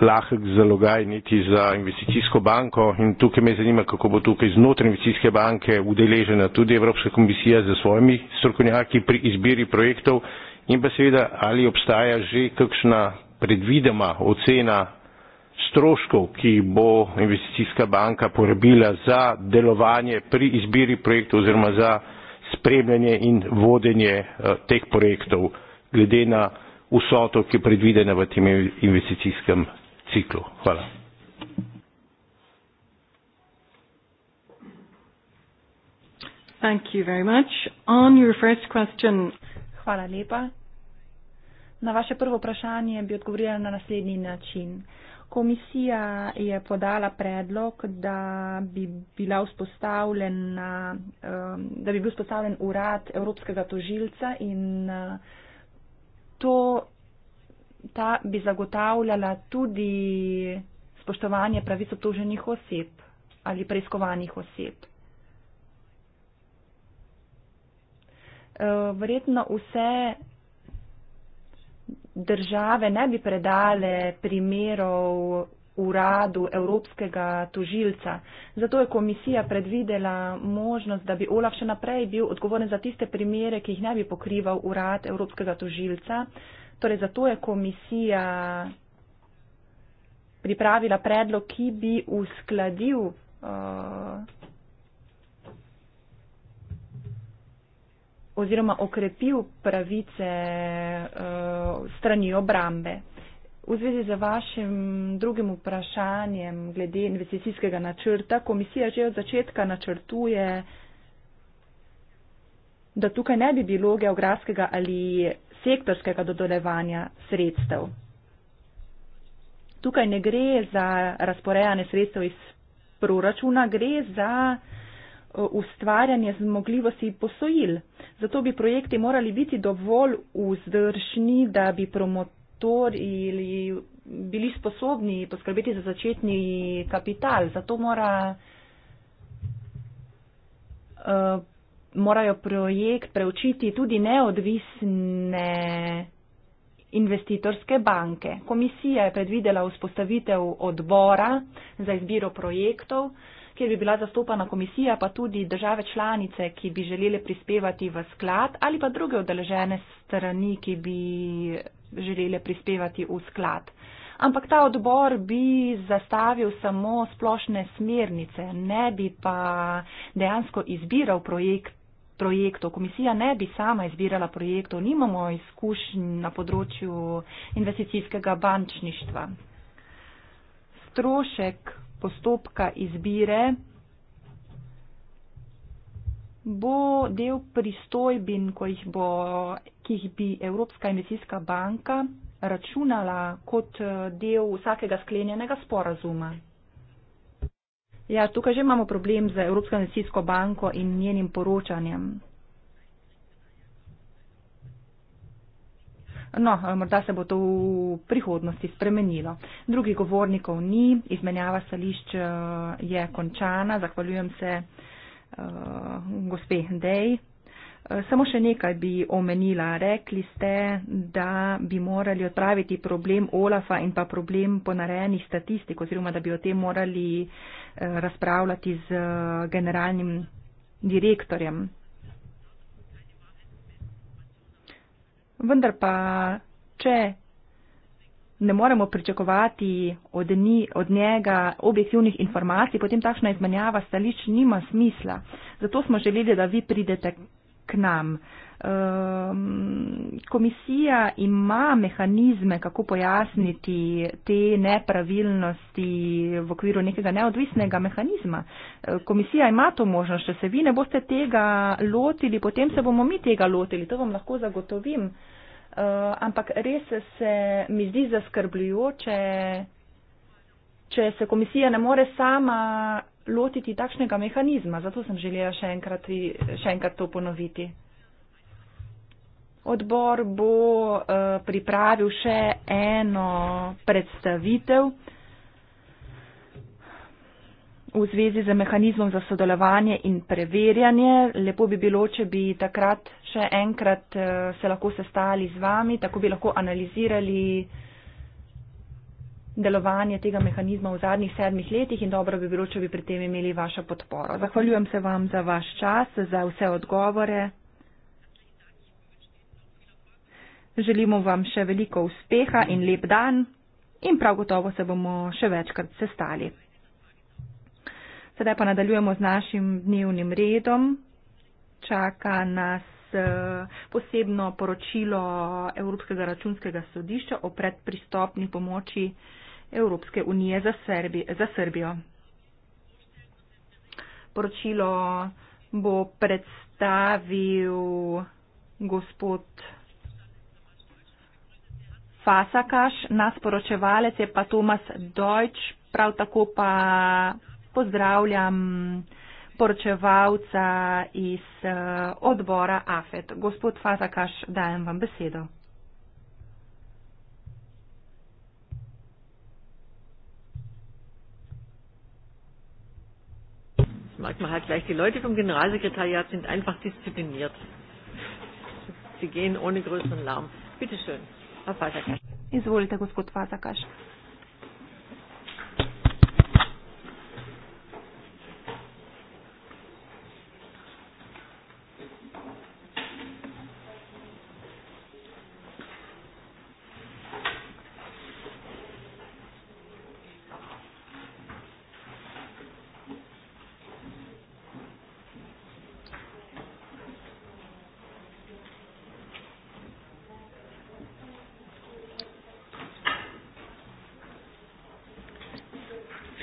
lahek zalogaj niti za investicijsko banko in tukaj me zanima, kako bo tukaj znotraj investicijske banke udeležena tudi Evropska komisija za svojimi strokovnjaki pri izbiri projektov in pa seveda, ali obstaja že kakšna predvidoma ocena stroškov, ki bo investicijska banka porabila za delovanje pri izbiri projektov oziroma za spremljanje in vodenje uh, teh projektov glede na vsoto, ki je predvidena v tem investicijskem ciklu. Hvala. Thank you very much. On your first question. Hvala lepa. Na vaše prvo vprašanje bi odgovorila na naslednji način. Komisija je podala predlog, da bi, bila vzpostavljena, eh, da bi bil vzpostavljen urad Evropskega tožilca in uh, to, ta bi zagotavljala tudi spoštovanje pravic obtoženih oseb ali preiskovanih oseb. E, verjetno vse države ne bi predale primerov uradu evropskega tožilca. Zato je komisija predvidela možnost, da bi Olaf še naprej bil odgovoren za tiste primere, ki jih ne bi pokrival urad evropskega tožilca. Torej, zato je komisija pripravila predlog, ki bi uskladil uh, oziroma okrepil pravice uh, strani obrambe. V zvezi z vašim drugim vprašanjem glede investicijskega načrta, komisija že od začetka načrtuje, da tukaj ne bi bilo geografskega ali sektorskega dodelevanja sredstev. Tukaj ne gre za razporejanje sredstev iz proračuna, gre za e, ustvarjanje zmogljivosti posojil. Zato bi projekti morali biti dovolj vzdržni, da bi promotili motor ali bili sposobni poskrbeti za začetni kapital. Zato mora, uh, morajo projekt preučiti tudi neodvisne investitorske banke. Komisija je predvidela vzpostavitev odbora za izbiro projektov kjer bi bila zastopana komisija, pa tudi države članice, ki bi želeli prispevati v sklad ali pa druge odeležene strani, ki bi želele prispevati v sklad. Ampak ta odbor bi zastavil samo splošne smernice, ne bi pa dejansko izbiral projekt. Projektov. Komisija ne bi sama izbirala projektov, nimamo izkušenj na področju investicijskega bančništva. Strošek postopka izbire bo del pristojbin, jih bo, ki jih bi Evropska investicijska banka računala kot del vsakega sklenjenega sporazuma. Ja, tukaj že imamo problem z Evropsko investicijsko banko in njenim poročanjem. No, morda se bo to v prihodnosti spremenilo. Drugih govornikov ni, izmenjava stališč je končana. Zahvaljujem se uh, Eh, gospe Dej. Eh, samo še nekaj bi omenila. Rekli ste, da bi morali odpraviti problem Olafa in pa problem ponarejenih statistik, oziroma da bi o tem morali eh, razpravljati z generalnim direktorjem. Vendar pa, če ne moremo pričakovati od, ni, od njega objektivnih informacij, potem takšna izmenjava stališč nima smisla. Zato smo želeli, da vi pridete k nam. Um, komisija ima mehanizme, kako pojasniti te nepravilnosti v okviru nekega neodvisnega mehanizma. Ehm, komisija ima to možnost, če se vi ne boste tega lotili, potem se bomo mi tega lotili, to vam lahko zagotovim. Uh, Eh, ampak res se mi zdi zaskrbljujoče, če se komisija ne more sama lotiti takšnega mehanizma. Zato sem želela še enkrat, še enkrat to ponoviti. Odbor bo uh, pripravil še eno predstavitev v zvezi z mehanizmom za sodelovanje in preverjanje. Lepo bi bilo, če bi takrat še enkrat eh, se lahko sestali z vami, tako bi lahko analizirali delovanje tega mehanizma v zadnjih sedmih letih in dobro bi bilo, če bi pri tem imeli vašo podporo. Zahvaljujem se vam za vaš čas, za vse odgovore. Želimo vam še veliko uspeha in lep dan in prav gotovo se bomo še večkrat sestali. Sedaj pa nadaljujemo z našim dnevnim redom. Čaka nas eh, posebno poročilo Evropskega računskega sodišča o predpristopni pomoči Evropske unije za, Serbi, za Srbijo. Poročilo bo predstavil gospod Fasakaš, nas poročevalec je pa Tomas Deutsch, prav tako pa pozdravljam poročevalca iz eh, odbora AFET. Gospod Fazakaš, dajem vam besedo. Manchmal halt gleich die Leute vom Generalsekretariat sind einfach diszipliniert. Sie gehen ohne größeren Lärm. Bitte schön, Herr Fasakas. Izvolite, gospod Fasakas.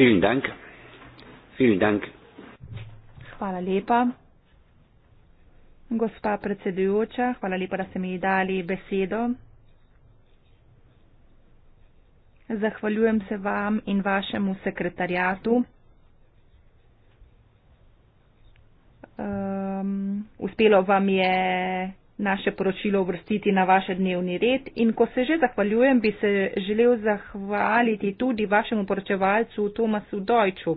Vielen Dank. Vielen Dank. Hvala lepa. Gospa predsedujoča, hvala lepa, da ste mi dali besedo. Zahvaljujem se vam in vašemu sekretarjatu. Um, ehm, uspelo vam je naše poročilo uvrstiti na vaš dnevni red in ko se že zahvaljujem, bi se želel zahvaliti tudi vašemu poročevalcu Tomasu Dojču,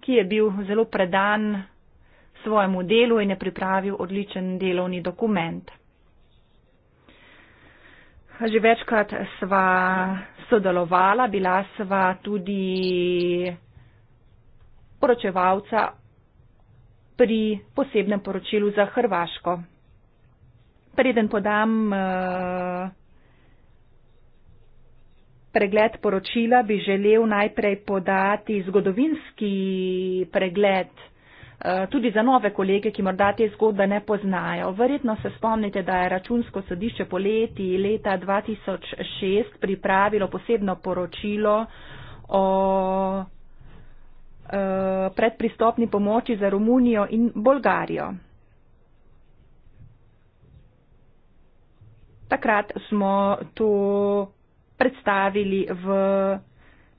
ki je bil zelo predan svojemu delu in je pripravil odličen delovni dokument. Že večkrat sva sodelovala, bila sva tudi poročevalca pri posebnem poročilu za Hrvaško. Preden podam eh, pregled poročila, bi želel najprej podati zgodovinski pregled. Eh, tudi za nove kolege, ki morda te zgodbe ne poznajo. Verjetno se spomnite, da je računsko sodišče poleti leta 2006 pripravilo posebno poročilo o Eh, predpristopni pomoči za Romunijo in Bolgarijo. Takrat smo to predstavili v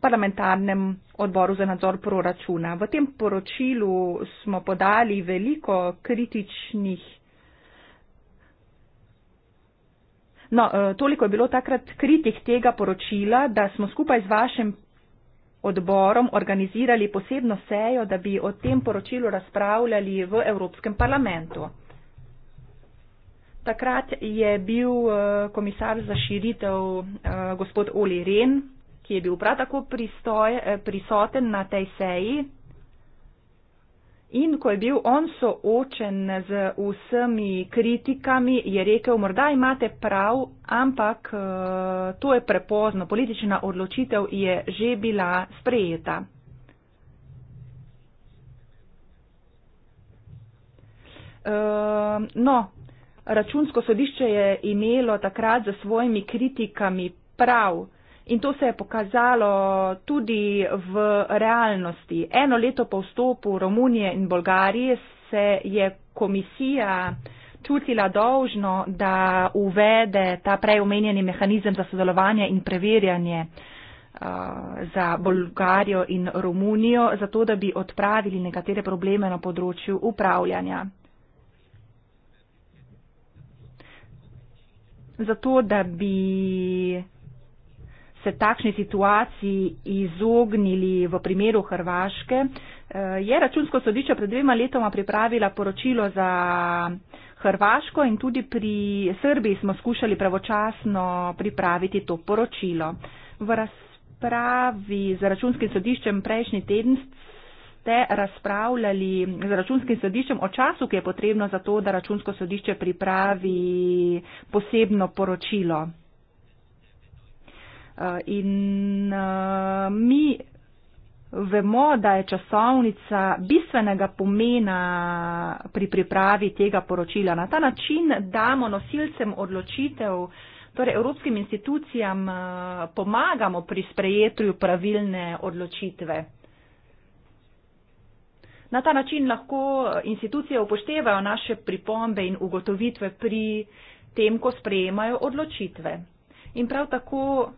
parlamentarnem odboru za nadzor proračuna. V tem poročilu smo podali veliko kritičnih. No, eh, toliko je bilo takrat kritik tega poročila, da smo skupaj z vašim odborom organizirali posebno sejo, da bi o tem poročilu razpravljali v Evropskem parlamentu. Takrat je bil eh, komisar za širitev eh, gospod Oli Ren, ki je bil prav tako eh, prisoten na tej seji In ko je bil on soočen z vsemi kritikami, je rekel, morda imate prav, ampak eh, to je prepozno, politična odločitev je že bila sprejeta. Eh, no, računsko sodišče je imelo takrat za svojimi kritikami prav. In to se je pokazalo tudi v realnosti. Eno leto po vstopu Romunije in Bolgarije se je komisija čutila dolžno, da uvede ta prej omenjeni mehanizem za sodelovanje in preverjanje uh, za Bolgarijo in Romunijo, zato da bi odpravili nekatere probleme na področju upravljanja. Zato da bi se takšni situaciji izognili v primeru Hrvaške. Eh, je računsko sodišče pred dvema letoma pripravila poročilo za Hrvaško in tudi pri Srbiji smo skušali pravočasno pripraviti to poročilo. V razpravi z računskim sodiščem prejšnji teden ste razpravljali z računskim sodiščem o času, ki je potrebno za to, da računsko sodišče pripravi posebno poročilo. Eh, in eh, mi vemo, da je časovnica bistvenega pomena pri pripravi tega poročila. Na ta način damo nosilcem odločitev, torej evropskim institucijam eh, pomagamo pri sprejetju pravilne odločitve. Na ta način lahko institucije upoštevajo naše pripombe in ugotovitve pri tem, ko sprejemajo odločitve. In prav tako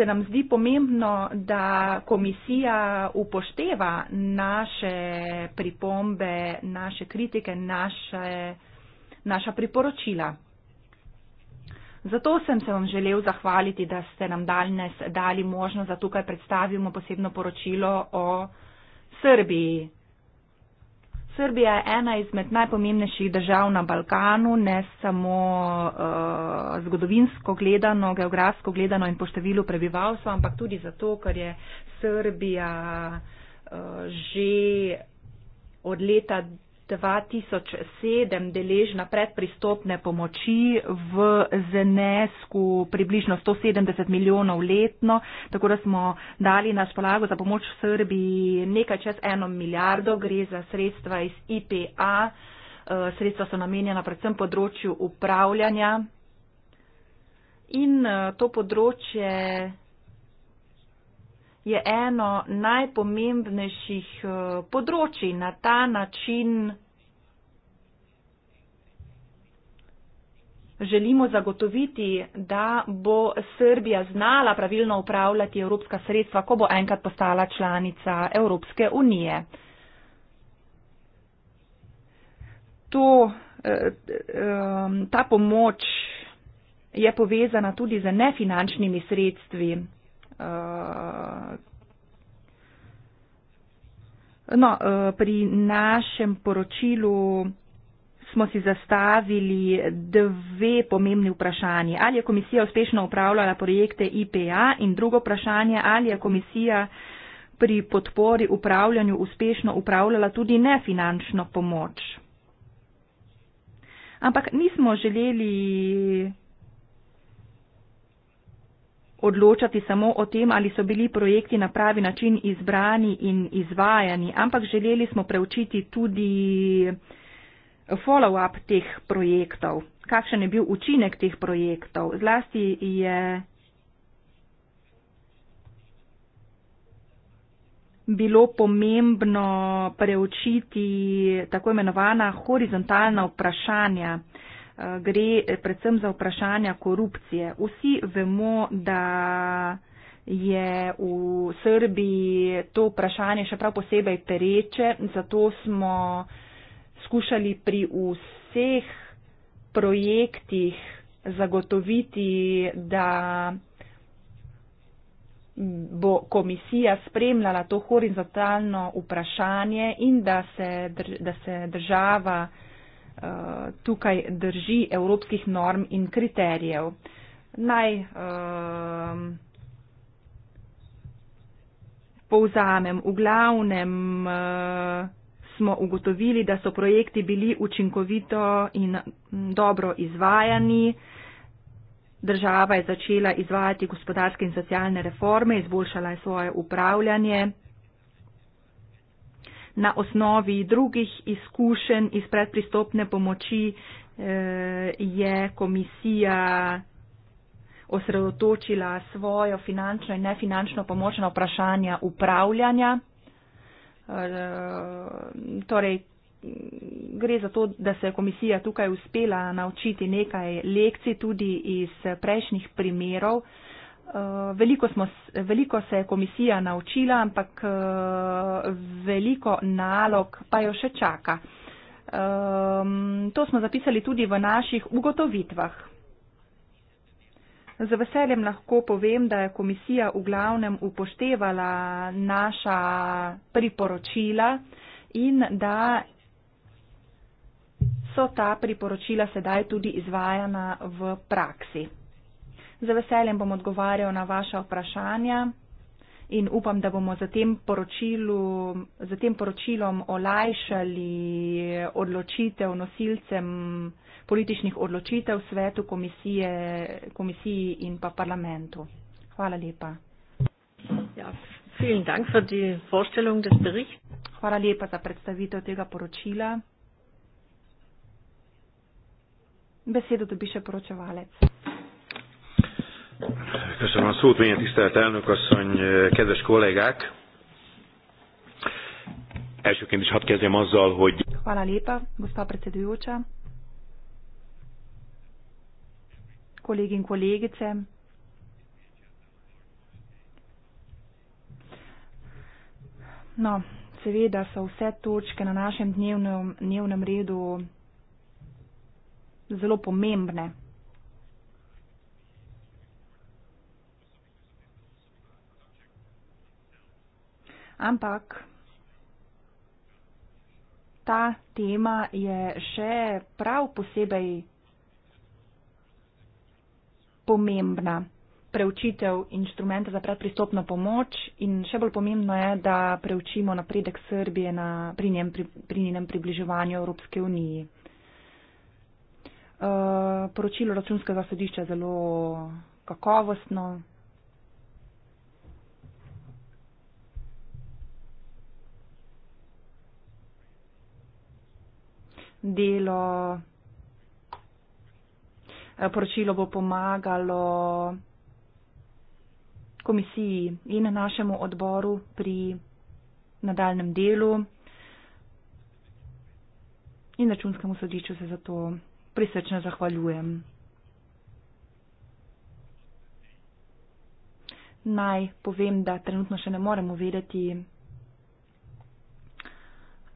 se nam zdi pomembno, da komisija upošteva naše pripombe, naše kritike, naše, naša priporočila. Zato sem se vam želel zahvaliti, da ste nam danes dali možnost, da tukaj predstavimo posebno poročilo o Srbiji. Srbija je ena izmed najpomembnejših držav na Balkanu, ne samo uh, zgodovinsko gledano, geografsko gledano in po številu prebivalstva, ampak tudi zato, ker je Srbija uh, že od leta 2007 deležna predpristopne pomoči v znesku približno 170 milijonov letno, tako da smo dali na spolago za pomoč Srbiji nekaj čez eno milijardo, gre za sredstva iz IPA, eh, sredstva so namenjena predvsem področju upravljanja in eh, to področje je eno najpomembnejših eh, področji na ta način. Želimo zagotoviti, da bo Srbija znala pravilno upravljati evropska sredstva, ko bo enkrat postala članica Evropske unije. To, eh, eh, ta pomoč je povezana tudi z nefinančnimi sredstvi. Eh, no, eh, pri našem poročilu smo si zastavili dve pomembni vprašanji. Ali je komisija uspešno upravljala projekte IPA in drugo vprašanje, ali je komisija pri podpori upravljanju uspešno upravljala tudi nefinančno pomoč. Ampak nismo želeli odločati samo o tem, ali so bili projekti na pravi način izbrani in izvajani, ampak želeli smo preučiti tudi follow-up teh projektov, kakšen je bil učinek teh projektov. Zlasti je bilo pomembno preučiti tako imenovana horizontalna vprašanja gre predvsem za vprašanja korupcije. Vsi vemo, da je v Srbiji to vprašanje še prav posebej pereče, zato smo skušali pri vseh projektih zagotoviti, da bo komisija spremljala to horizontalno vprašanje in da se, drž da se država Eh, tukaj drži evropskih norm in kriterijev. Naj um, povzamem, v glavnem uh, smo ugotovili, da so projekti bili učinkovito in mm, dobro izvajani. Država je začela izvajati gospodarske in socialne reforme, izboljšala je svoje upravljanje na osnovi drugih izkušenj iz predpristopne pomoči eh, je komisija osredotočila svojo finančno in nefinančno pomoč na vprašanja upravljanja. Eh, torej, gre za to, da se je komisija tukaj uspela naučiti nekaj lekcij tudi iz prejšnjih primerov, Eh, veliko, smo, veliko se je komisija naučila, ampak eh, veliko nalog pa jo še čaka. Ehm, to smo zapisali tudi v naših ugotovitvah. Z veseljem lahko povem, da je komisija v glavnem upoštevala naša priporočila in da so ta priporočila sedaj tudi izvajana v praksi. Z veseljem bom odgovarjal na vaše vprašanja in upam, da bomo za tem, poročilu, za tem poročilom olajšali odločitev nosilcem političnih odločitev svetu, komisije, komisiji in pa parlamentu. Hvala lepa. Ja. Hvala lepa za predstavitev tega poročila. Besedo dobi še poročevalec. Köszönöm a szót, milyen tisztelt elnök asszony, kedves kollégák! Elsőként is hadd kezdjem azzal, hogy... Hvala lépa, gospa predsedujúca. Kollégin kollégice. No, seveda so vse točke na našem dnevnem, dnevnem redu zelo pomembne. Ampak ta tema je še prav posebej pomembna. Preučitev inštrumenta za predpristopno pomoč in še bolj pomembno je, da preučimo napredek Srbije na, pri, njem, pri, pri njenem približevanju Evropske unije. Uh, poročilo računskega sodišča je zelo kakovostno, delo, eh, poročilo bo pomagalo komisiji in našemu odboru pri nadaljem delu in računskemu sodišču se za to prisrčno zahvaljujem. Naj povem, da trenutno še ne moremo vedeti, um,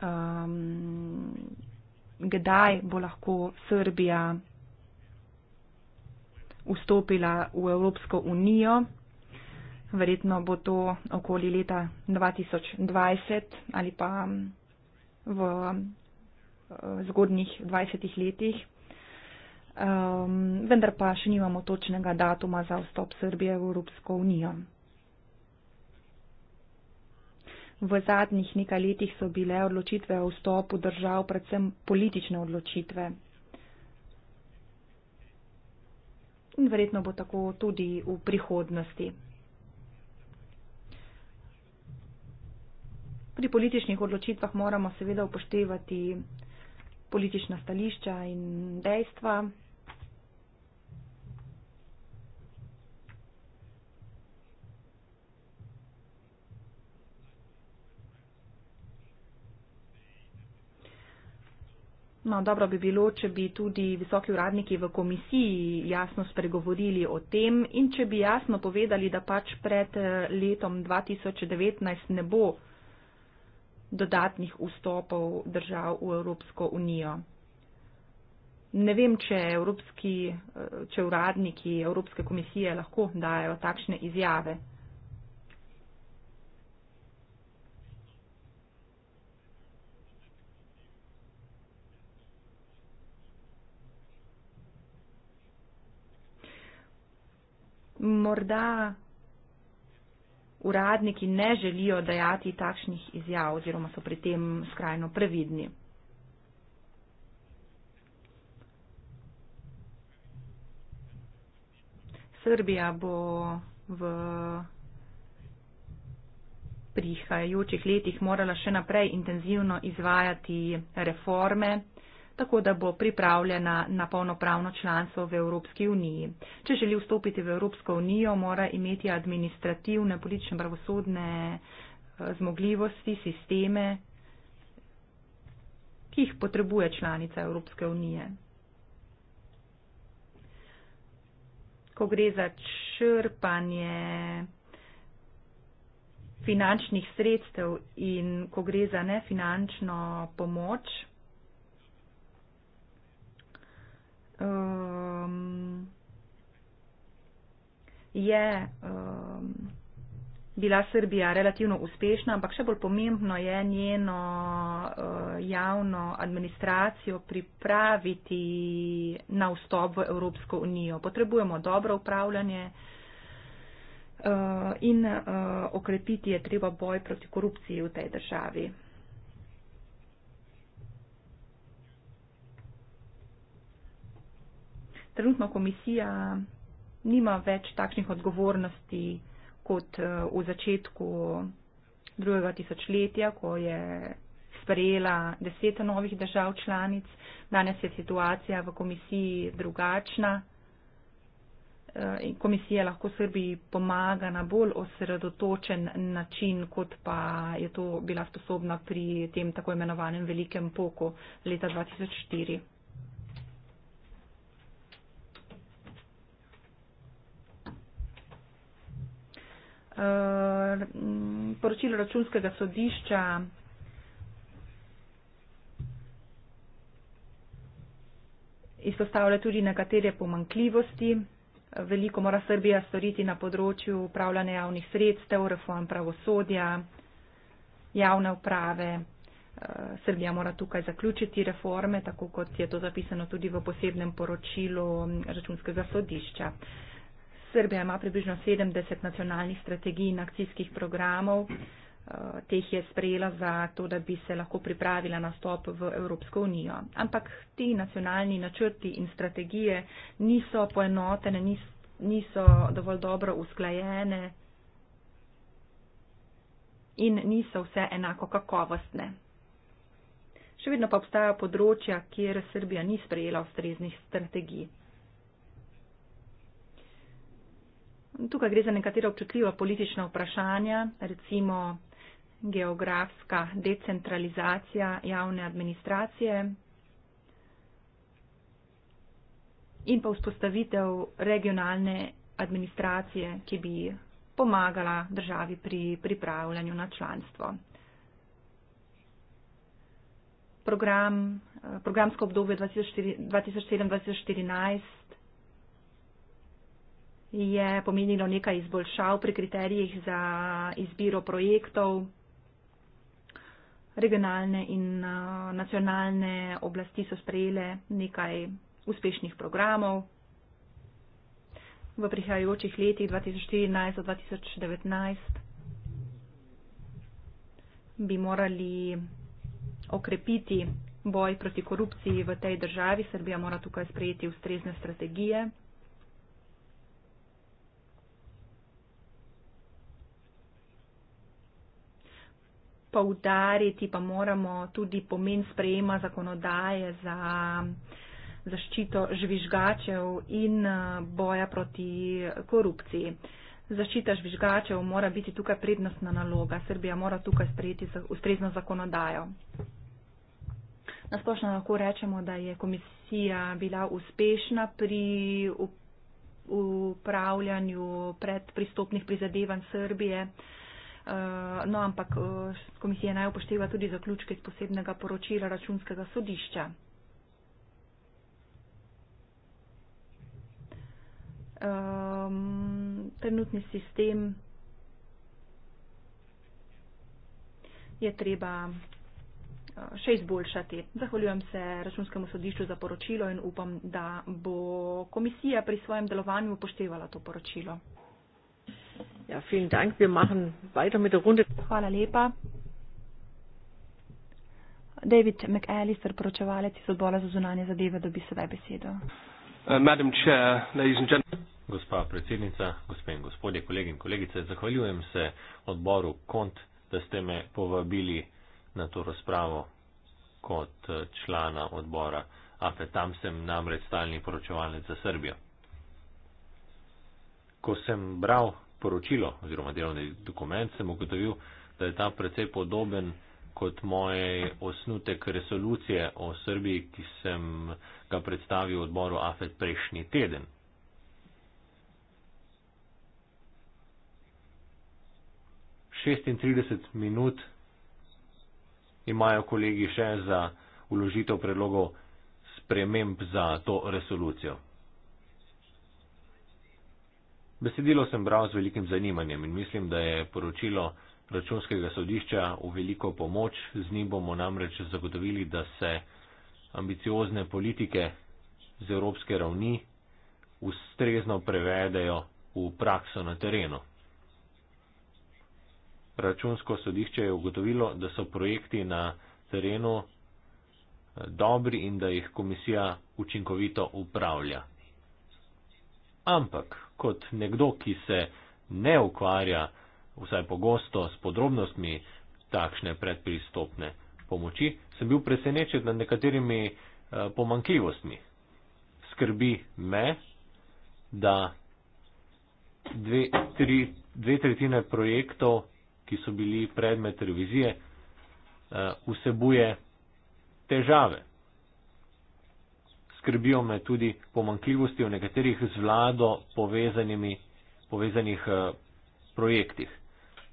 ehm, kdaj bo lahko Srbija vstopila v Evropsko unijo. Verjetno bo to okoli leta 2020 ali pa v zgodnjih 20 letih. Um, vendar pa še nimamo točnega datuma za vstop Srbije v Evropsko unijo. V zadnjih nekaj letih so bile odločitve o vstopu držav predvsem politične odločitve. In verjetno bo tako tudi v prihodnosti. Pri političnih odločitvah moramo seveda upoštevati politična stališča in dejstva. No, dobro bi bilo, če bi tudi visoki uradniki v komisiji jasno spregovorili o tem in če bi jasno povedali, da pač pred eh, letom 2019 ne bo dodatnih vstopov držav v Evropsko unijo. Ne vem, če, evropski, eh, če uradniki Evropske komisije lahko dajo takšne izjave. morda uradniki ne želijo dajati takšnih izjav oziroma so pri tem skrajno previdni. Srbija bo v prihajajočih letih morala še naprej intenzivno izvajati reforme tako da bo pripravljena na polnopravno članstvo v Evropski uniji. Če želi vstopiti v Evropsko unijo, mora imeti administrativne, politične, pravosodne eh, zmogljivosti, sisteme, ki jih potrebuje članica Evropske unije. Ko gre za črpanje finančnih sredstev in ko gre za nefinančno pomoč, um, je um, bila Srbija relativno uspešna, ampak še bolj pomembno je njeno uh, javno administracijo pripraviti na vstop v Evropsko unijo. Potrebujemo dobro upravljanje. Uh, in uh, okrepiti je treba boj proti korupciji v tej državi. trenutno komisija nima več takšnih odgovornosti kot eh, v začetku drugega tisočletja, ko je sprejela deset novih držav članic. Danes je situacija v komisiji drugačna. Eh, komisija lahko Srbiji pomaga na bolj osredotočen način, kot pa je to bila sposobna pri tem tako imenovanem velikem poku leta 2004. Eh, poročilo računskega sodišča izpostavlja tudi nekatere pomankljivosti. Veliko mora Srbija storiti na področju upravljanja javnih sredstev, reform pravosodja, javne uprave. Eh, Srbija mora tukaj zaključiti reforme, tako kot je to zapisano tudi v posebnem poročilu mm, računskega sodišča. Srbija ima približno 70 nacionalnih strategij in akcijskih programov. Eh, teh je sprejela za to, da bi se lahko pripravila na stop v Evropsko unijo. Ampak ti nacionalni načrti in strategije niso poenotene, niso dovolj dobro usklajene in niso vse enako kakovostne. Še vedno pa obstajajo področja, kjer Srbija ni sprejela ustreznih strategij. Tukaj gre za nekatera občutljiva politična vprašanja, recimo geografska decentralizacija javne administracije in pa vzpostavitev regionalne administracije, ki bi pomagala državi pri pripravljanju na članstvo. Program, eh, programsko obdobje 2007-2014 je pomenilo nekaj izboljšav pri kriterijih za izbiro projektov. Regionalne in uh, nacionalne oblasti so sprejele nekaj uspešnih programov. V prihajajočih letih 2014-2019 bi morali okrepiti boj proti korupciji v tej državi. Srbija mora tukaj sprejeti ustrezne strategije. poudariti, pa moramo tudi pomen sprejema zakonodaje za zaščito žvižgačev in eh, boja proti korupciji. Zaščita žvižgačev mora biti tukaj prednostna naloga. Srbija mora tukaj sprejeti ustrezno zakonodajo. Nasplošno lahko rečemo, da je komisija bila uspešna pri upravljanju predpristopnih prizadevanj Srbije. Eh, no, ampak eh, komisija naj upošteva tudi zaključke iz posebnega poročila računskega sodišča. Um, trenutni sistem je treba eh, še izboljšati. Zahvaljujem se računskemu sodišču za poročilo in upam, da bo komisija pri svojem delovanju upoštevala to poročilo. Ja, vielen Dank. Wir machen weiter mit der Runde. Hvala lepa. David McAllister, poročevalec iz odbora za zunanje zadeve, dobi sedaj besedo. Uh, Gospa predsednica, gospe in gospodje, kolegi in kolegice, zahvaljujem se odboru KONT, da ste me povabili na to razpravo kot eh, člana odbora AFE. Tam sem namreč stalni poročevalec za Srbijo. Ko sem bral poročilo oziroma delovni dokument, sem ugotovil, da je ta precej podoben kot moj osnutek resolucije o Srbiji, ki sem ga predstavil odboru AFED prejšnji teden. Šestintrideset minut imajo kolegi še za uložitev predlogov sprememb za to resolucijo. Besedilo sem bral z velikim zanimanjem in mislim, da je poročilo računskega sodišča v veliko pomoč. Z njim bomo namreč zagotovili, da se ambiciozne politike z evropske ravni ustrezno prevedejo v prakso na terenu. Računsko sodišče je ugotovilo, da so projekti na terenu eh, dobri in da jih komisija učinkovito upravlja. Ampak kot nekdo, ki se ne ukvarja vsaj pogosto s podrobnostmi takšne predpristopne pomoči, sem bil presenečen nad nekaterimi eh, pomankljivostmi. Skrbi me, da dve, tri, dve tretjine projektov, ki so bili predmet revizije, eh, vsebuje težave skrbijo me tudi pomankljivosti v nekaterih z vlado povezanih eh, projektih.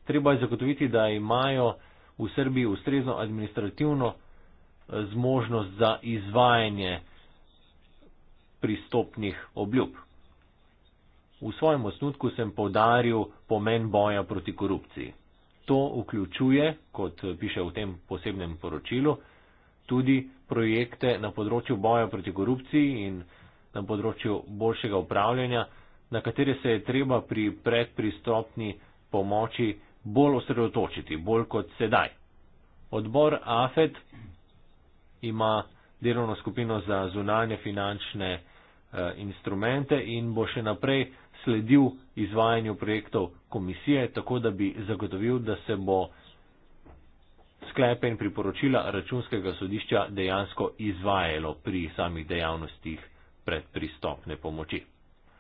Treba je zagotoviti, da imajo v Srbiji ustrezno administrativno eh, zmožnost za izvajanje pristopnih obljub. V svojem osnutku sem povdaril pomen boja proti korupciji. To vključuje, kot piše v tem posebnem poročilu, tudi projekte na področju boja proti korupciji in na področju boljšega upravljanja, na katere se je treba pri predpristopni pomoči bolj osredotočiti, bolj kot sedaj. Odbor AFED ima delovno skupino za zunanje finančne eh, instrumente in bo še naprej sledil izvajanju projektov komisije, tako da bi zagotovil, da se bo sklepe in priporočila računskega sodišča dejansko izvajalo pri samih dejavnostih predpristopne pomoči.